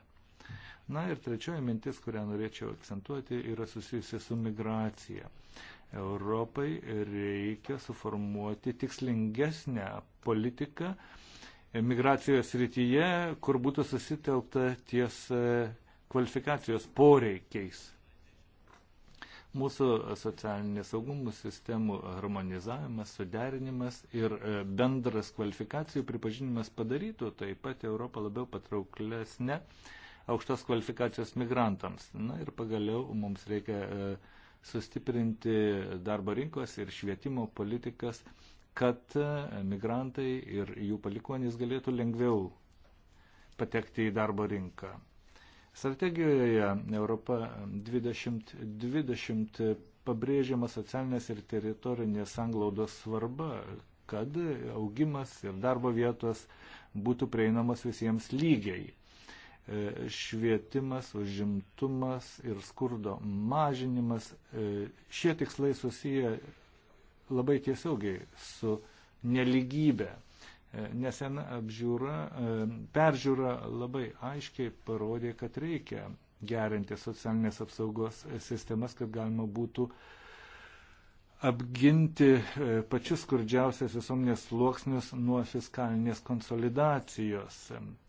[SPEAKER 2] Na ir trečioji mintis, kurią norėčiau akcentuoti, yra susijusi su migracija. Europai reikia suformuoti tikslingesnę politiką migracijos rytyje, kur būtų susitelkta ties e, kvalifikacijos poreikiais. Mūsų socialinės saugumų sistemų harmonizavimas, suderinimas ir e, bendras kvalifikacijų pripažinimas padarytų taip pat Europą labiau patrauklesnę ne aukštos kvalifikacijos migrantams. Na ir pagaliau mums reikia e, sustiprinti darbo rinkos ir švietimo politikas, kad e, migrantai ir jų palikonys galėtų lengviau patekti į darbo rinką. Strategijoje Europa 2020 pabrėžiama socialinės ir teritorinės sanglaudos svarba, kad augimas ir darbo vietos būtų prieinamos visiems lygiai. E, švietimas, užimtumas ir skurdo mažinimas. E, šie tikslai susiję labai tiesiogiai su neligybė. E, nesena apžiūra, peržiūra labai aiškiai parodė, kad reikia gerinti socialinės apsaugos sistemas, kad galima būtų uh, apginti e, pačius skurdžiausias visuomenės sluoksnius nuo fiskalinės konsolidacijos.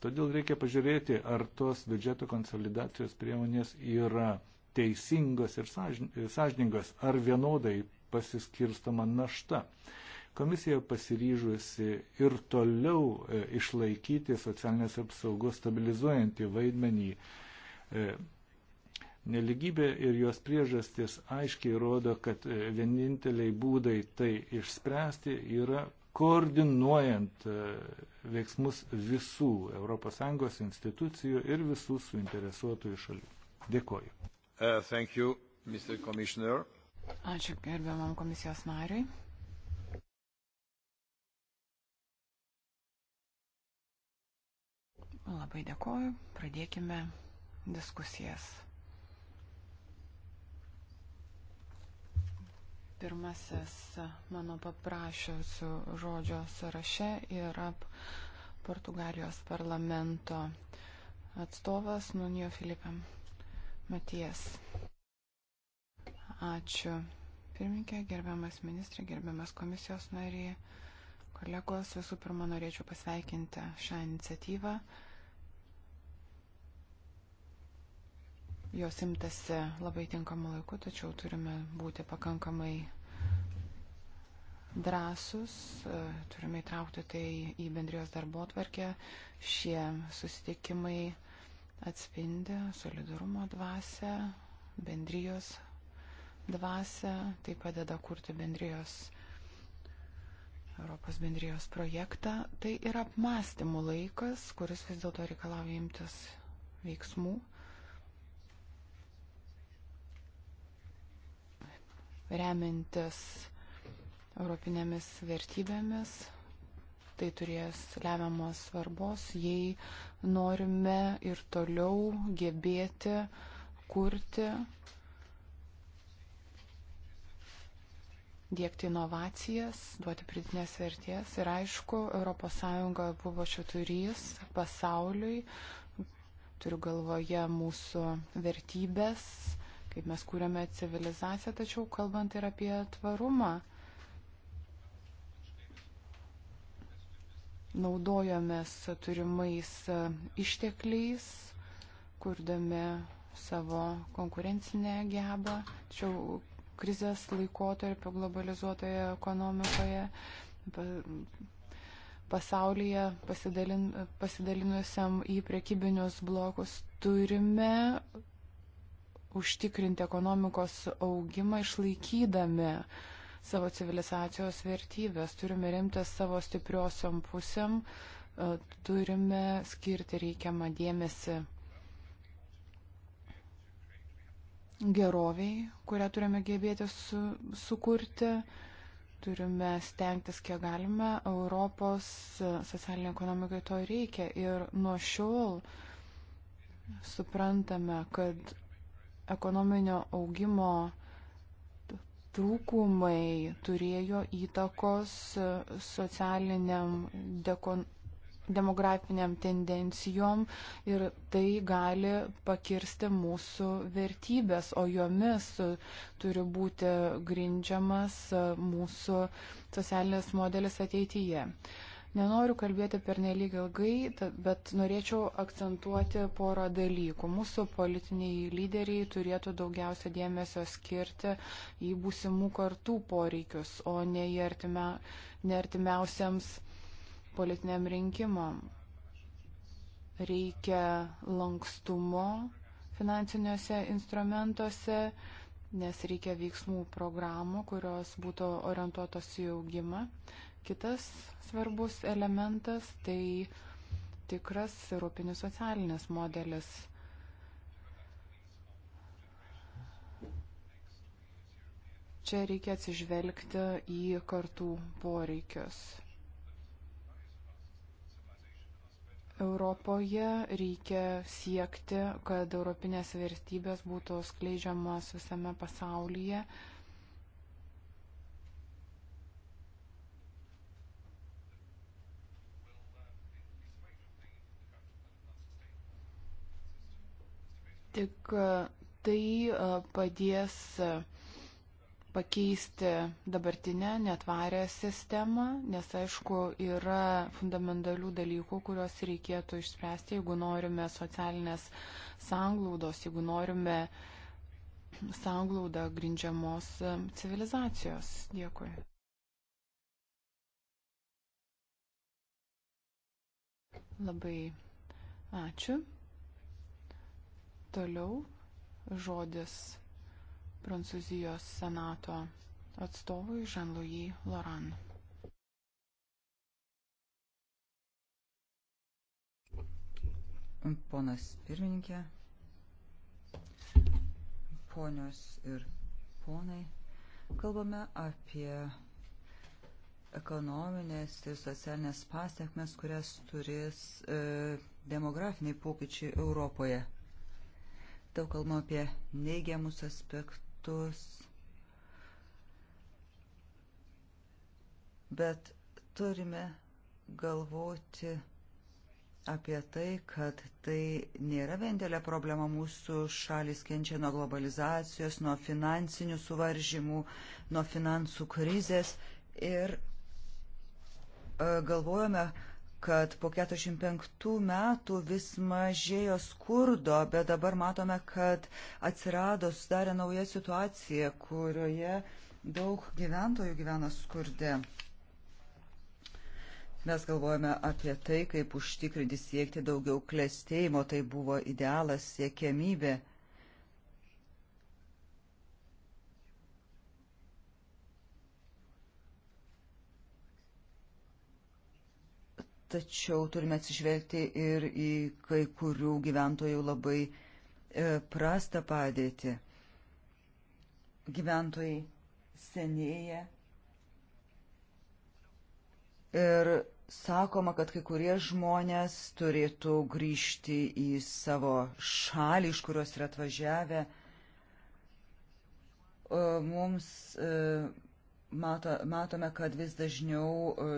[SPEAKER 2] Todėl reikia pažiūrėti, ar tos biudžeto konsolidacijos priemonės yra teisingos ir sąžiningos, ar vienodai pasiskirstama našta. Komisija pasiryžusi ir toliau e, išlaikyti socialinės apsaugos stabilizuojantį vaidmenį e, Neligybė ir jos priežastis aiškiai rodo, kad e, vieninteliai būdai tai išspręsti yra koordinuojant e, veiksmus visų ES institucijų ir visų suinteresuotųjų šalių. Dėkoju. Uh, thank you, Mr. Commissioner.
[SPEAKER 1] Ačiū gerbiamam komisijos nariui. Labai dėkoju. Pradėkime diskusijas. Pirmasis mano paprašiusių žodžio sąraše yra Portugalijos parlamento atstovas Nunijo Filipam Matijas. Ačiū. Pirminkė, gerbiamas ministrė, gerbiamas komisijos nariai, kolegos, visų pirma norėčiau pasveikinti šią iniciatyvą. Jos imtasi labai tinkamu laiku, tačiau turime būti pakankamai drąsus, e, turime įtraukti tai į bendrijos darbo atvarkę. Šie susitikimai atspindi solidarumo dvasę, bendrijos dvasę, tai padeda kurti bendrijos, Europos bendrijos projektą. Tai yra apmąstymų laikas, kuris vis dėlto reikalauja imtis veiksmų. remintis europinėmis vertybėmis. Tai turės lemiamos svarbos, jei norime ir toliau gebėti kurti, dėkti inovacijas, duoti pridinės vertės. Ir aišku, ES buvo šaturys pasauliui, turiu galvoje mūsų vertybės kaip mes kūrėme civilizaciją, tačiau kalbant ir apie tvarumą. Naudojomės turimais e, ištekliais, kurdami savo konkurencinę gebą, tačiau krizės laikotarpio globalizuotoje ekonomikoje pasaulyje pasidalin, pasidalinusiam į prekybinius blokus turime užtikrinti ekonomikos augimą išlaikydami savo civilizacijos vertybės, turime rimtis savo stipriosiom pusėm, e, turime skirti reikiamą dėmesį geroviai, kurią turime gebėti su, sukurti, turime stengtis kiek galime, Europos e, socialinė ekonomikai to reikia ir nuo šiol suprantame, kad ekonominio augimo trūkumai turėjo įtakos socialiniam dekon demografiniam tendencijom ir tai gali pakirsti mūsų vertybės, o jomis turi būti grindžiamas mūsų socialinis modelis ateityje. Nenoriu kalbėti per nelyg ilgai, bet norėčiau akcentuoti porą dalykų. Mūsų politiniai lyderiai turėtų daugiausia dėmesio skirti į būsimų kartų poreikius, o ne į artime, ne artimiausiams politiniam rinkimam. Reikia lankstumo finansiniuose instrumentuose, nes reikia veiksmų programų, kurios būtų orientuotos į augimą. Kitas svarbus elementas, tai tikras europinis socialinis modelis. Čia reikia atsižvelgti į kartų poreikius. Europoje reikia siekti, kad europinės vertybės būtų skleidžiamas visame pasaulyje. Uh, Tik e, tai e, padės e, pakeisti dabartinę netvarę sistemą, nes aišku, yra fundamentalių dalykų, kuriuos reikėtų išspręsti, jeigu norime socialinės sanglaudos, jeigu norime sanglaudą grindžiamos civilizacijos. Dėkui. Labai ačiū. Toliau žodis Prancūzijos senato atstovui Jean-Louis Laurent.
[SPEAKER 3] Ponas pirmininkė, ponios ir ponai, kalbame apie ekonominės ir socialinės pasiekmes, kurias turės e, demografiniai pokyčiai Europoje. Daug kalbama apie neigiamus aspektus. Bet turime galvoti apie tai, kad tai nėra vienintelė problema mūsų šalis kenčia nuo globalizacijos, nuo finansinių suvaržymų, nuo finansų krizės ir e, galvojame, kad po 45 metų vis mažėjo skurdo, bet dabar matome, kad atsirado, sudarė nauja situacija, kurioje daug gyventojų gyvena skurde. Mes galvojame apie tai, kaip užtikrinti siekti daugiau klėstėjimo, tai buvo idealas siekiamybė. tačiau turime atsižvelgti ir į kai kurių gyventojų labai e, prastą padėtį. Gyventojai senėja ir sakoma, kad kai kurie žmonės turėtų grįžti į savo šalį, iš kurios yra atvažiavę. E, mums e, mato, matome, kad vis dažniau e,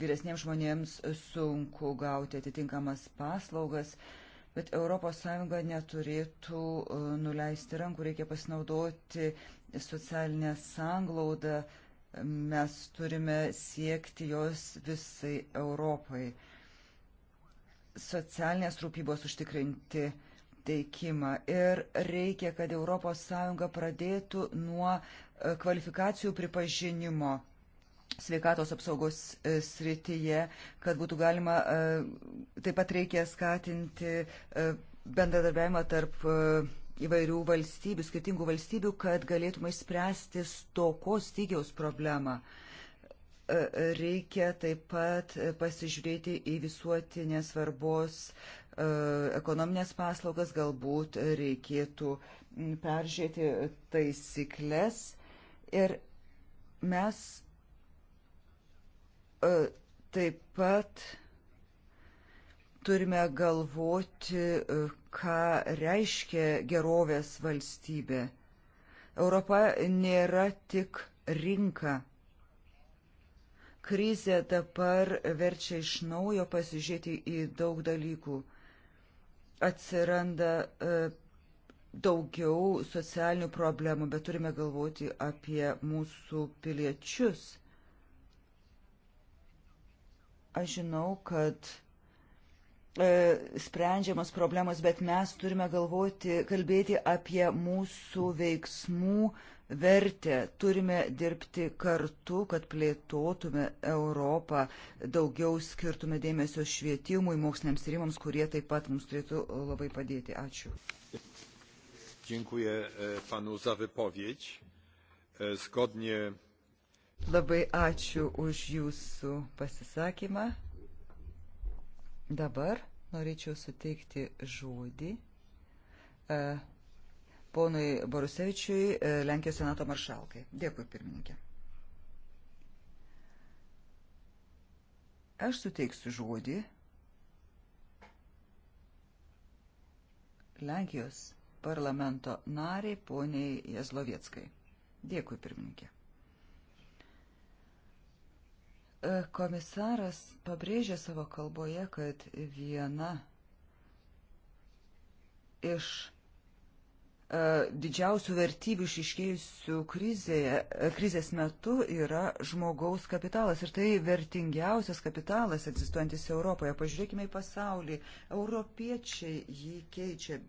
[SPEAKER 3] vyresniems žmonėms sunku gauti atitinkamas paslaugas, bet ES neturėtų e, nuleisti rankų, reikia pasinaudoti socialinę sanglaudą, mes turime siekti jos visai Europai. Socialinės rūpybos užtikrinti teikimą ir reikia, kad ES pradėtų nuo e, kvalifikacijų pripažinimo sveikatos apsaugos e, srityje, kad būtų galima, e, taip pat reikia skatinti e, bendradarbiavimą tarp įvairių valstybių, skirtingų valstybių, kad galėtume išspręsti stokos stygiaus problemą. Reikia taip pat pasižiūrėti į visuotinės svarbos ekonominės paslaugas, galbūt reikėtų peržiūrėti taisyklės ir mes E, taip pat turime galvoti, e, ką reiškia gerovės valstybė. Europa nėra tik rinka. Krizė dabar verčia iš naujo pasižiūrėti į daug dalykų. Atsiranda e, daugiau socialinių problemų, bet turime galvoti apie mūsų piliečius. Aš žinau, kad e, sprendžiamos problemos, bet mes turime galvoti, kalbėti apie mūsų veiksmų vertę. Turime dirbti kartu, kad plėtotume Europą, daugiau skirtume dėmesio švietimui, moksliniams tyrimams, kurie taip pat mums turėtų labai padėti. Ačiū.
[SPEAKER 2] Dziękuję e, panu za wypowiedź. E, zgodnie
[SPEAKER 3] Labai ačiū už jūsų pasisakymą. Dabar norėčiau suteikti žodį e, ponui Borusevičiui, e, Lenkijos senato maršalkai. Dėkui, pirmininkė. Aš suteiksiu žodį Lenkijos parlamento nariai poniai Jezlovieckai. Dėkui, pirmininkė. E, komisaras pabrėžė savo kalboje, kad viena iš e, didžiausių vertybių išiškėjusių krizėje, e, krizės metu yra žmogaus kapitalas. Ir tai vertingiausias kapitalas egzistuojantis Europoje. Pažiūrėkime į pasaulį. Europiečiai jį keičia.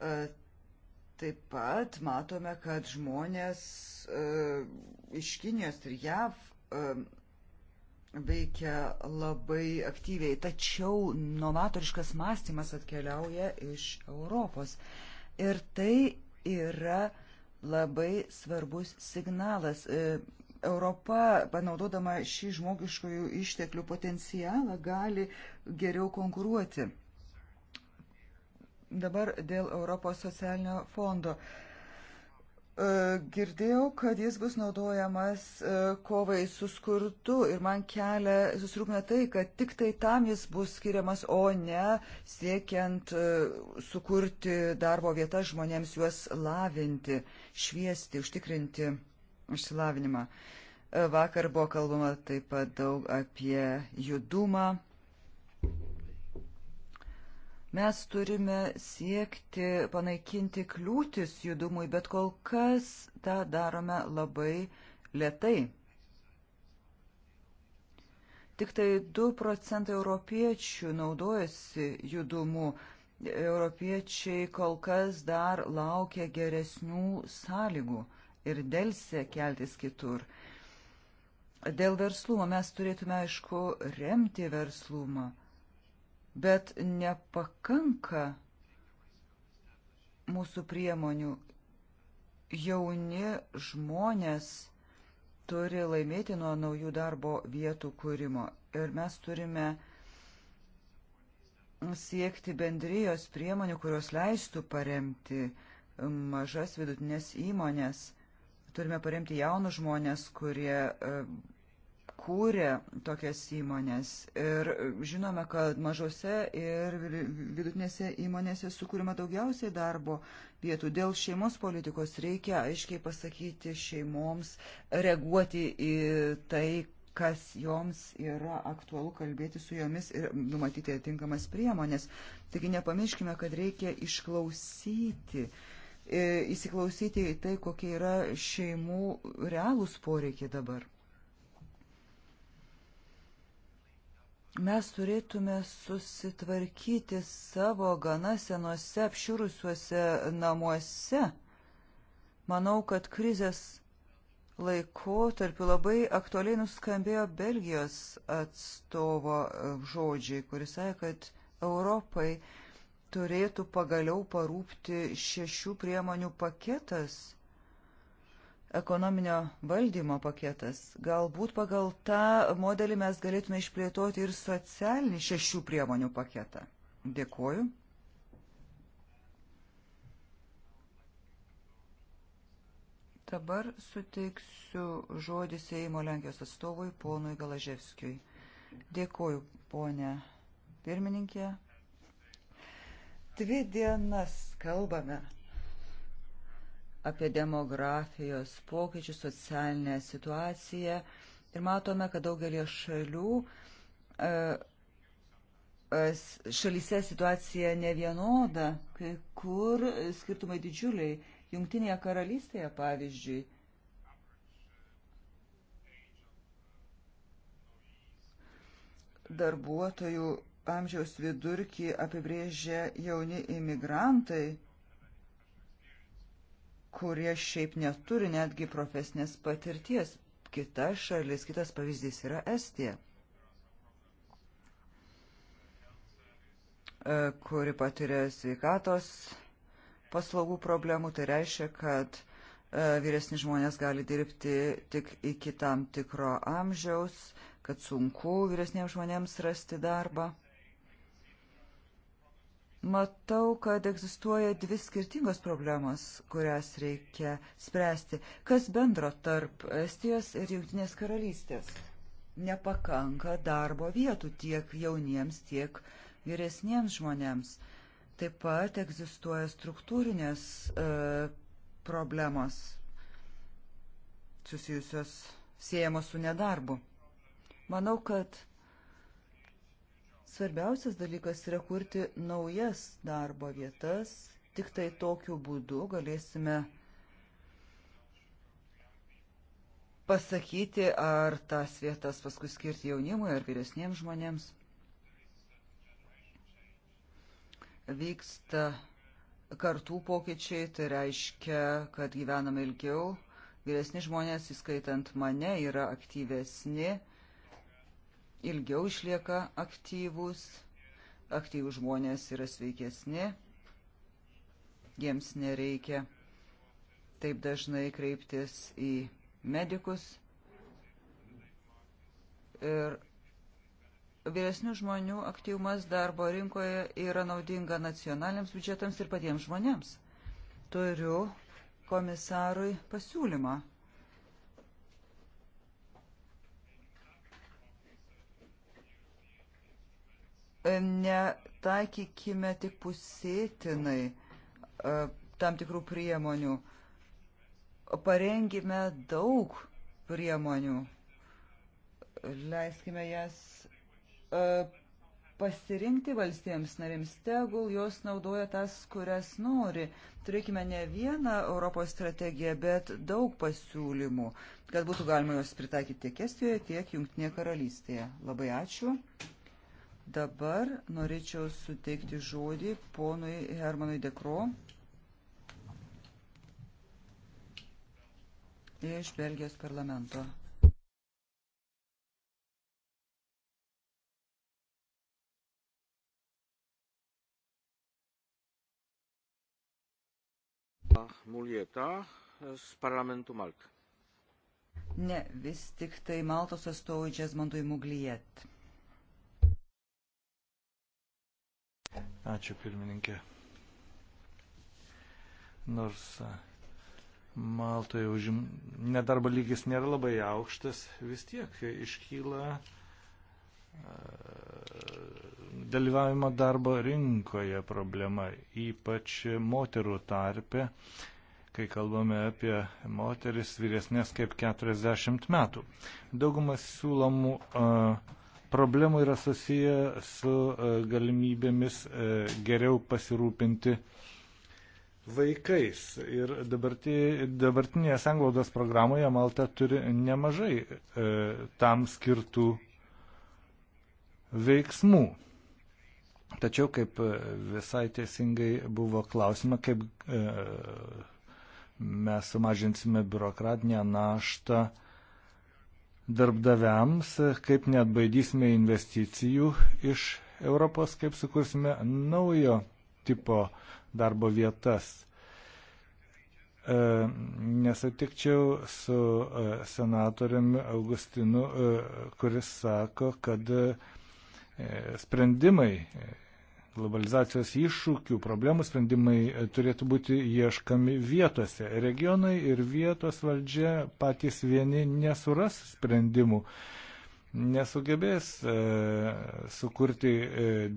[SPEAKER 3] Uh, Taip pat matome, kad žmonės uh, iš Kinijos ir JAV uh, veikia labai aktyviai, tačiau novatoriškas mąstymas atkeliauja iš Europos. Ir tai yra labai svarbus signalas. E, Europa, panaudodama šį žmogiškojų išteklių potencialą, gali geriau konkuruoti Dabar dėl Europos socialinio fondo. E, girdėjau, kad jis bus naudojamas e, kovai su skurdu ir man kelia susirūpinę tai, kad tik tai tam jis bus skiriamas, o ne siekiant e, sukurti darbo vietas žmonėms, juos lavinti, šviesti, užtikrinti išsilavinimą. Vakar buvo kalbama taip pat daug apie judumą Mes turime siekti panaikinti kliūtis judumui, bet kol kas tą darome labai lietai. Tik tai 2 procentai europiečių naudojasi judumu. Europiečiai kol kas dar laukia geresnių sąlygų ir dėlse keltis kitur. Dėl verslumo mes turėtume, aišku, remti verslumą bet nepakanka mūsų priemonių. Jauni žmonės turi laimėti nuo naujų darbo vietų kūrimo ir mes turime siekti bendrijos priemonių, kurios leistų paremti mažas vidutinės įmonės. Turime paremti jaunus žmonės, kurie kūrė tokias įmonės. Ir žinome, kad mažose ir vidutinėse įmonėse sukūrima daugiausiai darbo vietų. Dėl šeimos politikos reikia aiškiai pasakyti šeimoms, reaguoti į tai, kas joms yra aktualu kalbėti su jomis ir numatyti atinkamas priemonės. Taigi nepamirškime, kad reikia išklausyti e, įsiklausyti į tai, kokie yra šeimų realūs poreikiai dabar. Mes turėtume susitvarkyti savo gana senuose apširusiuose namuose. Manau, kad krizės laikotarpiu labai aktualiai nuskambėjo Belgijos atstovo žodžiai, kuris sakė, kad Europai turėtų pagaliau parūpti šešių priemonių paketas ekonominio valdymo paketas. Galbūt pagal tą modelį mes galėtume išplėtoti ir socialinį šešių priemonių paketą. Dėkuoju. Dabar suteiksiu žodį Seimo Lenkijos atstovui ponui Galaževskijui. Dėkuoju, ponė pirmininkė. Dvi dienas kalbame apie demografijos pokyčius, socialinę situaciją ir matome, kad daugelio šalių e, e, šalyse situacija nevienoda, kai kur skirtumai didžiuliai. Jungtinėje karalystėje, pavyzdžiui, darbuotojų amžiaus vidurkį apibrėžia jauni imigrantai kurie šiaip neturi netgi profesinės patirties. Kita šalis, kitas pavyzdys yra Estija, e, kuri patiria sveikatos paslaugų problemų. Tai reiškia, kad e, vyresni žmonės gali dirbti tik iki tam tikro amžiaus, kad sunku vyresniems žmonėms rasti darbą. Matau, kad egzistuoja dvi skirtingos problemos, kurias reikia spręsti. Kas bendro tarp Estijos ir Junktinės karalystės? Nepakanka darbo vietų tiek jauniems, tiek vyresniems žmonėms. Taip pat egzistuoja struktūrinės e, problemos susijusios siejamos su nedarbu. Manau, kad Svarbiausias dalykas yra kurti naujas darbo vietas. Tik tai tokiu būdu galėsime pasakyti, ar tas vietas paskui skirti jaunimui ar vyresniems žmonėms. Vyksta kartų pokyčiai, tai reiškia, kad gyvename ilgiau, vyresni žmonės, įskaitant mane, yra aktyvesni ilgiau išlieka aktyvus, aktyvus žmonės yra sveikesni, jiems nereikia taip dažnai kreiptis į medikus. Ir vyresnių žmonių aktyvumas darbo rinkoje yra naudinga nacionaliniams biudžetams ir patiems žmonėms. Turiu komisarui pasiūlymą. netaikykime tik pusėtinai e, tam tikrų priemonių. Parengime daug priemonių. Leiskime jas e, pasirinkti valstybėms narėms, tegul jos naudoja tas, kurias nori. Turėkime ne vieną Europos strategiją, bet daug pasiūlymų, kad būtų galima jos pritaikyti tiek Estijoje, tiek Junktinėje karalystėje. Labai ačiū. Dabar norėčiau suteikti žodį ponui Hermanui Dekro iš Belgijos parlamento.
[SPEAKER 2] Mulieta z parlamentu Malty.
[SPEAKER 3] Ne, vis tik tai Maltos atstovui Džesmantui Mugliet.
[SPEAKER 2] Ačiū pirmininkė. Nors Maltoje užim... nedarbo lygis nėra labai aukštas, vis tiek iškyla dalyvavimo darbo rinkoje problema, ypač moterų tarpe, kai kalbame apie moteris vyresnės kaip 40 metų. Daugumas siūlomų uh, problemų yra susiję su e, galimybėmis e, geriau pasirūpinti vaikais. Ir dabartinėje sanglaudos programoje Malta turi nemažai e, tam skirtų veiksmų. Tačiau, kaip visai teisingai buvo klausima, kaip mes sumažinsime biurokratinę naštą, darbdaviams, kaip neatbaidysime investicijų iš Europos, kaip sukursime naujo tipo darbo vietas. E, nesutikčiau su e, senatoriumi Augustinu, e, kuris sako, kad sprendimai globalizacijos iššūkių, problemų sprendimai e, turėtų būti ieškami vietose. Regionai ir vietos valdžia patys vieni nesuras sprendimų, nesugebės e, sukurti e,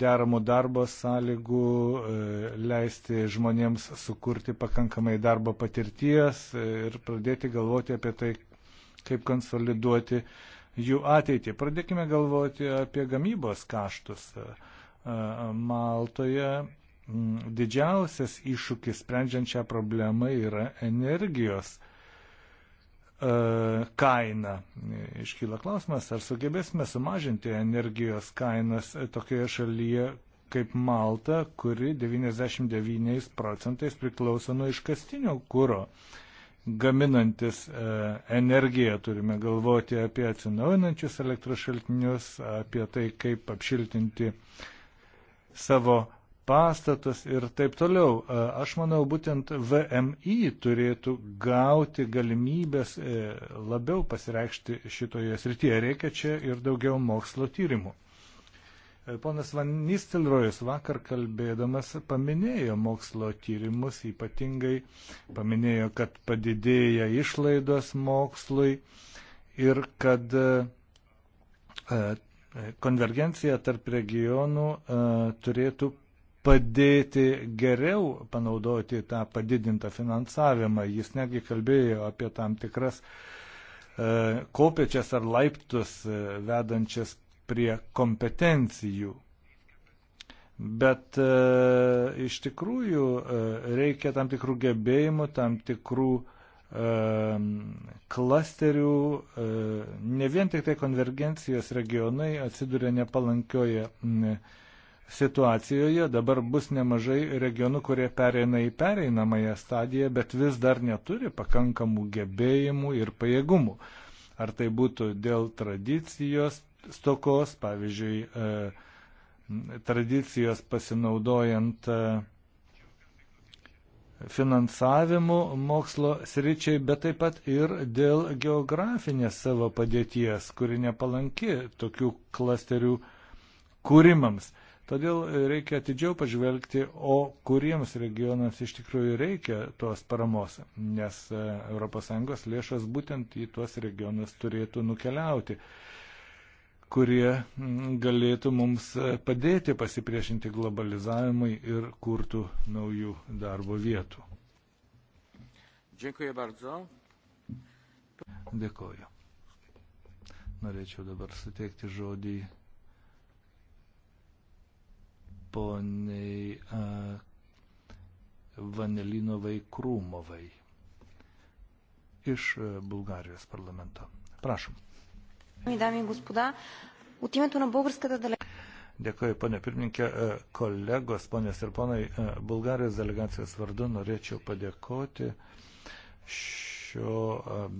[SPEAKER 2] deramų darbo sąlygų, e, leisti žmonėms sukurti pakankamai darbo patirties e, ir pradėti galvoti apie tai, kaip konsoliduoti jų ateitį. Pradėkime galvoti apie gamybos kaštus. E, E, Maltoje didžiausias iššūkis sprendžiant šią problemą yra energijos e, kaina. Iškyla klausimas, ar sugebėsime sumažinti energijos kainas tokioje šalyje kaip Malta, kuri 99 procentais priklauso nuo iškastinio kūro. Gaminantis e, energiją turime galvoti apie atsinaujinančius elektros šaltinius, apie tai, kaip apšiltinti uh, savo pastatus ir taip toliau. E, aš manau, būtent VMI turėtų gauti galimybės e, labiau pasireikšti šitoje srityje. Reikia čia ir daugiau mokslo tyrimų. E, ponas Van Nistelrojus vakar kalbėdamas paminėjo mokslo tyrimus, ypatingai paminėjo, kad padidėja išlaidos mokslui ir kad konvergencija tarp regionų e, turėtų padėti geriau panaudoti tą padidintą finansavimą. Jis netgi kalbėjo apie tam tikras e, kopiečias ar laiptus e, vedančias prie kompetencijų. Bet e, iš tikrųjų e, reikia tam tikrų gebėjimų, tam tikrų e, klasterių, e, ne vien tik tai konvergencijos regionai atsiduria nepalankioje situacijoje, dabar bus nemažai regionų, kurie pereina į pereinamąją stadiją, bet vis dar neturi pakankamų gebėjimų ir pajėgumų. Ar tai būtų dėl tradicijos stokos, pavyzdžiui, e, tradicijos pasinaudojant uh, finansavimu mokslo sričiai, bet taip pat ir dėl geografinės savo padėties, kuri nepalanki tokių klasterių kūrimams. Todėl reikia atidžiau pažvelgti, o kuriems regionams iš tikrųjų reikia tos paramos, nes ES lėšas būtent į tuos regionus turėtų nukeliauti kurie mm, galėtų mums e, padėti pasipriešinti globalizavimui ir kurtų naujų darbo vietų.
[SPEAKER 3] Dziękuję bardzo.
[SPEAKER 2] Dėkoju. Norėčiau dabar suteikti žodį poniai uh, e, Vanelinovai Krūmovai iš e, Bulgarijos parlamento. Prašom.
[SPEAKER 3] Dėkuoju,
[SPEAKER 2] ponė pirmininkė, kolegos, ponės ir ponai, Bulgarijos delegacijos vardu norėčiau padėkoti šio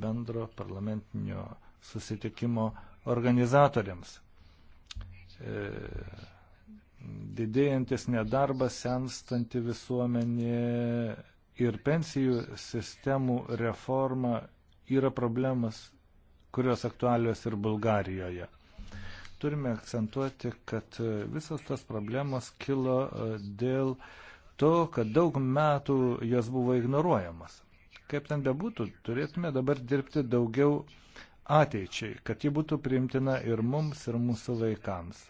[SPEAKER 2] bendro parlamentinio susitikimo organizatoriams. Didėjantis nedarbas, senstanti visuomenė ir pensijų sistemų reforma yra problemas kurios aktualios ir Bulgarijoje. Turime akcentuoti, kad e, visos tas problemos kilo e, dėl to, kad daug metų jos buvo ignoruojamas. Kaip ten bebūtų, turėtume dabar dirbti daugiau ateičiai, kad ji būtų priimtina ir mums, ir mūsų vaikams.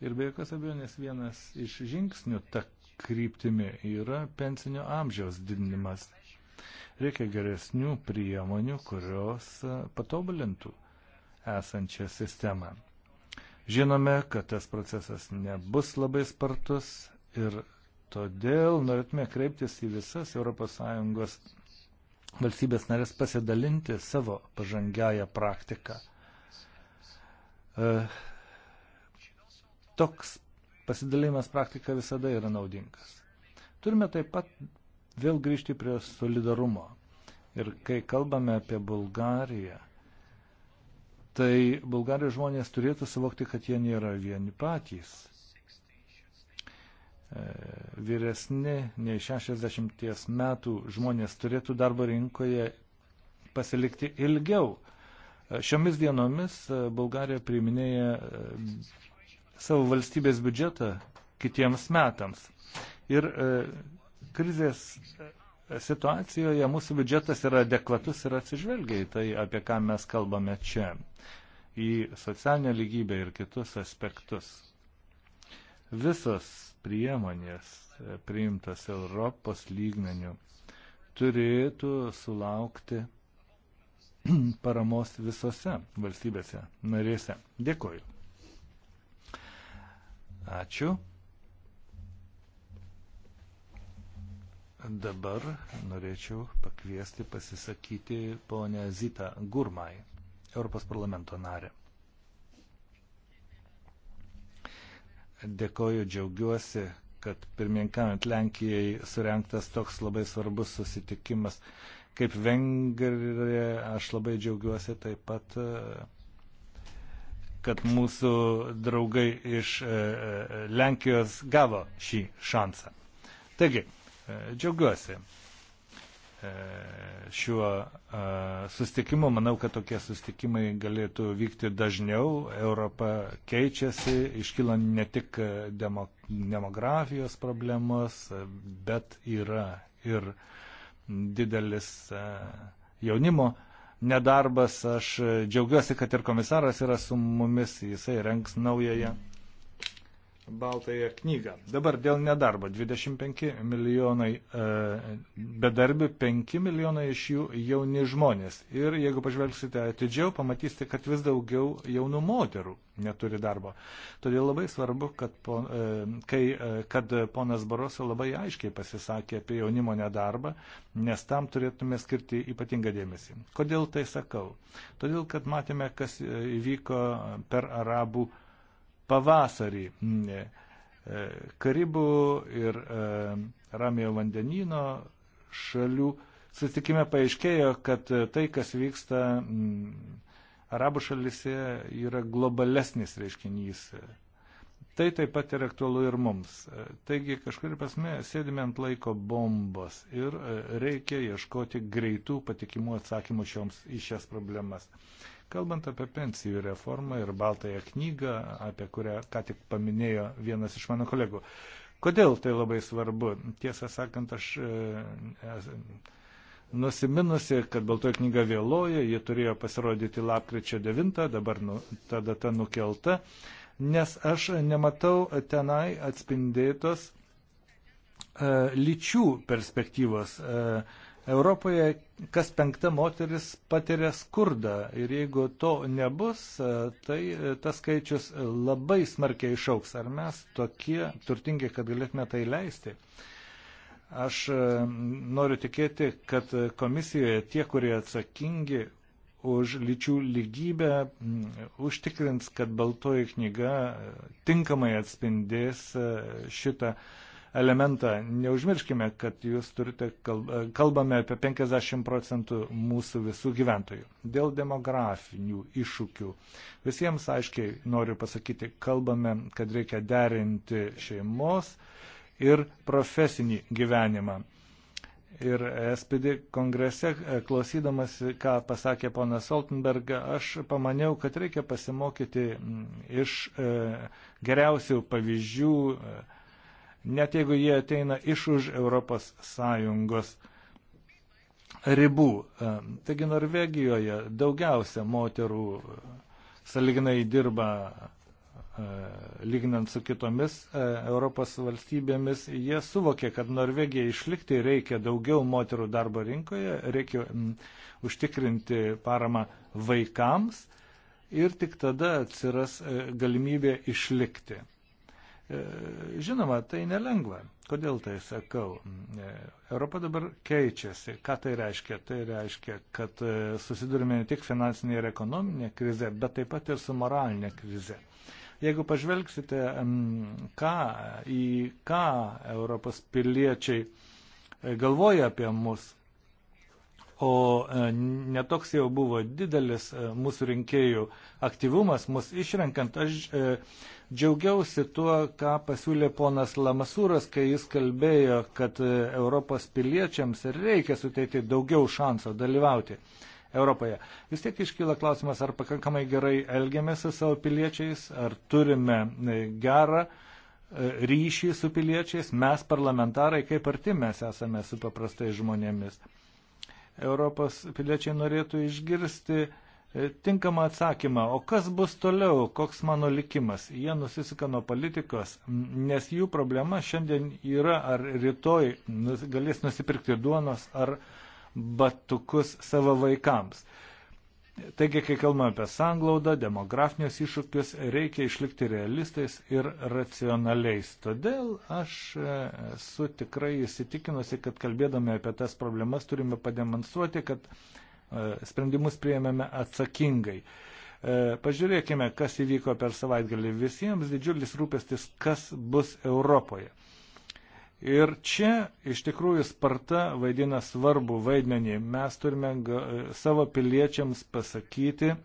[SPEAKER 2] Ir be jokios abejonės vienas iš žingsnių ta kryptimi yra pensinio amžiaus didinimas. Reikia geresnių priemonių, kurios e, patobulintų esančią sistemą. Žinome, kad tas procesas nebus labai spartus ir todėl norėtume kreiptis į visas ES valstybės narės pasidalinti savo pažangiają praktiką. E, toks pasidalimas praktika visada yra naudingas. Turime taip pat vėl grįžti prie solidarumo. Ir kai kalbame apie Bulgariją, tai Bulgarijos žmonės turėtų suvokti, kad jie nėra vieni patys. E, vyresni nei 60 metų žmonės turėtų darbo rinkoje pasilikti ilgiau. E, šiomis dienomis e, Bulgarija priiminėja savo valstybės biudžetą kitiems metams. Ir krizės situacijoje mūsų biudžetas yra adekvatus ir atsižvelgia į tai, apie ką mes kalbame čia, į socialinę lygybę ir kitus aspektus. Visos priemonės priimtas Europos lygmenių turėtų sulaukti paramos visose valstybėse narėse. Dėkoju. Ačiū. dabar norėčiau pakviesti pasisakyti ponę Zitą Gurmai, Europos parlamento narę. Dėkoju, džiaugiuosi, kad pirmininkavant Lenkijai surinktas toks labai svarbus susitikimas. Kaip Vengrija, aš labai džiaugiuosi taip pat kad mūsų draugai iš e, e, Lenkijos gavo šį šansą. Taigi, E, džiaugiuosi e, šiuo e, sustikimu. Manau, kad tokie sustikimai galėtų vykti dažniau. Europa keičiasi, iškyla ne tik demografijos problemos, bet yra ir didelis jaunimo nedarbas. Aš džiaugiuosi, kad ir komisaras yra su mumis, jisai renks naująją Baltąją knygą. Dabar dėl nedarbo 25 milijonai e, bedarbių, 5 milijonai iš jų jauni žmonės. Ir jeigu pažvelgsite atidžiau, pamatysite, kad vis daugiau jaunų moterų neturi darbo. Todėl labai svarbu, kad, po, e, kai, e, kad ponas Baroso labai aiškiai pasisakė apie jaunimo nedarbą, nes tam turėtume skirti ypatingą dėmesį. Kodėl tai sakau? Todėl, kad matėme, kas e, įvyko per arabų pavasarį. E, e, Karibų ir e, Ramėjo vandenino šalių susitikime paaiškėjo, kad tai, kas vyksta mm, arabų šalise, yra globalesnis reiškinys. Tai taip pat yra aktualu ir mums. Taigi kažkur pasme sėdime ant laiko bombos ir reikia ieškoti greitų patikimų atsakymų šioms į šias problemas. Kalbant apie pensijų reformą ir baltąją knygą, apie kurią ką tik paminėjo vienas iš mano kolegų. Kodėl tai labai svarbu? Tiesą sakant, aš e, nusiminusi, kad baltoji knyga vėloja, ji turėjo pasirodyti lapkričio 9, dabar nu, ta data nukelta, nes aš nematau tenai atspindėtos e, lyčių perspektyvos. E, Europoje kas penkta moteris patiria skurdą ir jeigu to nebus, e, tai e, tas skaičius labai smarkiai išauks. Ar mes tokie turtingi, kad galėtume tai leisti? Aš e, noriu tikėti, kad komisijoje tie, kurie atsakingi už lyčių lygybę, užtikrins, kad baltoji knyga tinkamai atspindės šitą uh, elementą. Neužmirškime, kad jūs turite, kalbame apie 50 procentų mūsų visų gyventojų. Dėl demografinių iššūkių. Visiems aiškiai noriu pasakyti, kalbame, kad reikia derinti šeimos ir profesinį gyvenimą. Ir SPD kongrese, e, klausydamas, ką pasakė ponas Soltenberg, aš pamaniau, kad reikia pasimokyti iš e, geriausių pavyzdžių, e, net jeigu jie ateina iš už ES ribų. E, taigi Norvegijoje daugiausia moterų e, saliginai dirba e, lyginant su kitomis Europos valstybėmis, jie suvokė, kad Norvegija išlikti reikia daugiau moterų darbo rinkoje, reikia užtikrinti paramą vaikams ir tik tada atsiras galimybė išlikti. E, žinoma, tai nelengva. Kodėl tai sakau? E, Europa dabar keičiasi. Ką tai reiškia? Tai reiškia, kad e, susidurime ne tik finansinė ir ekonominė krize, bet taip pat ir su moralinė krize. Jeigu pažvelgsite, ką, į ką Europos piliečiai galvoja apie mus, o e, netoks jau buvo didelis e, mūsų rinkėjų aktyvumas, mus išrenkant. Aš e, džiaugiausi tuo, ką pasiūlė ponas Lamasūras, kai jis kalbėjo, kad Europos piliečiams reikia suteikti daugiau šanso dalyvauti. Europoje. Vis tiek iškyla klausimas, ar pakankamai gerai elgiamės su savo piliečiais, ar turime gerą ryšį su piliečiais, mes parlamentarai, kaip arti mes esame su paprastai žmonėmis. Europos piliečiai norėtų išgirsti e, tinkamą atsakymą, o kas bus toliau, koks mano likimas. Jie nusisika nuo politikos, nes jų problema šiandien yra, ar rytoj galės nusipirkti duonos ar batukus savo vaikams. Taigi, kai kalbame apie sanglaudą, demografinius iššūkius, reikia išlikti realistais ir racionaliais. Todėl aš e, esu tikrai įsitikinusi, kad kalbėdami apie tas problemas turime pademonstruoti, kad e, sprendimus prieėmėme atsakingai. E, pažiūrėkime, kas įvyko per savaitgalį. Visiems didžiulis rūpestis, kas bus Europoje. Ir čia iš tikrųjų Sparta vaidina svarbų vaidmenį. Mes turime savo piliečiams pasakyti, e,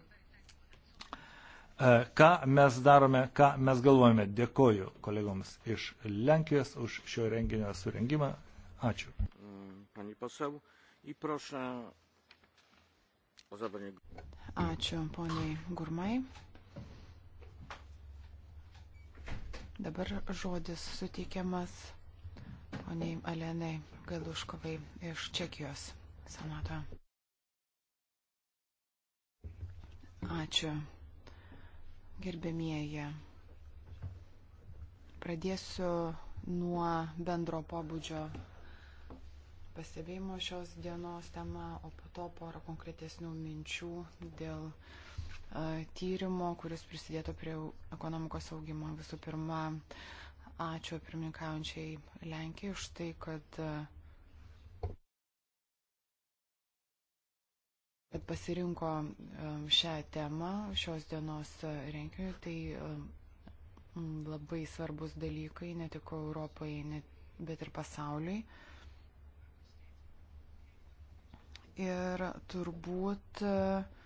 [SPEAKER 2] ką mes darome, ką mes galvojame. Dėkoju kolegoms iš Lenkijos už šio renginio surengimą. Ačiū.
[SPEAKER 1] Ačiū, poniai Gurmai. Dabar žodis suteikiamas poniai Alenai Galuškovai iš Čekijos senato. Ačiū. Gerbėmieji. Pradėsiu nuo bendro pobūdžio pastebėjimo šios dienos tema, o po to porą konkretesnių minčių dėl e, tyrimo, kuris prisidėtų prie ekonomikos augimo. Visų pirma, Ačiū pirmininkaujančiai Lenkijai už tai, kad, kad pasirinko um, šią temą šios dienos renginiui. Tai um, labai svarbus dalykai ne tik Europai, bet ir pasauliui. Ir turbūt uh,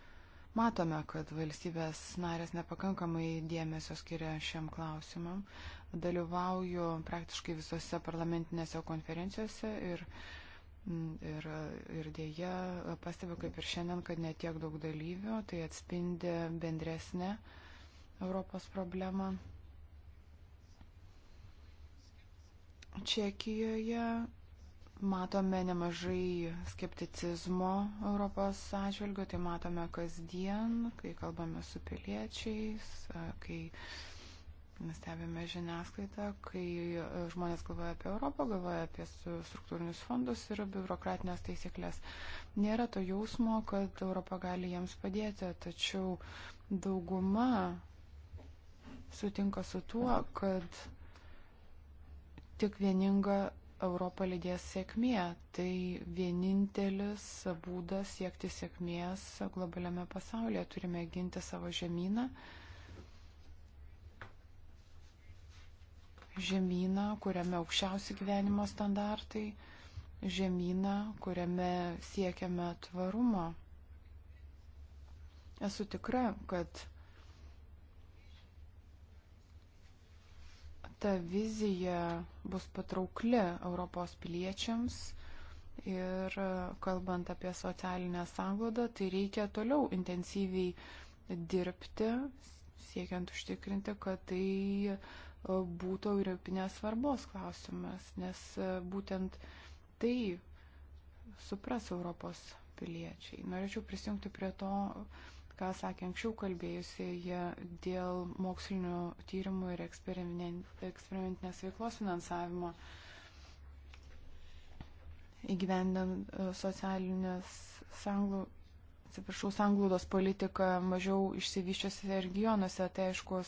[SPEAKER 1] matome, kad valstybės narės nepakankamai dėmesio skiria šiam klausimam dalyvauju praktiškai visose parlamentinėse konferencijose ir, mm, ir, ir dėja pastebiu, kaip ir šiandien, kad netiek daug dalyvių, tai atspindi bendresnę Europos problemą. Čekijoje matome nemažai skepticizmo Europos atžvilgių, tai matome kasdien, kai kalbame su piliečiais, kai uh, Mes stebime žiniasklaidą, kai e, žmonės galvoja apie Europą, galvoja apie struktūrinius fondus ir biurokratinės taisyklės. Nėra to jausmo, kad Europa gali jiems padėti, tačiau dauguma sutinka su tuo, kad tik vieninga Europą lydės sėkmė. Tai vienintelis būdas siekti sėkmės globaliame pasaulyje. Turime ginti savo žemyną žemyną, kuriame aukščiausi gyvenimo standartai, žemyną, kuriame siekiame tvarumo. Esu tikra, kad ta vizija bus patraukli Europos piliečiams ir kalbant apie socialinę sąnglaudą, tai reikia toliau intensyviai dirbti, siekiant užtikrinti, kad tai būtų europinės svarbos klausimas, nes e, būtent tai supras Europos piliečiai. Norėčiau prisijungti prie to, ką sakė anksčiau kalbėjusieji dėl mokslinio tyrimų ir eksperimentinės veiklos finansavimo įgyvendant e, socialinės sanglų, atsiprašau, sanglūdos politika mažiau išsivyščiuose regionuose, tai aišku,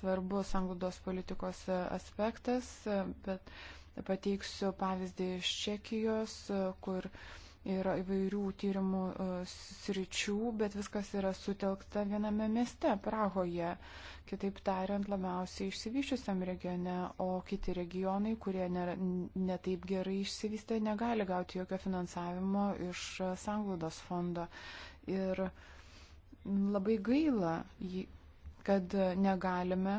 [SPEAKER 1] svarbu sanglūdos politikos aspektas, bet pateiksiu pavyzdį iš Čekijos, kur uh, yra įvairių tyrimų e, sričių, bet viskas yra sutelkta viename mieste, Prahoje. Kitaip tariant, labiausiai išsivyščiusiam regione, o kiti regionai, kurie netaip gerai išsivystė, negali gauti jokio finansavimo iš sanglaudos fondo. Ir labai gaila, kad negalime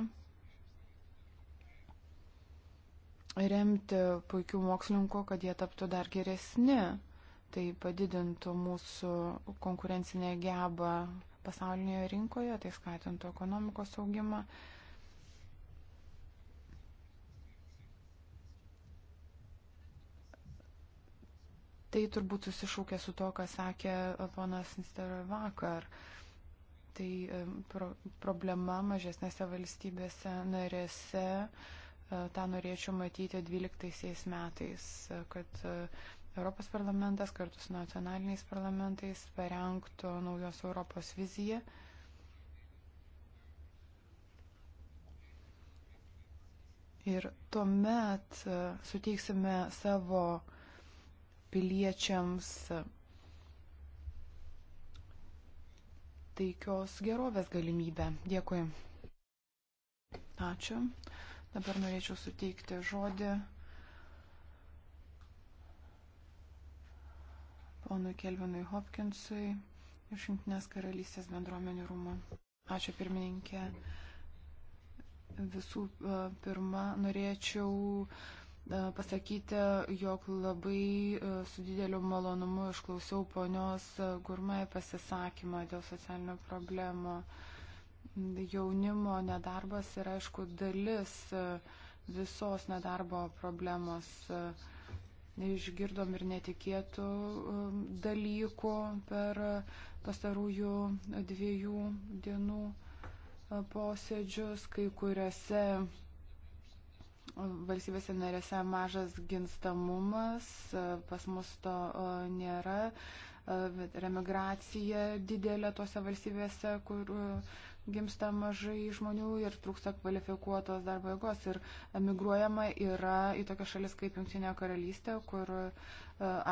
[SPEAKER 1] remti puikių mokslininkų, kad jie taptų dar geresni tai padidintų mūsų konkurencinę gebą pasaulinėje rinkoje, tai skatintų ekonomikos augimą. Tai turbūt susišaukė su to, ką sakė ponas Nisteroj vakar. Tai e, pro, problema mažesnėse valstybėse narėse, e, tą norėčiau matyti 12 metais, kad e, Europos parlamentas kartu su nacionaliniais parlamentais parengtų naujos Europos viziją. Ir tuomet e, suteiksime savo piliečiams e, taikios gerovės galimybę. Dėkui. Ačiū. Dabar norėčiau suteikti žodį ponui Kelvinui Hopkinsui iš Junktinės karalystės bendruomenių rūmų. Ačiū pirmininkė. Visų e, pirma, norėčiau e, pasakyti, jog labai e, su dideliu malonumu išklausiau ponios Gurmai pasisakymą dėl socialinių problemų. Jaunimo nedarbas yra, aišku, dalis visos nedarbo problemos. Uh, Išgirdom ir netikėtų um, dalykų per pastarųjų dviejų dienų uh, posėdžius, kai kuriuose uh, valstybėse narėse mažas ginstamumas, uh, pas mus to nėra, bet remigracija didelė tose valstybėse, kur gimsta mažai žmonių ir trūksta kvalifikuotos darbo jėgos ir emigruojama yra į tokias šalis kaip Junktinė karalystė, kur e,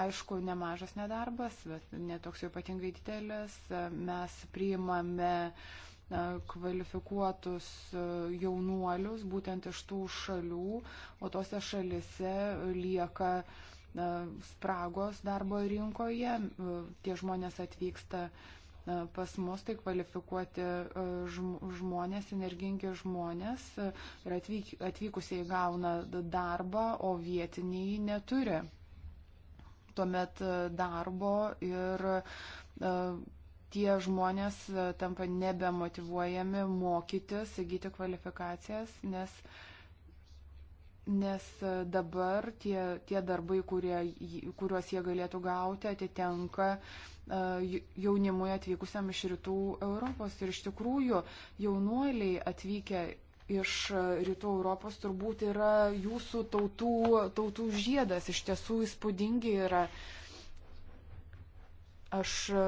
[SPEAKER 1] aišku nemažas nedarbas, bet netoks jau ypatingai didelis. E, mes priimame e, kvalifikuotus jaunuolius būtent iš tų šalių, o tose šalise lieka spragos darbo rinkoje, tie žmonės atvyksta uh, E, pas mus tai kvalifikuoti e, žmonės, energingi žmonės e, ir atvyk, atvykusiai gauna darbą, o vietiniai neturi. Tuomet darbo ir tie žmonės tampa nebemotivuojami mokytis, įgyti kvalifikacijas, nes, nes dabar tie, tie darbai, kurie, kuriuos jie galėtų gauti, atitenka E, jaunimui atvykusiam iš rytų Europos. Ir iš tikrųjų jaunuoliai atvykę iš rytų Europos turbūt yra jūsų tautų, tautų žiedas, iš tiesų įspūdingi yra. Aš e,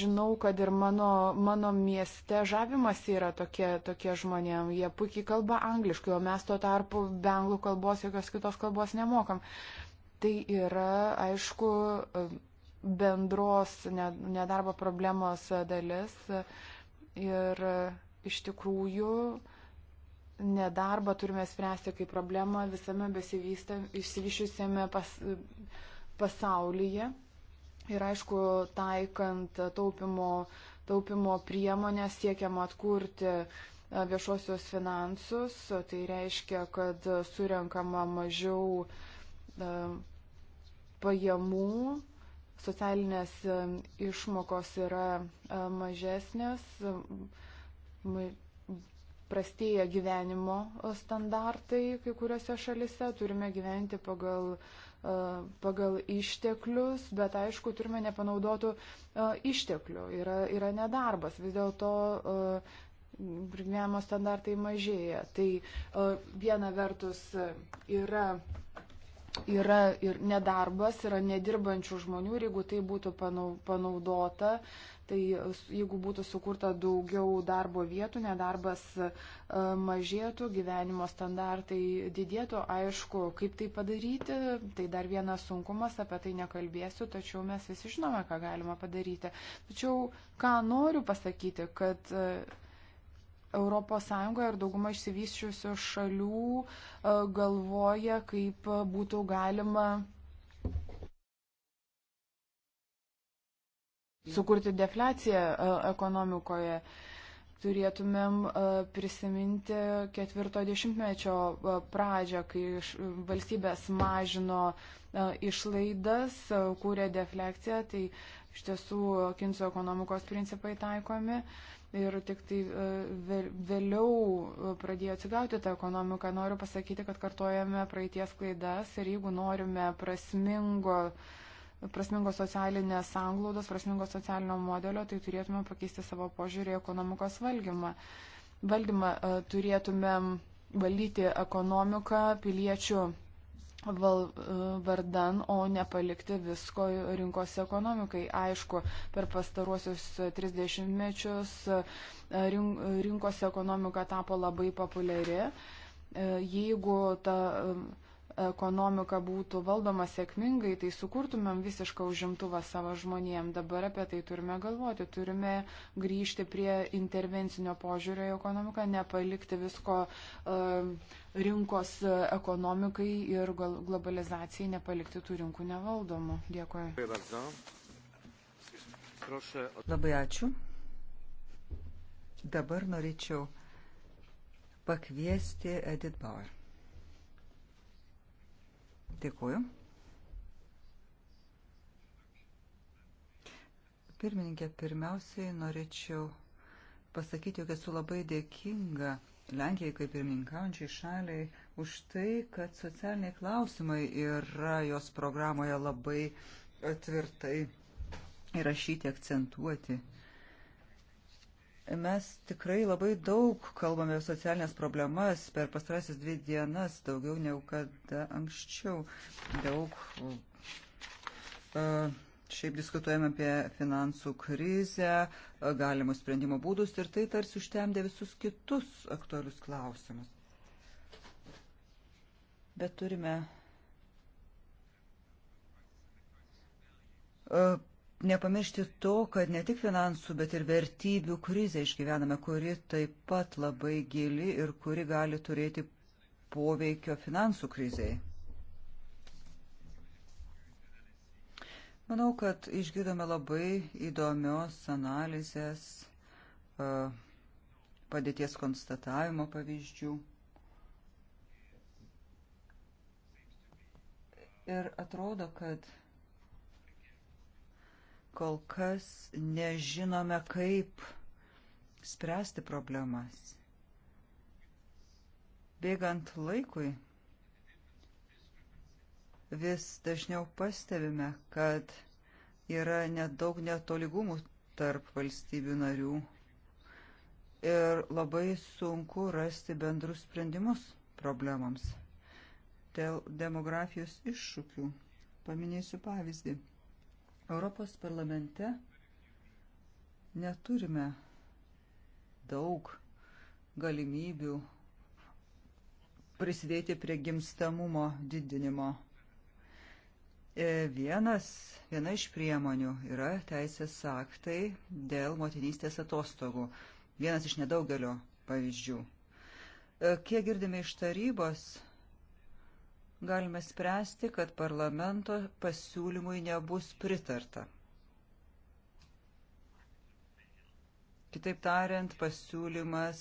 [SPEAKER 1] žinau, kad ir mano, mano mieste žavimas yra tokie, tokie žmonėm, jie puikiai kalba angliškai, o mes tuo tarpu be anglų kalbos jokios kitos kalbos nemokam. Tai yra, aišku, bendros nedarbo problemos dalis. Ir iš tikrųjų nedarbą turime spręsti kaip problemą visame besivyščiusiame pas, pasaulyje. Ir aišku, taikant taupimo, taupimo priemonę siekiama atkurti viešuosius finansus, tai reiškia, kad surenkama mažiau pajamų socialinės išmokos yra e, mažesnės, prastėja gyvenimo standartai kai kuriuose šalise, turime gyventi pagal e, pagal išteklius, bet aišku, turime nepanaudotų e, išteklių, yra, yra nedarbas, vis dėlto gyvenimo standartai mažėja. Tai viena vertus yra yra ir nedarbas, yra nedirbančių žmonių ir jeigu tai būtų panaudota, tai jeigu būtų sukurta daugiau darbo vietų, nedarbas e, mažėtų, gyvenimo standartai didėtų, aišku, kaip tai padaryti, tai dar vienas sunkumas, apie tai nekalbėsiu, tačiau mes visi žinome, ką galima padaryti. Tačiau ką noriu pasakyti, kad e, ES ir dauguma išsivysčiusių šalių e, galvoja, kaip būtų galima sukurti defliaciją e, ekonomikoje. Turėtumėm e, prisiminti ketvirto dešimtmečio pradžią, kai valstybės mažino išlaidas, kūrė deflekciją, tai iš tiesų kinso ekonomikos principai taikomi. Uh, ir tik tai e, vėliau e, pradėjo atsigauti tą ekonomiką. Noriu pasakyti, kad kartojame praeities klaidas ir jeigu norime prasmingo, prasmingos socialinės sanglaudos, prasmingo socialinio modelio, tai turėtume pakeisti savo požiūrį į ekonomikos valdymą. Valdymą e, turėtumėm valdyti ekonomiką piliečių val, e, vardan, o nepalikti visko rinkos ekonomikai. Aišku, per pastaruosius 30 mečius e, rinkos ekonomika tapo labai populiari. E, jeigu ta ekonomika būtų valdoma sėkmingai, tai sukurtumėm visišką užimtuvą savo žmonėm. Dabar apie tai turime galvoti, turime grįžti prie intervencinio požiūrio į ekonomiką, nepalikti visko e, rinkos ekonomikai ir globalizacijai, nepalikti tų rinkų nevaldomų. Dėkui.
[SPEAKER 2] Labai
[SPEAKER 3] ačiū. Dabar norėčiau pakviesti Edith Bauer. Dėkuoju. Pirmininkė, pirmiausiai norėčiau pasakyti, jog esu labai dėkinga Lenkijai kaip pirmininkaujančiai šaliai už tai, kad socialiniai klausimai yra jos programoje labai tvirtai įrašyti, akcentuoti. Mes tikrai labai daug kalbame socialinės problemas per pastarasis dvi dienas, daugiau negu kada anksčiau. Daug e, šiaip diskutuojame apie finansų krizę, e, galimus sprendimo būdus ir tai tarsi užtemdė visus kitus aktualius klausimus. Bet turime e, nepamiršti to, kad ne tik finansų, bet ir vertybių krizę išgyvename, kuri taip pat labai gili ir kuri gali turėti poveikio finansų krizei. Manau, kad išgirdome labai įdomios analizės, e, padėties konstatavimo pavyzdžių. Ir atrodo, kad Kol kas nežinome, kaip spręsti problemas. Bėgant laikui, vis dažniau pastebime, kad yra nedaug netolygumų tarp valstybių narių ir labai sunku rasti bendrus sprendimus problemams. Dėl demografijos iššūkių paminėsiu pavyzdį. Europos parlamente neturime daug galimybių prisidėti prie gimstamumo didinimo. E, vienas, viena iš priemonių yra teisės aktai dėl motinystės atostogų. Vienas iš nedaugelio pavyzdžių. E, kiek girdime iš tarybos, galime spręsti, kad parlamento pasiūlymui nebus pritarta. Kitaip tariant, pasiūlymas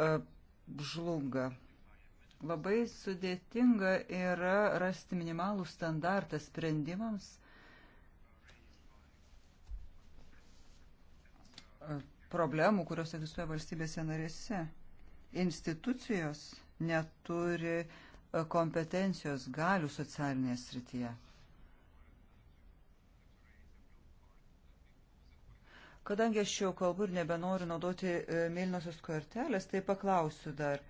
[SPEAKER 3] uh, žlunga. Labai sudėtinga yra rasti minimalų standartą sprendimams. E, problemų, kurios egzistuoja valstybėse narėse. Institucijos neturi uh, kompetencijos galių socialinėje srityje. Kadangi aš jau kalbu ir nebenoriu naudoti e, mėlynosios kortelės, tai paklausiu dar,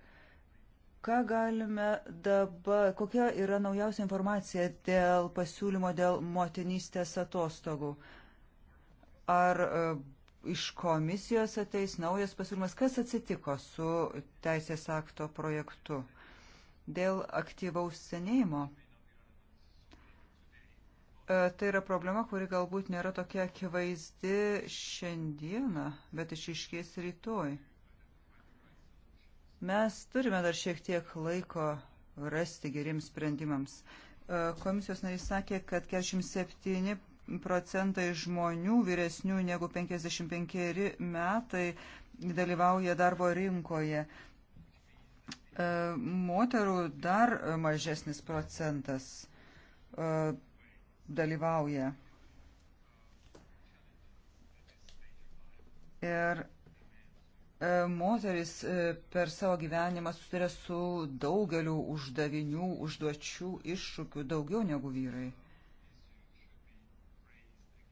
[SPEAKER 3] ką galime dabar, kokia yra naujausia informacija dėl pasiūlymo dėl motinystės atostogų? Ar e, iš komisijos ateis naujas pasiūlymas? Kas atsitiko su teisės akto projektu? dėl aktyvaus senėjimo. E, tai yra problema, kuri galbūt nėra tokia akivaizdi šiandieną, bet išiškės rytoj. Mes turime dar šiek tiek laiko rasti gerims sprendimams. E, komisijos narys sakė, kad 47 procentai žmonių vyresnių negu 55 metai dalyvauja darbo rinkoje. E, moterų dar mažesnis procentas e, dalyvauja. Ir e, moteris per savo gyvenimą susiduria su daugeliu uždavinių, užduočių, iššūkių daugiau negu vyrai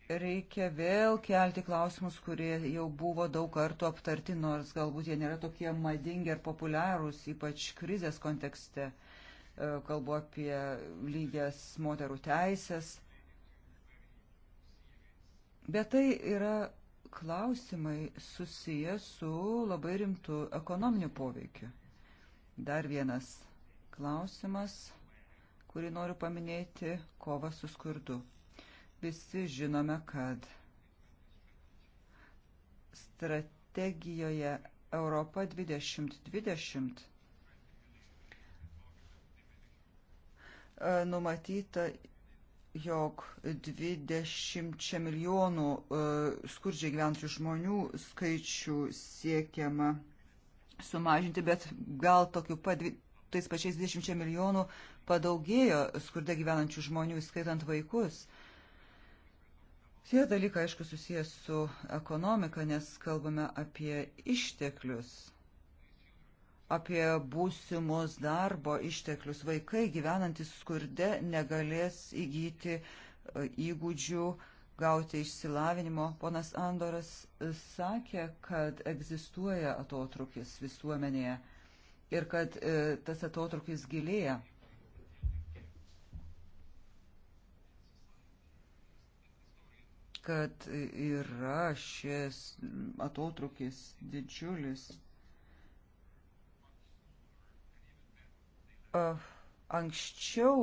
[SPEAKER 3] reikia vėl kelti klausimus, kurie jau buvo daug kartų aptarti, nors galbūt jie nėra tokie madingi ar populiarūs, ypač krizės kontekste. E, kalbu apie lygias moterų teisės. Bet tai yra klausimai susiję su labai rimtu ekonominiu poveikiu. Dar vienas klausimas, kurį noriu paminėti - kova su skurdu. Visi žinome, kad strategijoje Europa 2020 e, numatyta, jog 20 milijonų e, skurdžiai gyvenčių žmonių skaičių siekiama sumažinti, bet gal tokiu pat tais pačiais 20 milijonų padaugėjo skurde gyvenančių žmonių, skaitant vaikus. Tie dalykai, aišku, susijęs su ekonomika, nes kalbame apie išteklius, apie būsimus darbo išteklius. Vaikai gyvenantis skurde negalės įgyti e, įgūdžių, gauti išsilavinimo. Ponas Andoras e, sakė, kad egzistuoja atotrukis visuomenėje ir kad e, tas atotrukis gilėja. kad yra šis atotrukis didžiulis. Anksčiau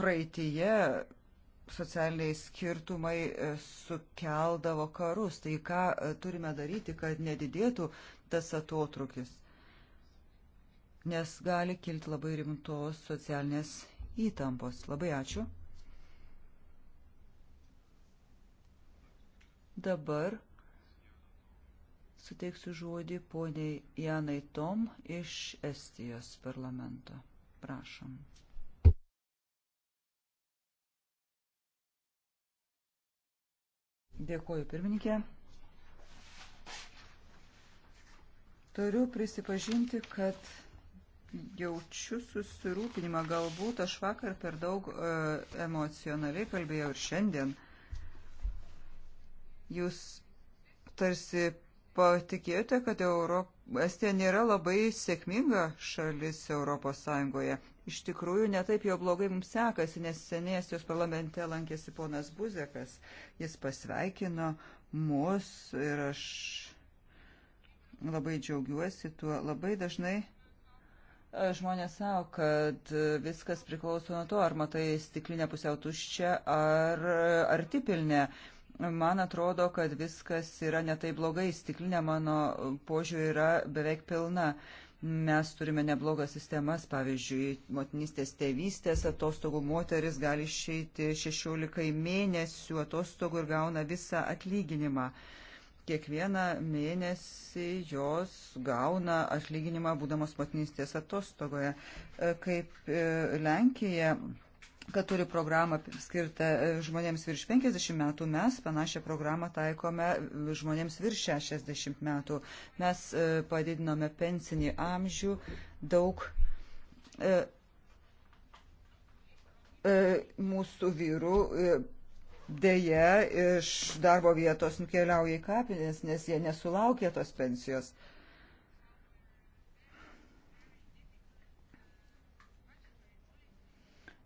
[SPEAKER 3] praeitie socialiniai skirtumai e, sukeldavo karus. Tai ką e, turime daryti, kad nedidėtų tas atotrukis? Nes gali kilti labai rimtos socialinės įtampos. Labai ačiū. Dabar suteiksiu žodį poniai Janai Tom iš Estijos parlamento. Prašom. Dėkuoju pirmininkė. Turiu prisipažinti, kad jaučiu susirūpinimą. Galbūt aš vakar per daug e, emocionaliai kalbėjau ir šiandien. E, Jūs tarsi patikėjote, kad Europ... Estija nėra labai sėkminga šalis Europos Sąjungoje. Iš tikrųjų, netaip jau blogai mums sekasi, nes seniai Estijos parlamente lankėsi ponas Buzekas. Jis pasveikino mus ir aš labai džiaugiuosi tuo. Labai dažnai e, Žmonės savo, kad e, viskas priklauso nuo to, ar matai stiklinę pusiau tuščią, ar e, artipilnę man atrodo, kad viskas yra netai blogai. Stiklinė mano požiūrė yra beveik pilna. Mes turime neblogas sistemas, pavyzdžiui, motinystės tėvystės atostogų moteris gali išeiti 16 mėnesių atostogų ir gauna visą atlyginimą. Kiekvieną mėnesį jos gauna atlyginimą būdamos motinystės atostogoje. Kaip e, Lenkija kad turi programą skirtą e, žmonėms virš 50 metų, mes panašią programą taikome žmonėms virš 60 metų. Mes e, padidinome pensinį amžių daug. E, e, mūsų vyrų e, dėje iš darbo vietos nukeliauja į kapinės, nes jie nesulaukė tos pensijos. E,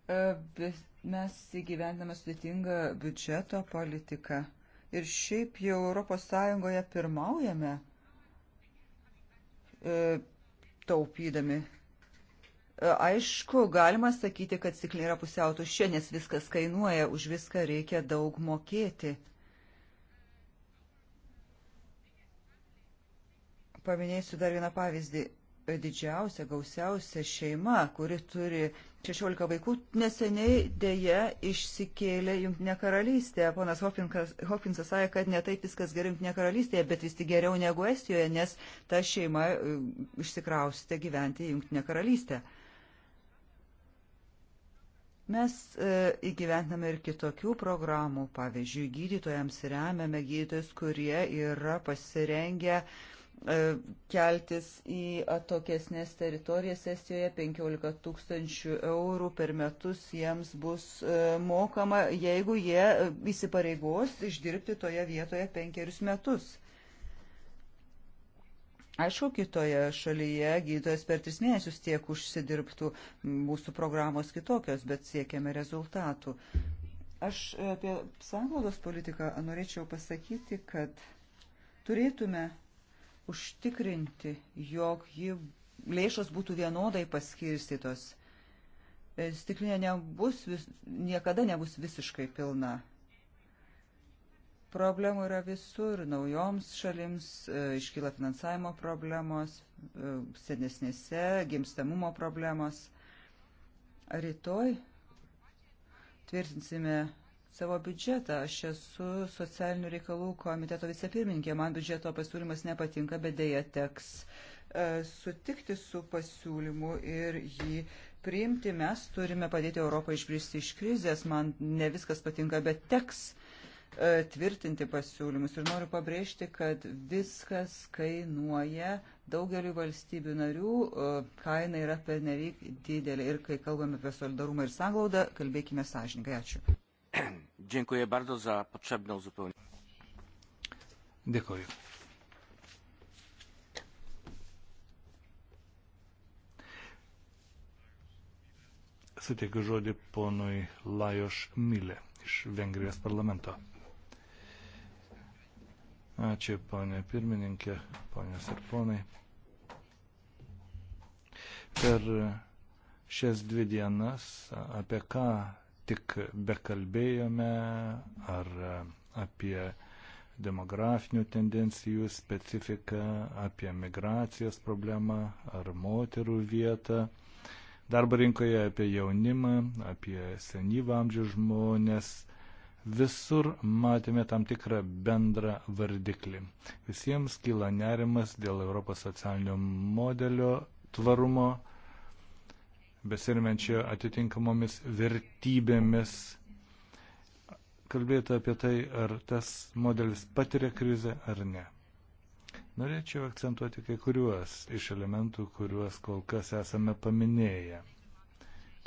[SPEAKER 3] E, mes įgyvendame sudėtingą biudžeto politiką. Ir šiaip jau ES pirmaujame e, taupydami. E, aišku, galima sakyti, kad ciklė yra pusiau tuščia, nes viskas kainuoja, už viską reikia daug mokėti. Paminėsiu dar vieną pavyzdį didžiausia, gausiausia šeima, kuri turi 16 vaikų, neseniai dėja išsikėlė Junktinė karalystė. Ponas Hopkinsas sąja, kad netaip viskas gerai Junktinė karalystėje, bet vis tik geriau negu Estijoje, nes ta šeima e, išsikrausite gyventi į Junktinę karalystę. Mes e, įgyventame ir kitokių programų, pavyzdžiui, gydytojams remiame gydytojus, kurie yra pasirengę e, E, keltis į atokesnės teritorijas Estijoje 15 tūkstančių eurų per metus jiems bus e, mokama, jeigu jie įsipareigos išdirbti toje vietoje penkerius metus. Aišku, kitoje šalyje gydytojas per tris mėnesius tiek užsidirbtų, mūsų programos kitokios, bet siekiame rezultatų. Aš apie sanglaudos politiką norėčiau pasakyti, kad turėtume užtikrinti, jog ji lėšos būtų vienodai paskirstytos. E, stiklinė nebus, vis, niekada nebus visiškai pilna. Problemų yra visur, naujoms šalims e, iškyla finansavimo problemos, e, senesnėse gimstamumo problemos. Rytoj tvirtinsime savo biudžetą. Aš esu socialinių reikalų komiteto vicepirmininkė. Man biudžeto pasiūlymas nepatinka, bet dėja teks e, sutikti su pasiūlymu ir jį priimti. Mes turime padėti Europą išbristi iš krizės. Man ne viskas patinka, bet teks e, tvirtinti pasiūlymus. Ir noriu pabrėžti, kad viskas kainuoja daugeliu valstybių narių, e, kaina yra pernelyg didelė. Ir kai kalbame apie solidarumą ir sanglaudą, kalbėkime sąžininkai. Ačiū.
[SPEAKER 2] Dziękuję bardzo za potrzebną zupełnie. Dėkoju. Suteikiu žodį ponui Lajoš Milė iš Vengrijos parlamento. Ačiū, ponė pirmininkė, ponės ir ponai. Per šias dvi dienas apie ką tik bekalbėjome ar apie demografinių tendencijų specifiką, apie migracijos problemą ar moterų vietą darbo rinkoje, apie jaunimą, apie senyvą amžių žmonės. Visur matėme tam tikrą bendrą vardiklį. Visiems kyla nerimas dėl Europos socialinio modelio tvarumo besirimenčia atitinkamomis vertybėmis. Kalbėti apie tai, ar tas modelis patiria krizę ar ne. Norėčiau akcentuoti kai kuriuos iš elementų, kuriuos kol kas esame paminėję.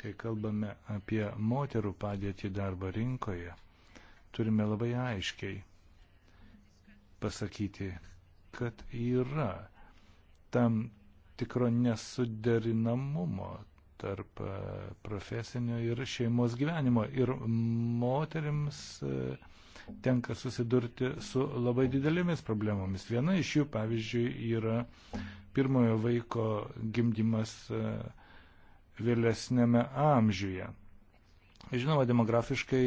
[SPEAKER 2] Kai kalbame apie moterų padėtį darbo rinkoje, turime labai aiškiai pasakyti, kad yra tam tikro nesuderinamumo tarp e, profesinio ir šeimos gyvenimo. Ir moterims e, tenka susidurti su labai didelėmis problemomis. Viena iš jų, pavyzdžiui, yra pirmojo vaiko gimdymas e, vėlesnėme amžiuje. Žinoma, demografiškai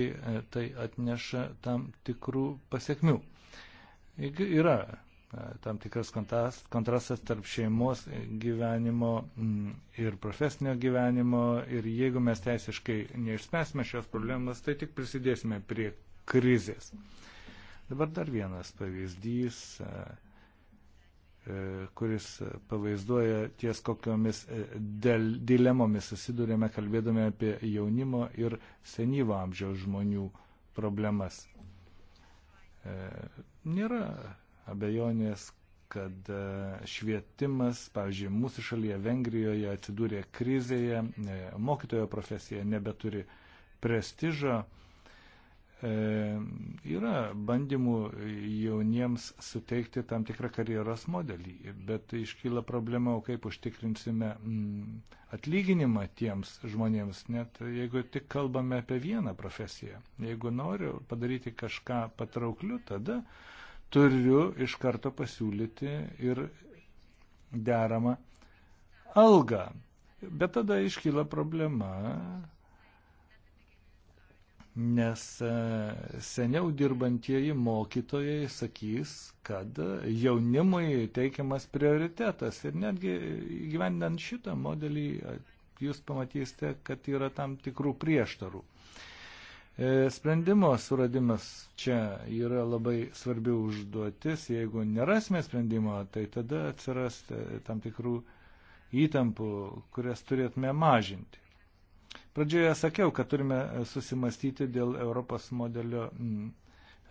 [SPEAKER 2] tai atneša tam tikrų pasiekmių. Yra tam tikras kontrastas tarp šeimos gyvenimo mm, ir profesinio gyvenimo. Ir jeigu mes teisiškai neišspręsime šios problemas, tai tik prisidėsime prie krizės. Dabar dar vienas pavyzdys, e, e, kuris pavaizduoja ties kokiomis e, dilemomis susidurėme kalbėdami apie jaunimo ir senyvo amžiaus žmonių problemas nėra abejonės, kad e, švietimas, pavyzdžiui, mūsų šalyje Vengrijoje atsidūrė krizėje, e, mokytojo profesija nebeturi prestižo. E, yra bandymų jauniems suteikti tam tikrą karjeros modelį, bet iškyla problema, kaip užtikrinsime mm, atlyginimą tiems žmonėms, net jeigu tik kalbame apie vieną profesiją. Jeigu noriu padaryti kažką patraukliu, tada uh, turiu iš karto pasiūlyti ir deramą algą. Bet tada iškyla problema, nes e, seniau dirbantieji mokytojai sakys, kad jaunimui teikiamas prioritetas ir netgi gyvendant šitą modelį jūs pamatysite, kad yra tam tikrų prieštarų. E, sprendimo suradimas čia yra labai svarbi užduotis. Jeigu nerasime sprendimo, tai tada atsiras e, tam tikrų įtampų, kurias turėtume mažinti. Pradžioje sakiau, kad turime e, susimastyti dėl Europos modelio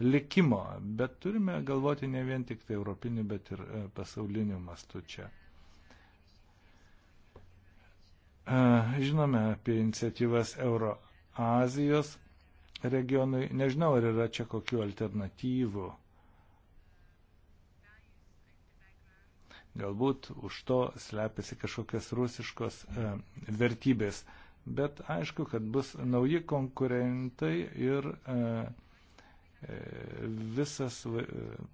[SPEAKER 2] likimo, bet turime galvoti ne vien tik tai europiniu, bet ir pasauliniu mastu čia. Žinome apie iniciatyvas Euroazijos regionui. Nežinau, ar yra čia kokių alternatyvų. Galbūt už to slepiasi kažkokios rusiškos e, vertybės. Bet aišku, kad bus nauji konkurentai ir e, e visas e,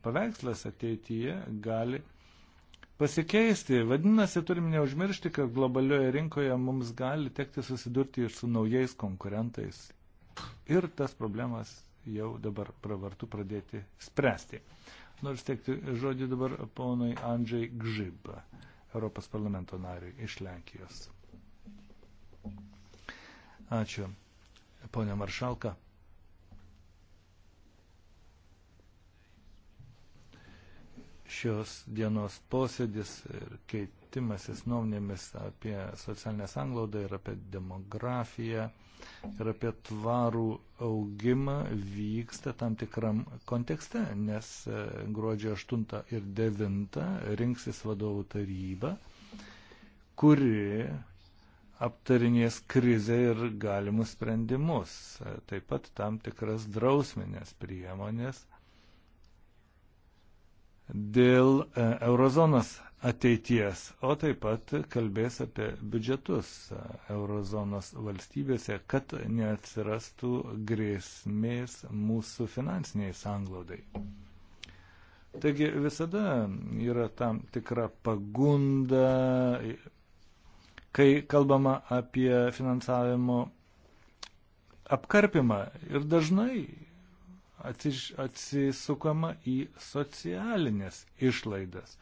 [SPEAKER 2] paveikslas ateityje gali pasikeisti. Vadinasi, turim neužmiršti, kad globalioje rinkoje mums gali tekti susidurti ir su naujais konkurentais, Ir tas problemas jau dabar pravartu pradėti spręsti. Noriu steigti žodį dabar ponui Andžiai Gžib, Europos parlamento nariui iš Lenkijos. Ačiū, ponia Maršalka. šios dienos posėdis ir keit, keitimasis nuomonėmis apie socialinę sanglaudą ir apie demografiją ir apie tvarų augimą vyksta tam tikram kontekste, nes e, gruodžio 8 ir 9 rinksis vadovų taryba, kuri aptarinės krizę ir galimus sprendimus, e, taip pat tam tikras drausminės priemonės dėl e, eurozonos ateities, o taip pat kalbės apie biudžetus eurozonos valstybėse, kad neatsirastų grėsmės mūsų finansiniai sanglaudai. Taigi visada yra tam tikra pagunda, kai kalbama apie finansavimo apkarpimą ir dažnai atsiž, atsisukama į socialinės išlaidas.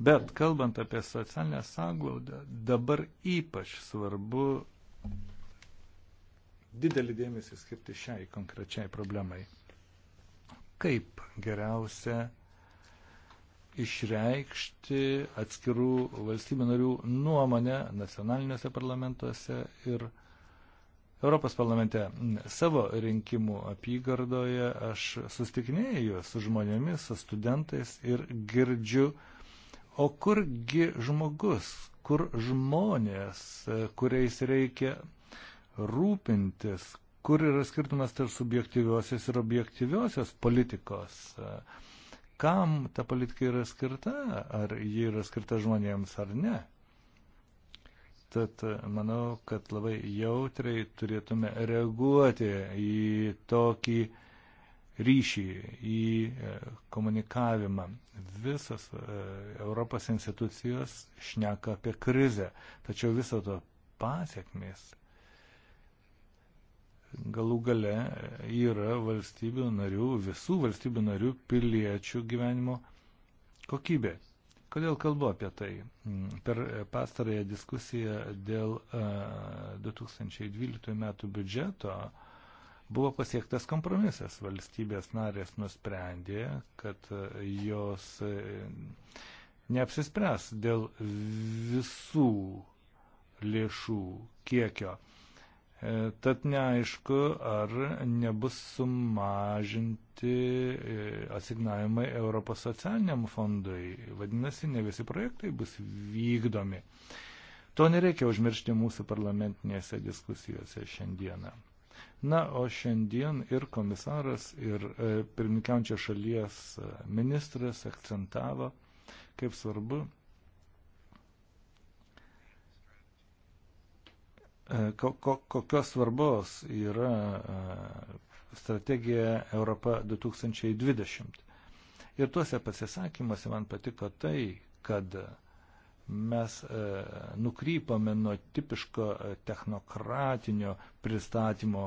[SPEAKER 2] Bet kalbant apie socialinę sąglaudą, dabar ypač svarbu didelį dėmesį skirti šiai konkrečiai problemai. Kaip geriausia išreikšti atskirų valstybių narių nuomonę nacionaliniuose parlamentuose ir Europos parlamente. Savo rinkimų apygardoje aš sustikinėjau su žmonėmis, su studentais ir girdžiu, uh, O kurgi žmogus, kur žmonės, e, kuriais reikia rūpintis, kur yra skirtumas tarp subjektyviosios ir objektyviosios politikos, e, kam ta politika yra skirta, ar ji yra skirta žmonėms ar ne. Tad e, manau, kad labai jautriai turėtume reaguoti į tokį uh, ryšį, į e, komunikavimą. Visos e, Europos institucijos šneka apie krizę, tačiau viso to pasiekmės galų gale yra valstybių narių, visų valstybių narių piliečių gyvenimo kokybė. Kodėl kalbu apie tai? Per pastarąją diskusiją dėl e, 2012 metų biudžeto uh, Buvo pasiektas kompromisas. Valstybės narės nusprendė, kad e, jos e, neapsispręs dėl visų lėšų kiekio. E, tad neaišku, ar nebus sumažinti asignavimai Europos socialiniam fondui. Vadinasi, ne visi projektai bus vykdomi. To nereikia užmiršti mūsų parlamentinėse diskusijose šiandieną. Na, o šiandien ir komisaras, ir e, pirmininkiaujančia šalies e, ministras akcentavo, kaip svarbu e, kokios svarbos yra strategija Europa 2020. Ir tuose pasisakymuose man patiko tai, kad mes e, nukrypame nuo tipiško e, technokratinio pristatymo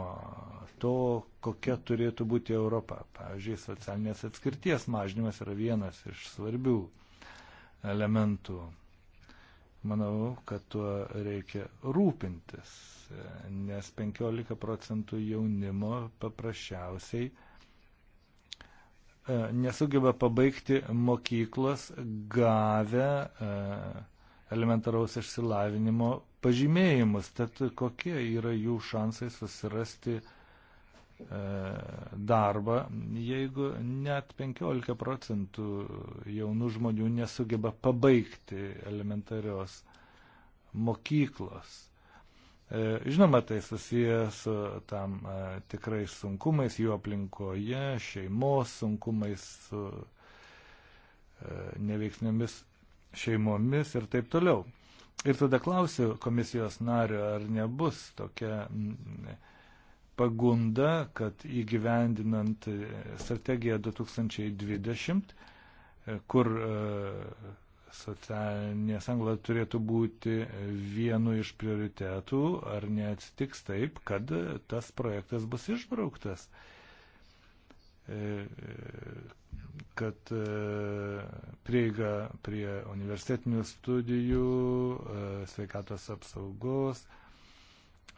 [SPEAKER 2] to, kokia turėtų būti Europa. Pavyzdžiui, socialinės atskirties mažinimas yra vienas iš svarbių elementų. Manau, kad tuo reikia rūpintis, e, nes 15 procentų jaunimo paprasčiausiai E, nesugeba pabaigti mokyklos gavę e, elementaraus išsilavinimo pažymėjimus. Tad kokie yra jų šansai susirasti e, darbą, jeigu net 15 procentų jaunų žmonių nesugeba pabaigti elementarios mokyklos. E, žinoma, tai susiję su tam e, tikrais sunkumais jų aplinkoje, šeimos sunkumais, su e, neveiksniomis šeimomis ir taip toliau. Ir tada klausiu komisijos nario, ar nebus tokia pagunda, kad įgyvendinant strategiją 2020, kur socialinė sangla turėtų būti vienu iš prioritetų, ar neatsitiks taip, kad tas projektas bus išbrauktas, e, kad e, prieiga prie universitetinių studijų, e, sveikatos apsaugos,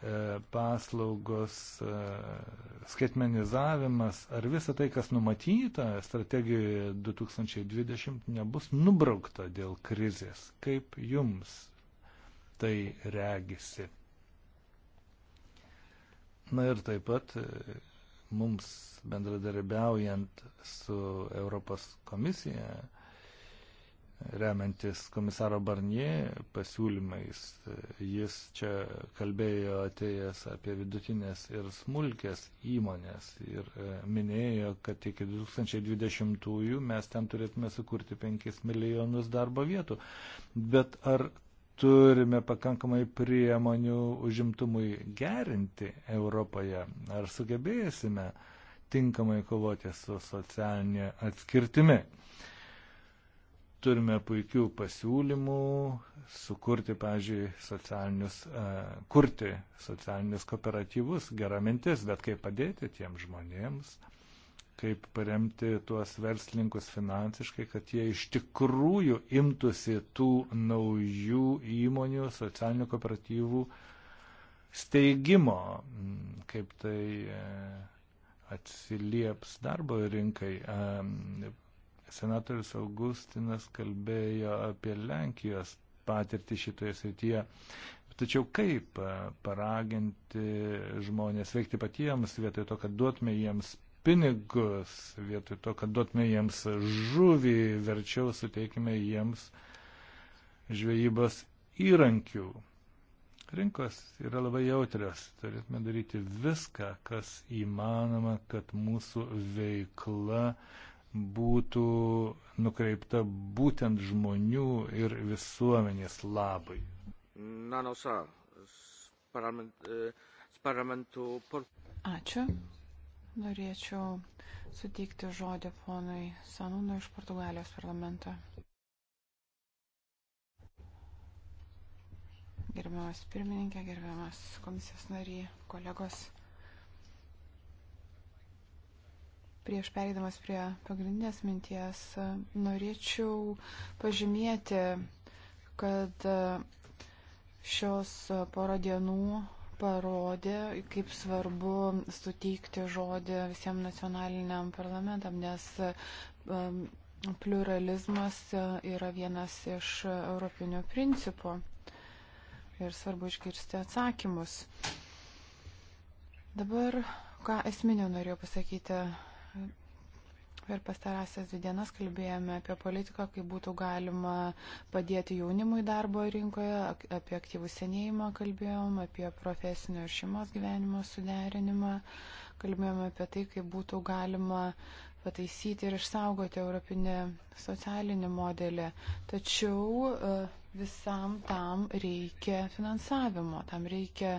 [SPEAKER 2] E, paslaugos, e, skaitmenizavimas, ar visa tai, kas numatyta strategijoje 2020, nebus nubraukta dėl krizės. Kaip jums tai regisi? Na ir taip pat e, mums bendradarbiaujant su Europos komisija, remiantis komisaro Barnie pasiūlymais. Jis čia kalbėjo atėjęs apie vidutinės ir smulkės įmonės ir e, minėjo, kad iki 2020-ųjų mes ten turėtume sukurti 5 milijonus darbo vietų. Bet ar turime pakankamai priemonių užimtumui gerinti Europoje? Ar sugebėsime tinkamai kovoti su socialinė atskirtimi? Uh, Turime puikių pasiūlymų sukurti, pavyzdžiui, socialinius, e, kurti socialinius kooperatyvus, gera mintis, bet kaip padėti tiem žmonėms, kaip paremti tuos verslininkus finansiškai, kad jie iš tikrųjų imtųsi tų naujų įmonių, socialinių kooperatyvų steigimo, kaip tai e, atsilieps darbo rinkai. E, senatorius Augustinas kalbėjo apie Lenkijos patirtį šitoje srityje. Tačiau kaip e, paraginti žmonės veikti patiems, vietoj to, kad duotume jiems pinigus, vietoj to, kad duotume jiems žuvį, verčiau suteikime jiems žvejybos įrankių. Rinkos yra labai jautrios, turėtume daryti viską, kas įmanoma, kad mūsų veikla būtų nukreipta būtent žmonių ir visuomenės labai. E,
[SPEAKER 1] Ačiū. Norėčiau suteikti žodį ponui Sanūnui iš Portugalijos parlamento. Gerbiamas pirmininkė, gerbiamas komisijos nariai, kolegos. Prieš pereidamas prie pagrindinės minties, norėčiau pažymėti, kad šios poro dienų parodė, kaip svarbu suteikti žodį visiems nacionaliniam parlamentam, nes um, pluralizmas yra vienas iš europinių principų ir svarbu išgirsti atsakymus. Dabar, ką esminio norėjau pasakyti Per pastarąsias dvi dienas kalbėjome apie politiką, kaip būtų galima padėti jaunimui darbo rinkoje, apie aktyvų senėjimą kalbėjom, apie profesinio ir šeimos gyvenimo suderinimą, kalbėjome apie tai, kaip būtų galima pataisyti ir išsaugoti europinį socialinį modelį. Tačiau uh, visam tam reikia finansavimo, tam reikia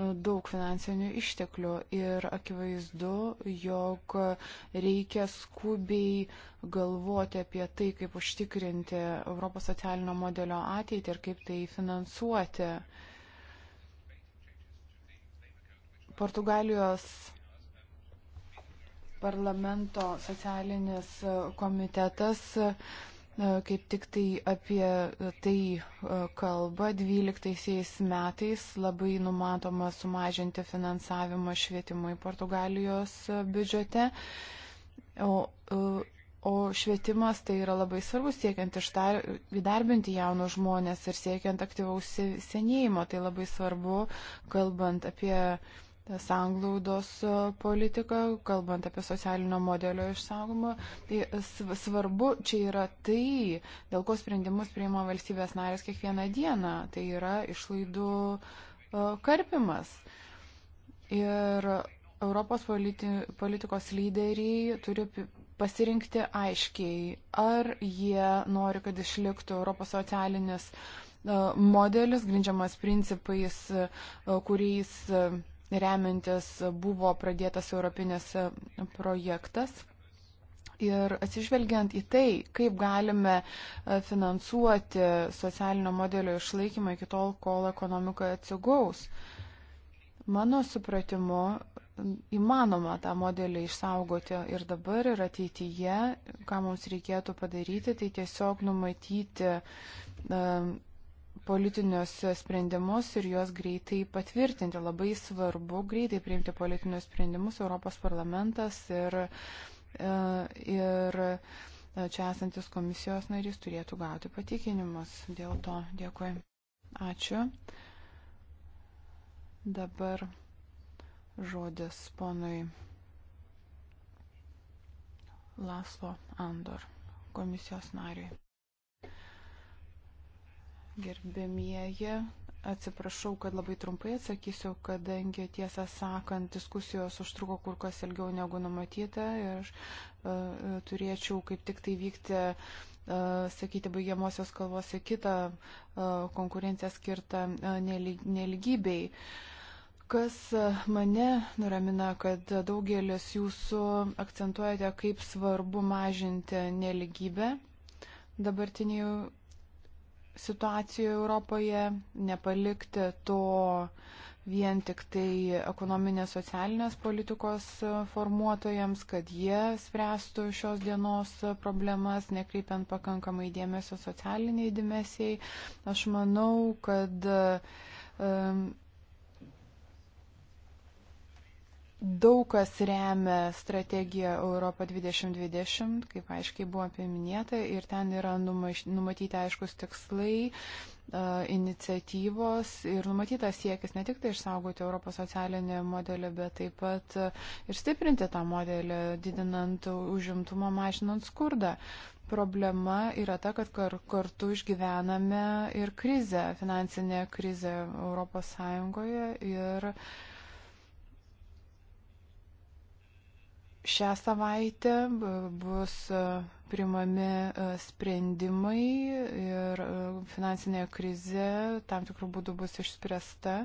[SPEAKER 1] e, daug finansinių išteklių ir akivaizdu, jog reikia skubiai galvoti apie tai, kaip užtikrinti Europos socialinio modelio ateitį ir kaip tai finansuoti. Portugalijos parlamento socialinis komitetas E, kaip tik tai apie tai e, kalba 12 metais labai numatoma sumažinti finansavimą švietimui Portugalijos e, biudžete. O, O švietimas tai yra labai svarbus siekiant ištar, įdarbinti jaunus žmonės ir siekiant aktyvaus senėjimo. Tai labai svarbu, kalbant apie uh, sanglaudos e, politiką, kalbant apie socialinio modelio išsaugomą. Tai svarbu čia yra tai, dėl ko sprendimus priima valstybės narės kiekvieną dieną. Tai yra išlaidų e, karpimas. Ir Europos politi politikos lyderiai turi pasirinkti aiškiai, ar jie nori, kad išliktų Europos socialinis e, modelis, grindžiamas principais, kuriais remintis buvo pradėtas europinis projektas. Ir atsižvelgiant į tai, kaip galime e, finansuoti socialinio modelio išlaikymą iki tol, kol ekonomika atsigaus, mano supratimu, įmanoma tą modelį išsaugoti ir dabar, ir ateityje, ką mums reikėtų padaryti, tai tiesiog numatyti e, politinius sprendimus ir juos greitai patvirtinti. Labai svarbu greitai priimti politinius sprendimus Europos parlamentas ir, e, ir čia esantis komisijos narys turėtų gauti patikinimus. Dėl to dėkui. Ačiū. Dabar žodis ponui Laslo Andor komisijos nariui. Gerbėmieji, atsiprašau, kad labai trumpai atsakysiu, kadangi tiesą sakant, diskusijos užtruko kur kas ilgiau negu numatyta ir aš uh, turėčiau kaip tik tai vykti, uh, sakyti, baigiamosios kalbos į kitą uh, konkurenciją skirtą uh, neligybei. Kas mane nuramina, kad daugelis jūsų akcentuojate, kaip svarbu mažinti neligybę dabartinių situacijoje Europoje, nepalikti to vien tik tai ekonominės socialinės politikos formuotojams, kad jie spręstų šios dienos problemas, nekreipiant pakankamai dėmesio socialiniai dimesiai. Aš manau, kad um, Daug kas remia strategiją Europą 2020, kaip aiškiai buvo paminėta, ir ten yra numatyti aiškus tikslai, iniciatyvos ir numatytas siekis ne tik tai išsaugoti Europos socialinį modelį, bet taip pat ir stiprinti tą modelį, didinant užimtumą, mažinant skurdą. Problema yra ta, kad kar, kartu išgyvename ir krizę, finansinę krizę Europos Sąjungoje ir uh, šią savaitę bus e, primami e, sprendimai ir e, finansinė krize tam tikrų būdų bus išspręsta.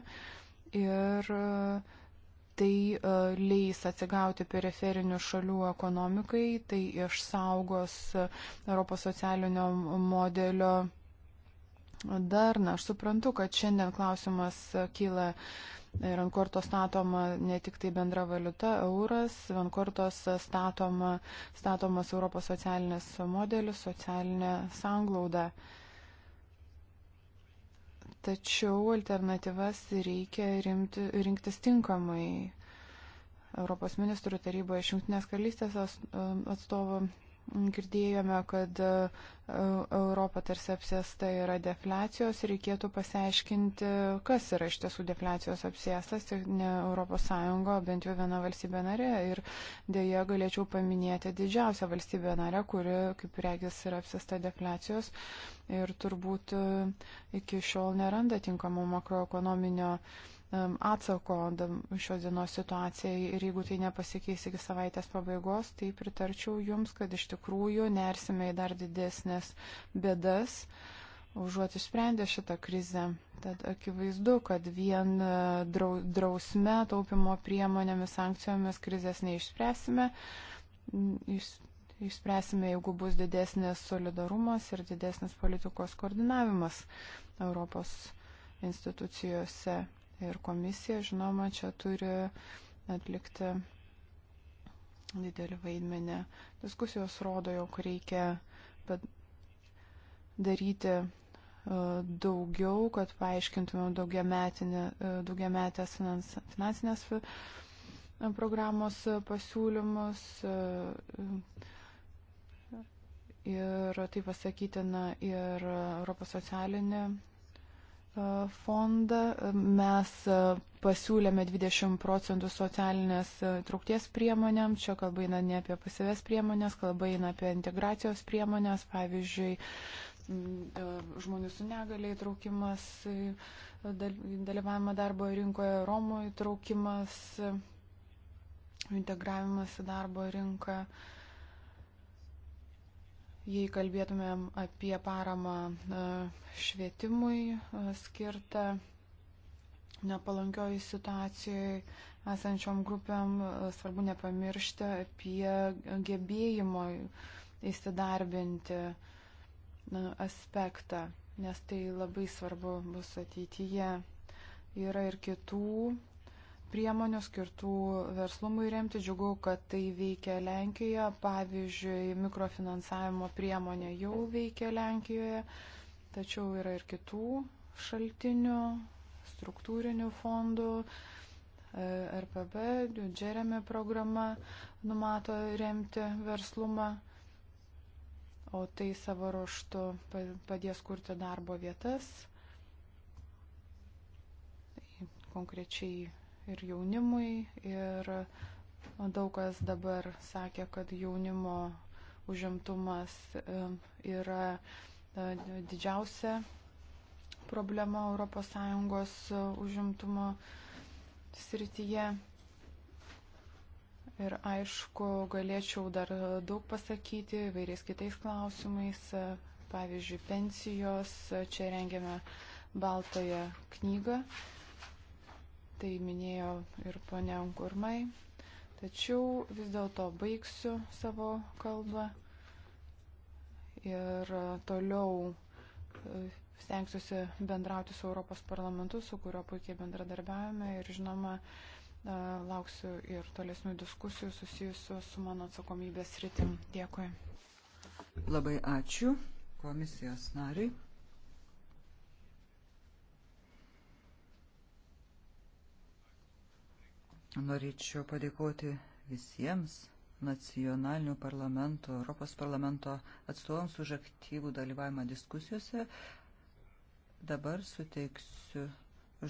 [SPEAKER 1] Ir tai leis atsigauti periferinių šalių ekonomikai, tai išsaugos Europos socialinio modelio darną. Aš suprantu, kad šiandien klausimas kyla ir ant kortos statoma ne tik tai bendra valiuta, euras, ant kortos statoma, statomas Europos socialinis modelis, socialinė sanglauda. Tačiau alternatyvas reikia rimti, rinktis tinkamai. Europos ministrų taryboje iš Junktinės karalystės atstovų girdėjome, kad e, Europa tarsi apsėsta yra defliacijos, reikėtų pasiaiškinti, kas yra iš tiesų defliacijos apsėstas, tai ne Europos Sąjunga, bent jau viena valstybė narė. Ir dėja galėčiau paminėti didžiausią valstybę narę, kuri, kaip regis, yra apsėsta defliacijos ir turbūt e, iki šiol neranda tinkamo makroekonominio uh, Um, atsako šios dienos situacijai ir jeigu tai nepasikeis iki savaitės pabaigos, tai pritarčiau Jums, kad iš tikrųjų nersime į dar didesnės bėdas, užuot išsprendę šitą krizę. Tad akivaizdu, kad vien uh, drausme, taupimo priemonėmis, sankcijomis krizės neišspręsime. Mm, iš, išspręsime, jeigu bus didesnis solidarumas ir didesnis politikos koordinavimas Europos institucijose Ir komisija, žinoma, čia turi atlikti didelį vaidmenį. Diskusijos rodo, jog reikia daryti e, daugiau, kad paaiškintumėm e, daugiametės finansinės e, programos pasiūlymus. Ir tai pasakytina ir Europos socialinė E, fondą. Mes e, pasiūlėme 20 procentų socialinės e, trukties priemonėm. Čia kalba eina ne apie pasivės priemonės, kalba eina apie integracijos priemonės, pavyzdžiui, žmonių su negaliai traukimas, dalyvavimą darbo rinkoje, Romų įtraukimas, integravimas į darbo rinką. Uh, Jei kalbėtumėm apie paramą e, švietimui e, skirtą nepalankioj situacijoje esančiom grupėm, e, svarbu nepamiršti apie gebėjimo įsidarbinti aspektą, nes tai labai svarbu bus ateityje. Yra ir kitų priemonių skirtų verslumui remti. Džiugu, kad tai veikia Lenkijoje. Pavyzdžiui, mikrofinansavimo priemonė jau veikia Lenkijoje, tačiau yra ir kitų šaltinių, struktūrinių fondų. E, RPB, Džeremi programa numato remti verslumą, o tai savo ruoštų padės kurti darbo vietas konkrečiai ir jaunimui. Ir nu, daug kas dabar sakė, kad jaunimo užimtumas yra e, didžiausia problema ES e, užimtumo srityje. Ir aišku, galėčiau dar daug pasakyti vairiais kitais klausimais, e, pavyzdžiui, pensijos, čia rengiame baltąją knygą tai minėjo ir ponia Angurmai. Tačiau vis dėlto baigsiu savo kalbą ir toliau e, stengsiuosi bendrauti su Europos parlamentu, su kurio puikiai bendradarbiavame ir žinoma, e, lauksiu ir tolesnių diskusijų susijusių su mano atsakomybės rytim. Dėkui.
[SPEAKER 3] Labai ačiū komisijos nariui. Norėčiau padėkoti visiems nacionalinių parlamentų, Europos parlamento atstovams už aktyvų dalyvavimą diskusijose. Dabar suteiksiu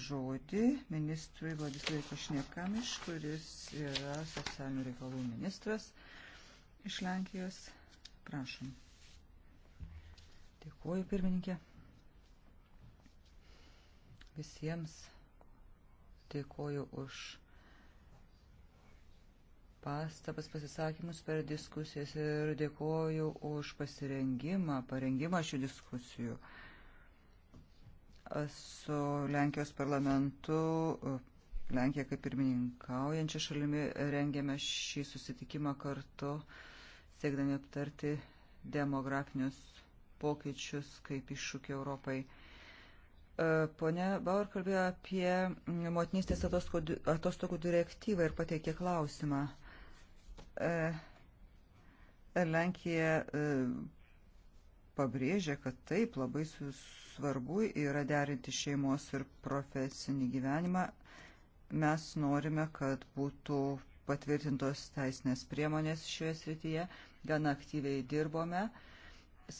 [SPEAKER 3] žodį ministrui Vladislavui Pašnekamiš, kuris yra socialinių reikalų ministras iš Lenkijos. Prašom. Dėkuoju, pirmininkė. Visiems dėkuoju už pastabas pasisakymus per diskusijas ir dėkoju už pasirengimą, parengimą šių diskusijų. Su Lenkijos parlamentu, Lenkija kaip pirmininkaujančia šalimi, rengėme šį susitikimą kartu, siekdami aptarti demografinius pokyčius kaip iššūkį Europai. E, Pone Bauer kalbėjo apie motinystės atostogų direktyvą ir pateikė klausimą. E, Lenkija e, pabrėžia, kad taip labai svarbu yra derinti šeimos ir profesinį gyvenimą. Mes norime, kad būtų patvirtintos teisinės priemonės šioje srityje. Gana aktyviai dirbome.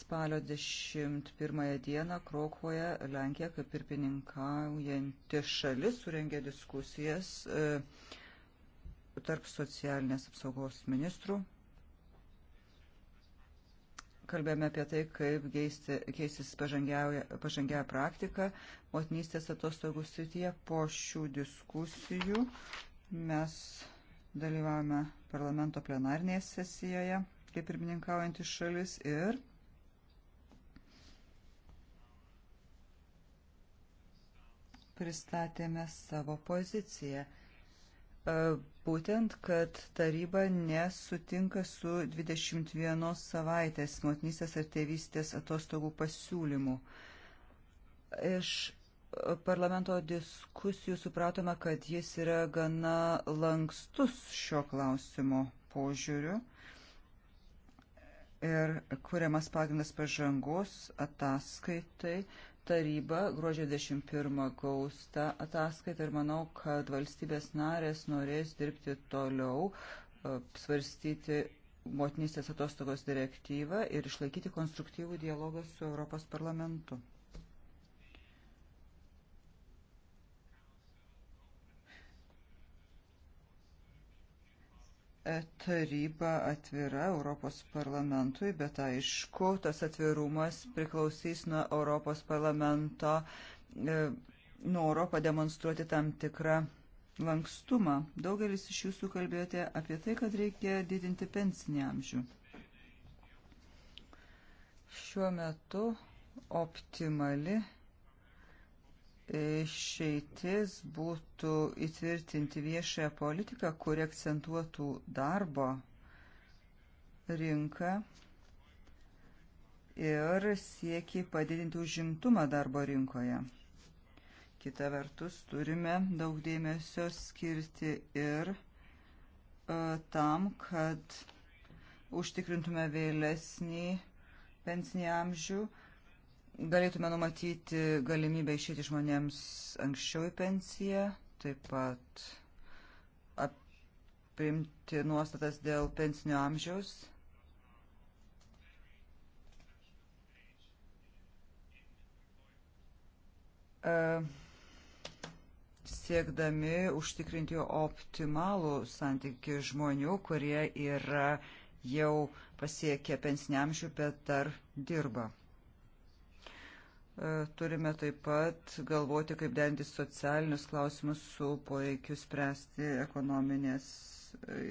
[SPEAKER 3] Spalio 21 dieną Krokvoje Lenkija, kaip pirmininkaujanti šalis, surengė diskusijas. E, tarp socialinės apsaugos ministrų. Kalbėjome apie tai, kaip keisti, keistis pažangiają praktiką motinystės atostogų srityje. Po šių diskusijų mes dalyvavome parlamento plenarnėje sesijoje, kaip pirmininkaujantis šalis ir pristatėme savo poziciją E, būtent, kad taryba nesutinka su 21 savaitės motinystės ar tėvystės atostogų pasiūlymu. Iš parlamento diskusijų supratome, kad jis yra gana lankstus šio klausimo požiūriu ir kuriamas pagrindas pažangos ataskaitai taryba gruodžio 21 gaus tą ataskaitą ir manau, kad valstybės narės norės dirbti toliau, e, svarstyti motinystės atostogos direktyvą ir išlaikyti konstruktyvų dialogą su Europos parlamentu. E, taryba atvira Europos parlamentui, bet aišku, tas atvirumas priklausys nuo Europos parlamento e, noro pademonstruoti tam tikrą lankstumą. Daugelis iš jūsų kalbėjote apie tai, kad reikia didinti pensinį amžių. Šiuo metu optimali išeitis būtų įtvirtinti viešąją politiką, kuri akcentuotų darbo rinką ir siekį padidinti užimtumą darbo rinkoje. Kita vertus, turime daug dėmesio skirti ir e, tam, kad užtikrintume vėlesnį pensinį amžių, e, galėtume numatyti galimybę išėti žmonėms anksčiau į pensiją, taip pat priimti nuostatas dėl pensinio amžiaus. E, siekdami užtikrinti optimalų santykių žmonių, kurie yra jau pasiekę pensinį amžių, bet dar dirba. Turime taip pat galvoti, kaip denti socialinius klausimus su poreikiu spręsti ekonominės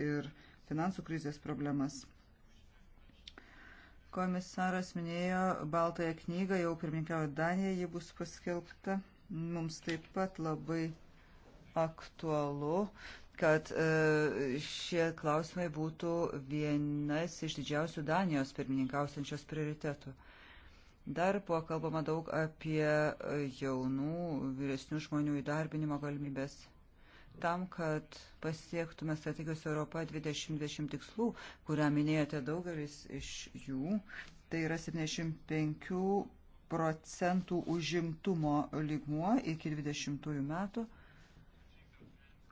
[SPEAKER 3] ir finansų krizės problemas. Komisaras minėjo Baltąją knygą, jau pirmininkiavo Danija, ji bus paskelbta. Mums taip pat labai aktualu, kad e, šie klausimai būtų vienas iš didžiausių Danijos pirmininkausiančios prioritetų. Dar buvo kalbama daug apie e, jaunų, vyresnių žmonių įdarbinimo galimybės. Tam, kad pasiektume strategijos Europa 2020 tikslų, kurią minėjote daugelis iš jų, tai yra 75 procentų užimtumo lygmuo iki 20 metų.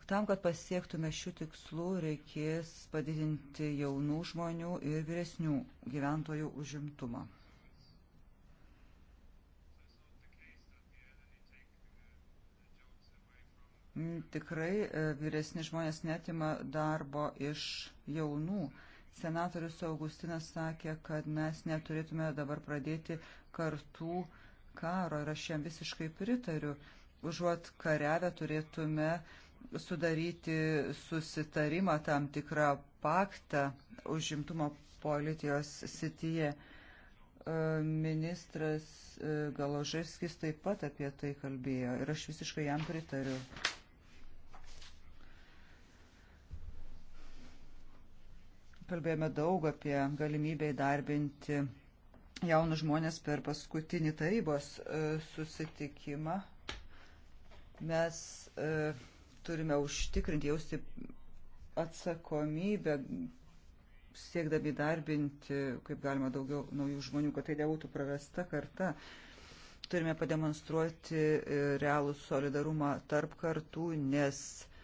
[SPEAKER 3] Tam, kad pasiektume šių tikslų, reikės padidinti jaunų žmonių ir vyresnių gyventojų užimtumą. Mm, tikrai e, vyresni žmonės netima darbo iš jaunų. Senatorius Augustinas sakė, kad mes neturėtume dabar pradėti kartų karo ir aš jam visiškai pritariu. Užuot kariavę turėtume sudaryti susitarimą tam tikrą paktą užimtumo politijos sityje. E, ministras e, Galoževskis taip pat apie tai kalbėjo ir aš visiškai jam pritariu. Kalbėjome daug apie galimybę įdarbinti jaunus žmonės per paskutinį tarybos e, susitikimą. Mes e, turime užtikrinti, jausti atsakomybę, siekdami darbinti, kaip galima daugiau naujų žmonių, kad tai nebūtų prarasta karta. Turime pademonstruoti e, realų solidarumą tarp kartų, nes uh,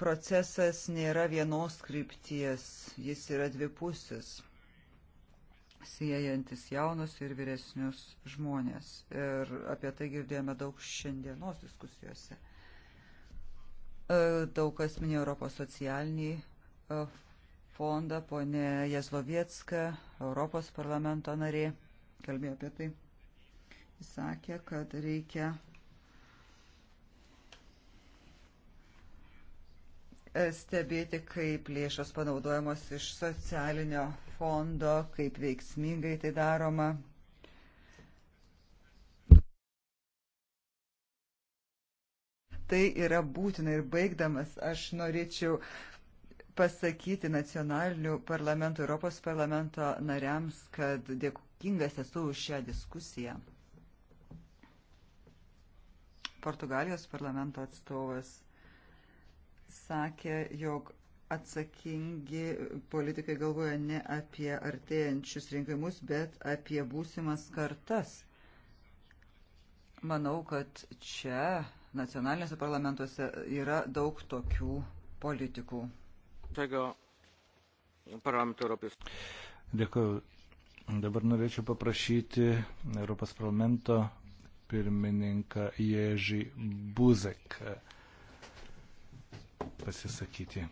[SPEAKER 3] procesas nėra vienos krypties, jis yra dvipusis, siejantis jaunus ir vyresnius žmonės. Ir apie tai girdėjome daug šiandienos diskusijose. E, daug kas minėjo Europos socialinį e, fondą, ponė Jezlovietska, Europos parlamento narė, kalbėjo apie tai. Jis sakė, kad reikia E, stebėti, kaip lėšos panaudojamos iš socialinio fondo, kaip veiksmingai tai daroma. Tai yra būtina ir baigdamas aš norėčiau pasakyti nacionalinių parlamentų, Europos parlamento nariams, kad dėkingas esu už šią diskusiją. Portugalijos parlamento atstovas sakė, jog atsakingi politikai galvoja ne apie artėjančius rinkimus, bet apie būsimas kartas. Manau, kad čia nacionalinėse parlamentuose yra daug tokių politikų.
[SPEAKER 2] Dėkuoju. Dabar norėčiau paprašyti Europos parlamento pirmininką Ježį Buzek pasisakyti.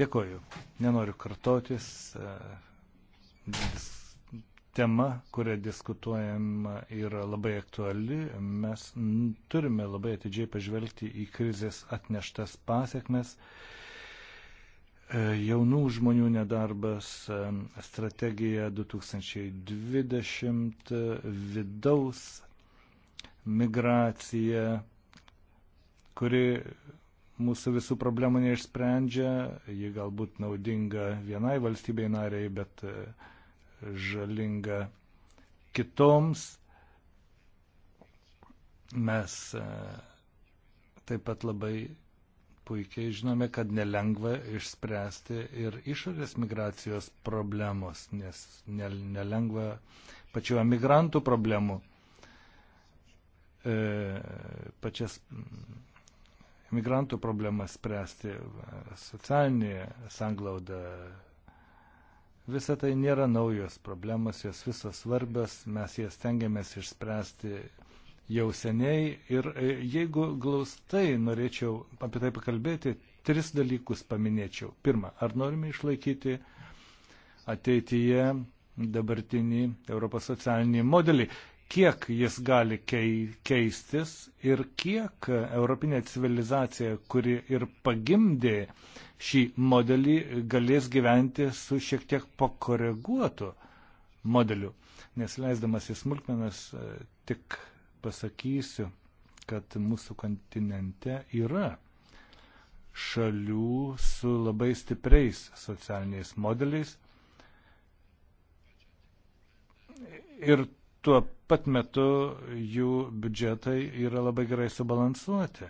[SPEAKER 2] Dėkoju. Nenoriu kartotis. E, tema, kurią diskutuojam, yra labai aktuali. Mes turime labai atidžiai pažvelgti į krizės atneštas pasiekmes. E, jaunų žmonių nedarbas, e, strategija 2020, vidaus migracija, kuri mūsų visų problemų neišsprendžia, ji galbūt naudinga vienai valstybei nariai, bet e, žalinga kitoms. Mes e, taip pat labai puikiai žinome, kad nelengva išspręsti ir išorės migracijos problemos, nes nelengva pačių emigrantų problemų. E, pačias migrantų problemas spręsti, socialinį sanglaudą. Visa tai nėra naujos problemos, jos visos svarbios, mes jas tengiamės išspręsti jau seniai. Ir e, jeigu glaustai norėčiau apie tai pakalbėti, tris dalykus paminėčiau. Pirma, ar norime išlaikyti ateityje dabartinį Europos socialinį modelį kiek jis gali keistis ir kiek europinė civilizacija, kuri ir pagimdė šį modelį, galės gyventi su šiek tiek pakoreguotu modeliu. Nes leisdamas į smulkmenas e, tik pasakysiu, kad mūsų kontinente yra šalių su labai stipriais socialiniais modeliais. Ir tuo pat metu jų biudžetai yra labai gerai subalansuoti.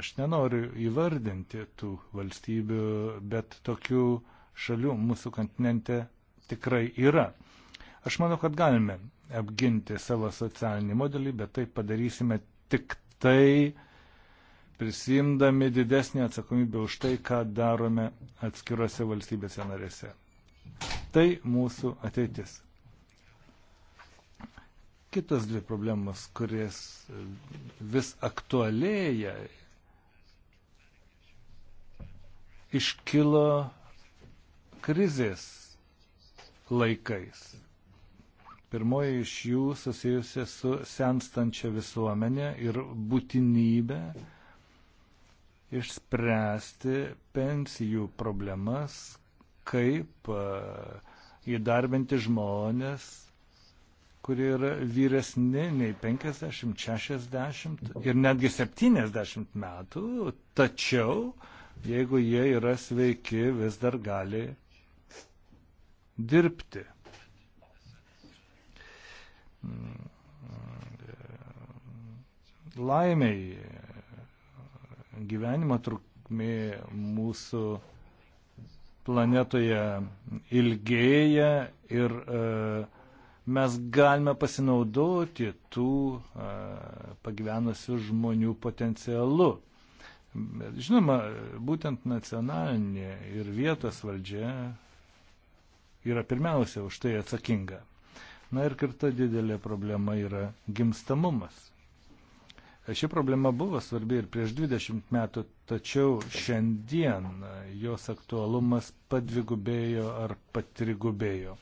[SPEAKER 2] Aš nenoriu įvardinti tų valstybių, bet tokių šalių mūsų kontinente tikrai yra. Aš manau, kad galime apginti savo socialinį modelį, bet tai padarysime tik tai prisimdami didesnį atsakomybę už tai, ką darome atskiruose valstybėse narėse. Tai mūsų ateitis kitos dvi problemos, kuris vis aktualėja, iškilo krizės laikais. Pirmoji iš jų susijusi su senstančia visuomenė ir būtinybė išspręsti pensijų problemas, kaip e, įdarbinti žmonės kurie yra vyresni nei 50, 60 ir netgi 70 metų, tačiau jeigu jie yra sveiki, vis dar gali dirbti. Laimiai gyvenimo trukmė mūsų planetoje ilgėja ir uh, mes galime pasinaudoti tų pagyvenusių žmonių potencialu. Bet, žinoma, būtent nacionalinė ir vietos valdžia yra pirmiausia už tai atsakinga. Na ir kita didelė problema yra gimstamumas. Ši problema buvo svarbi ir prieš 20 metų, tačiau šiandien jos aktualumas padvigubėjo ar patrigubėjo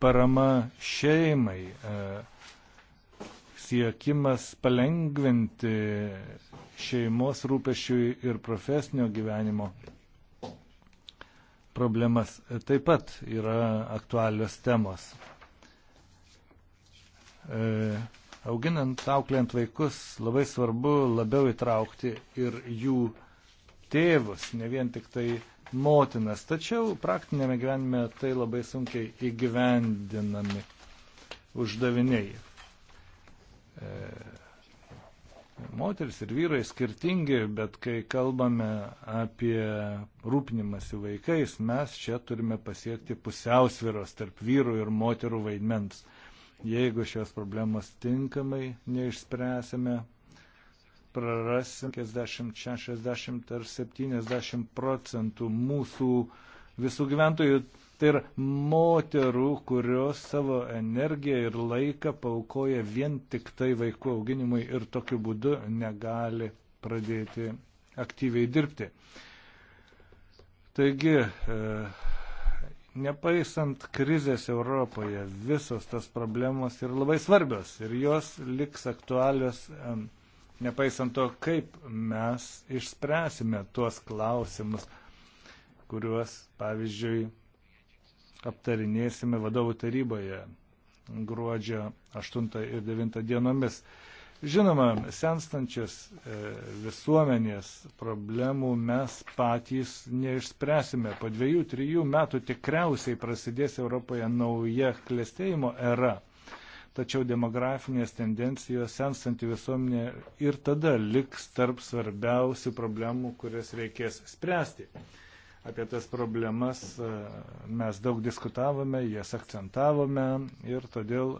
[SPEAKER 2] parama šeimai, e, siekimas palengventi šeimos rūpešių ir profesinio gyvenimo problemas e, taip pat yra aktualios temos. E, auginant, auklėjant vaikus labai svarbu labiau įtraukti ir jų tėvus, ne vien tik tai motinas. Tačiau praktinėme gyvenime tai labai sunkiai įgyvendinami uždaviniai. E, moteris ir vyrai skirtingi, bet kai kalbame apie rūpinimąsi vaikais, mes čia turime pasiekti pusiausviros tarp vyrų ir moterų vaidmens. Jeigu šios problemos tinkamai neišspręsime, prarasim 50, 60 ar 70 procentų mūsų visų gyventojų. Tai yra moterų, kurios savo energiją ir laiką paukoja vien tik tai vaikų auginimui ir tokiu būdu negali pradėti aktyviai dirbti. Taigi, e, nepaisant krizės Europoje, visos tas problemos yra labai svarbios ir jos liks aktualios nepaisant to, kaip mes išspręsime tuos klausimus, kuriuos, pavyzdžiui, aptarinėsime vadovų taryboje gruodžio 8 ir 9 dienomis. Žinoma, senstančias e, visuomenės problemų mes patys neišspręsime. Po dviejų, trijų metų tikriausiai prasidės Europoje nauja klėstėjimo era tačiau demografinės tendencijos senstanti visuomenė ir tada liks tarp svarbiausių problemų, kurias reikės spręsti. Apie tas problemas e, mes daug diskutavome, jas akcentavome ir todėl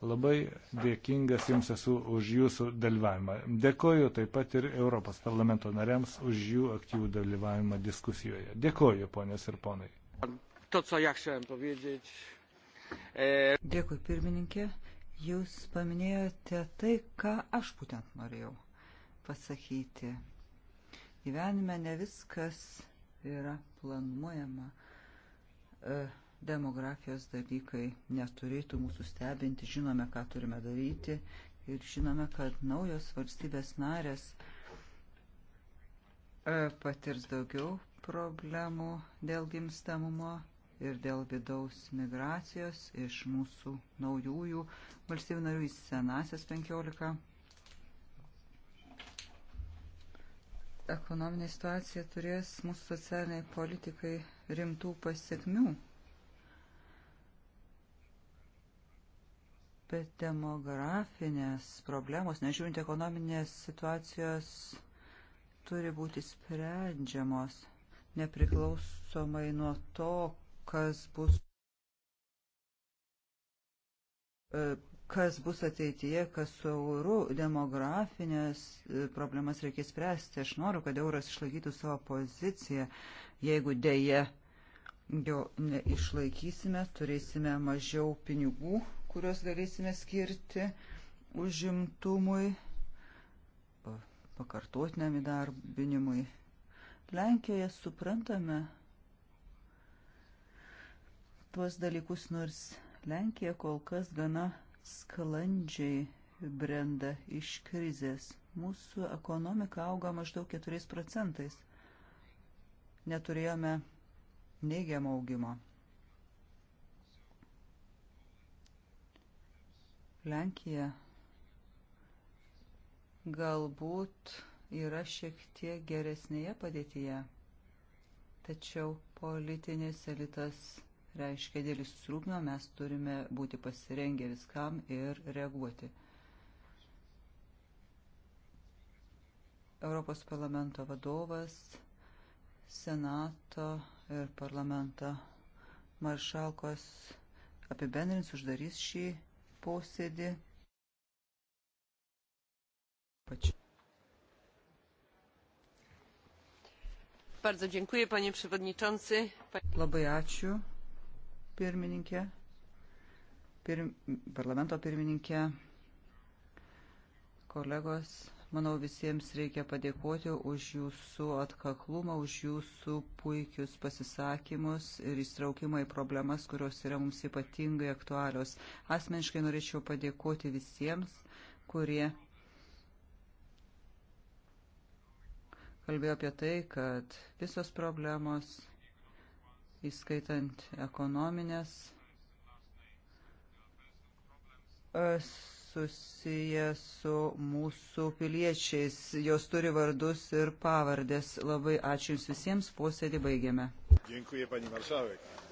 [SPEAKER 2] labai dėkingas jums esu už jūsų dalyvavimą. Dėkoju taip pat ir Europos parlamento nariams už jų aktyvų dalyvavimą diskusijoje. Dėkoju, ponės ir ponai. To, co ja chciałem powiedzieć.
[SPEAKER 3] E... Dėkui, pirmininkė. Jūs paminėjote tai, ką aš būtent norėjau pasakyti. Gyvenime ne viskas yra planuojama. E, demografijos dalykai neturėtų mūsų stebinti, žinome, ką turime daryti ir žinome, kad naujos valstybės narės e, patirs daugiau problemų dėl gimstamumo ir dėl vidaus migracijos iš mūsų naujųjų valstybių narių į senasias 15. Ekonominė situacija turės mūsų socialiniai politikai rimtų pasiekmių, bet demografinės problemos, nežiūrint ekonominės situacijos, turi būti sprendžiamos nepriklausomai nuo to, kas bus e, kas bus ateityje, kas su euru demografinės e, problemas reikės spręsti. Aš noriu, kad euras išlaikytų savo poziciją. Jeigu dėje jo neišlaikysime, turėsime mažiau pinigų, kuriuos galėsime skirti užimtumui, pakartotiniam įdarbinimui. Lenkijoje suprantame, tuos dalykus, nors Lenkija kol kas gana sklandžiai brenda iš krizės. Mūsų ekonomika auga maždaug 4 procentais. Neturėjome neigiamą augimo. Lenkija galbūt yra šiek tiek geresnėje padėtyje, tačiau politinis elitas reiškia dėlį susirūpino, mes turime būti pasirengę viskam ir reaguoti. Europos parlamento vadovas, senato ir parlamento maršalkos apibendrins, uždarys šį posėdį. Pačiu. Bardzo dziękuję, panie przewodniczący. Labai ačiū pirmininkė, pirm, parlamento pirmininkė, kolegos. Manau, visiems reikia padėkoti už jūsų atkaklumą, už jūsų puikius pasisakymus ir įstraukimą į problemas, kurios yra mums ypatingai aktualios. Asmeniškai norėčiau padėkoti visiems, kurie kalbėjo apie tai, kad visos problemos įskaitant ekonominės, e, susiję su mūsų piliečiais. Jos turi vardus ir pavardės. Labai ačiū Jums visiems, posėdį baigiame.
[SPEAKER 2] Dziękuję, pani marszałek.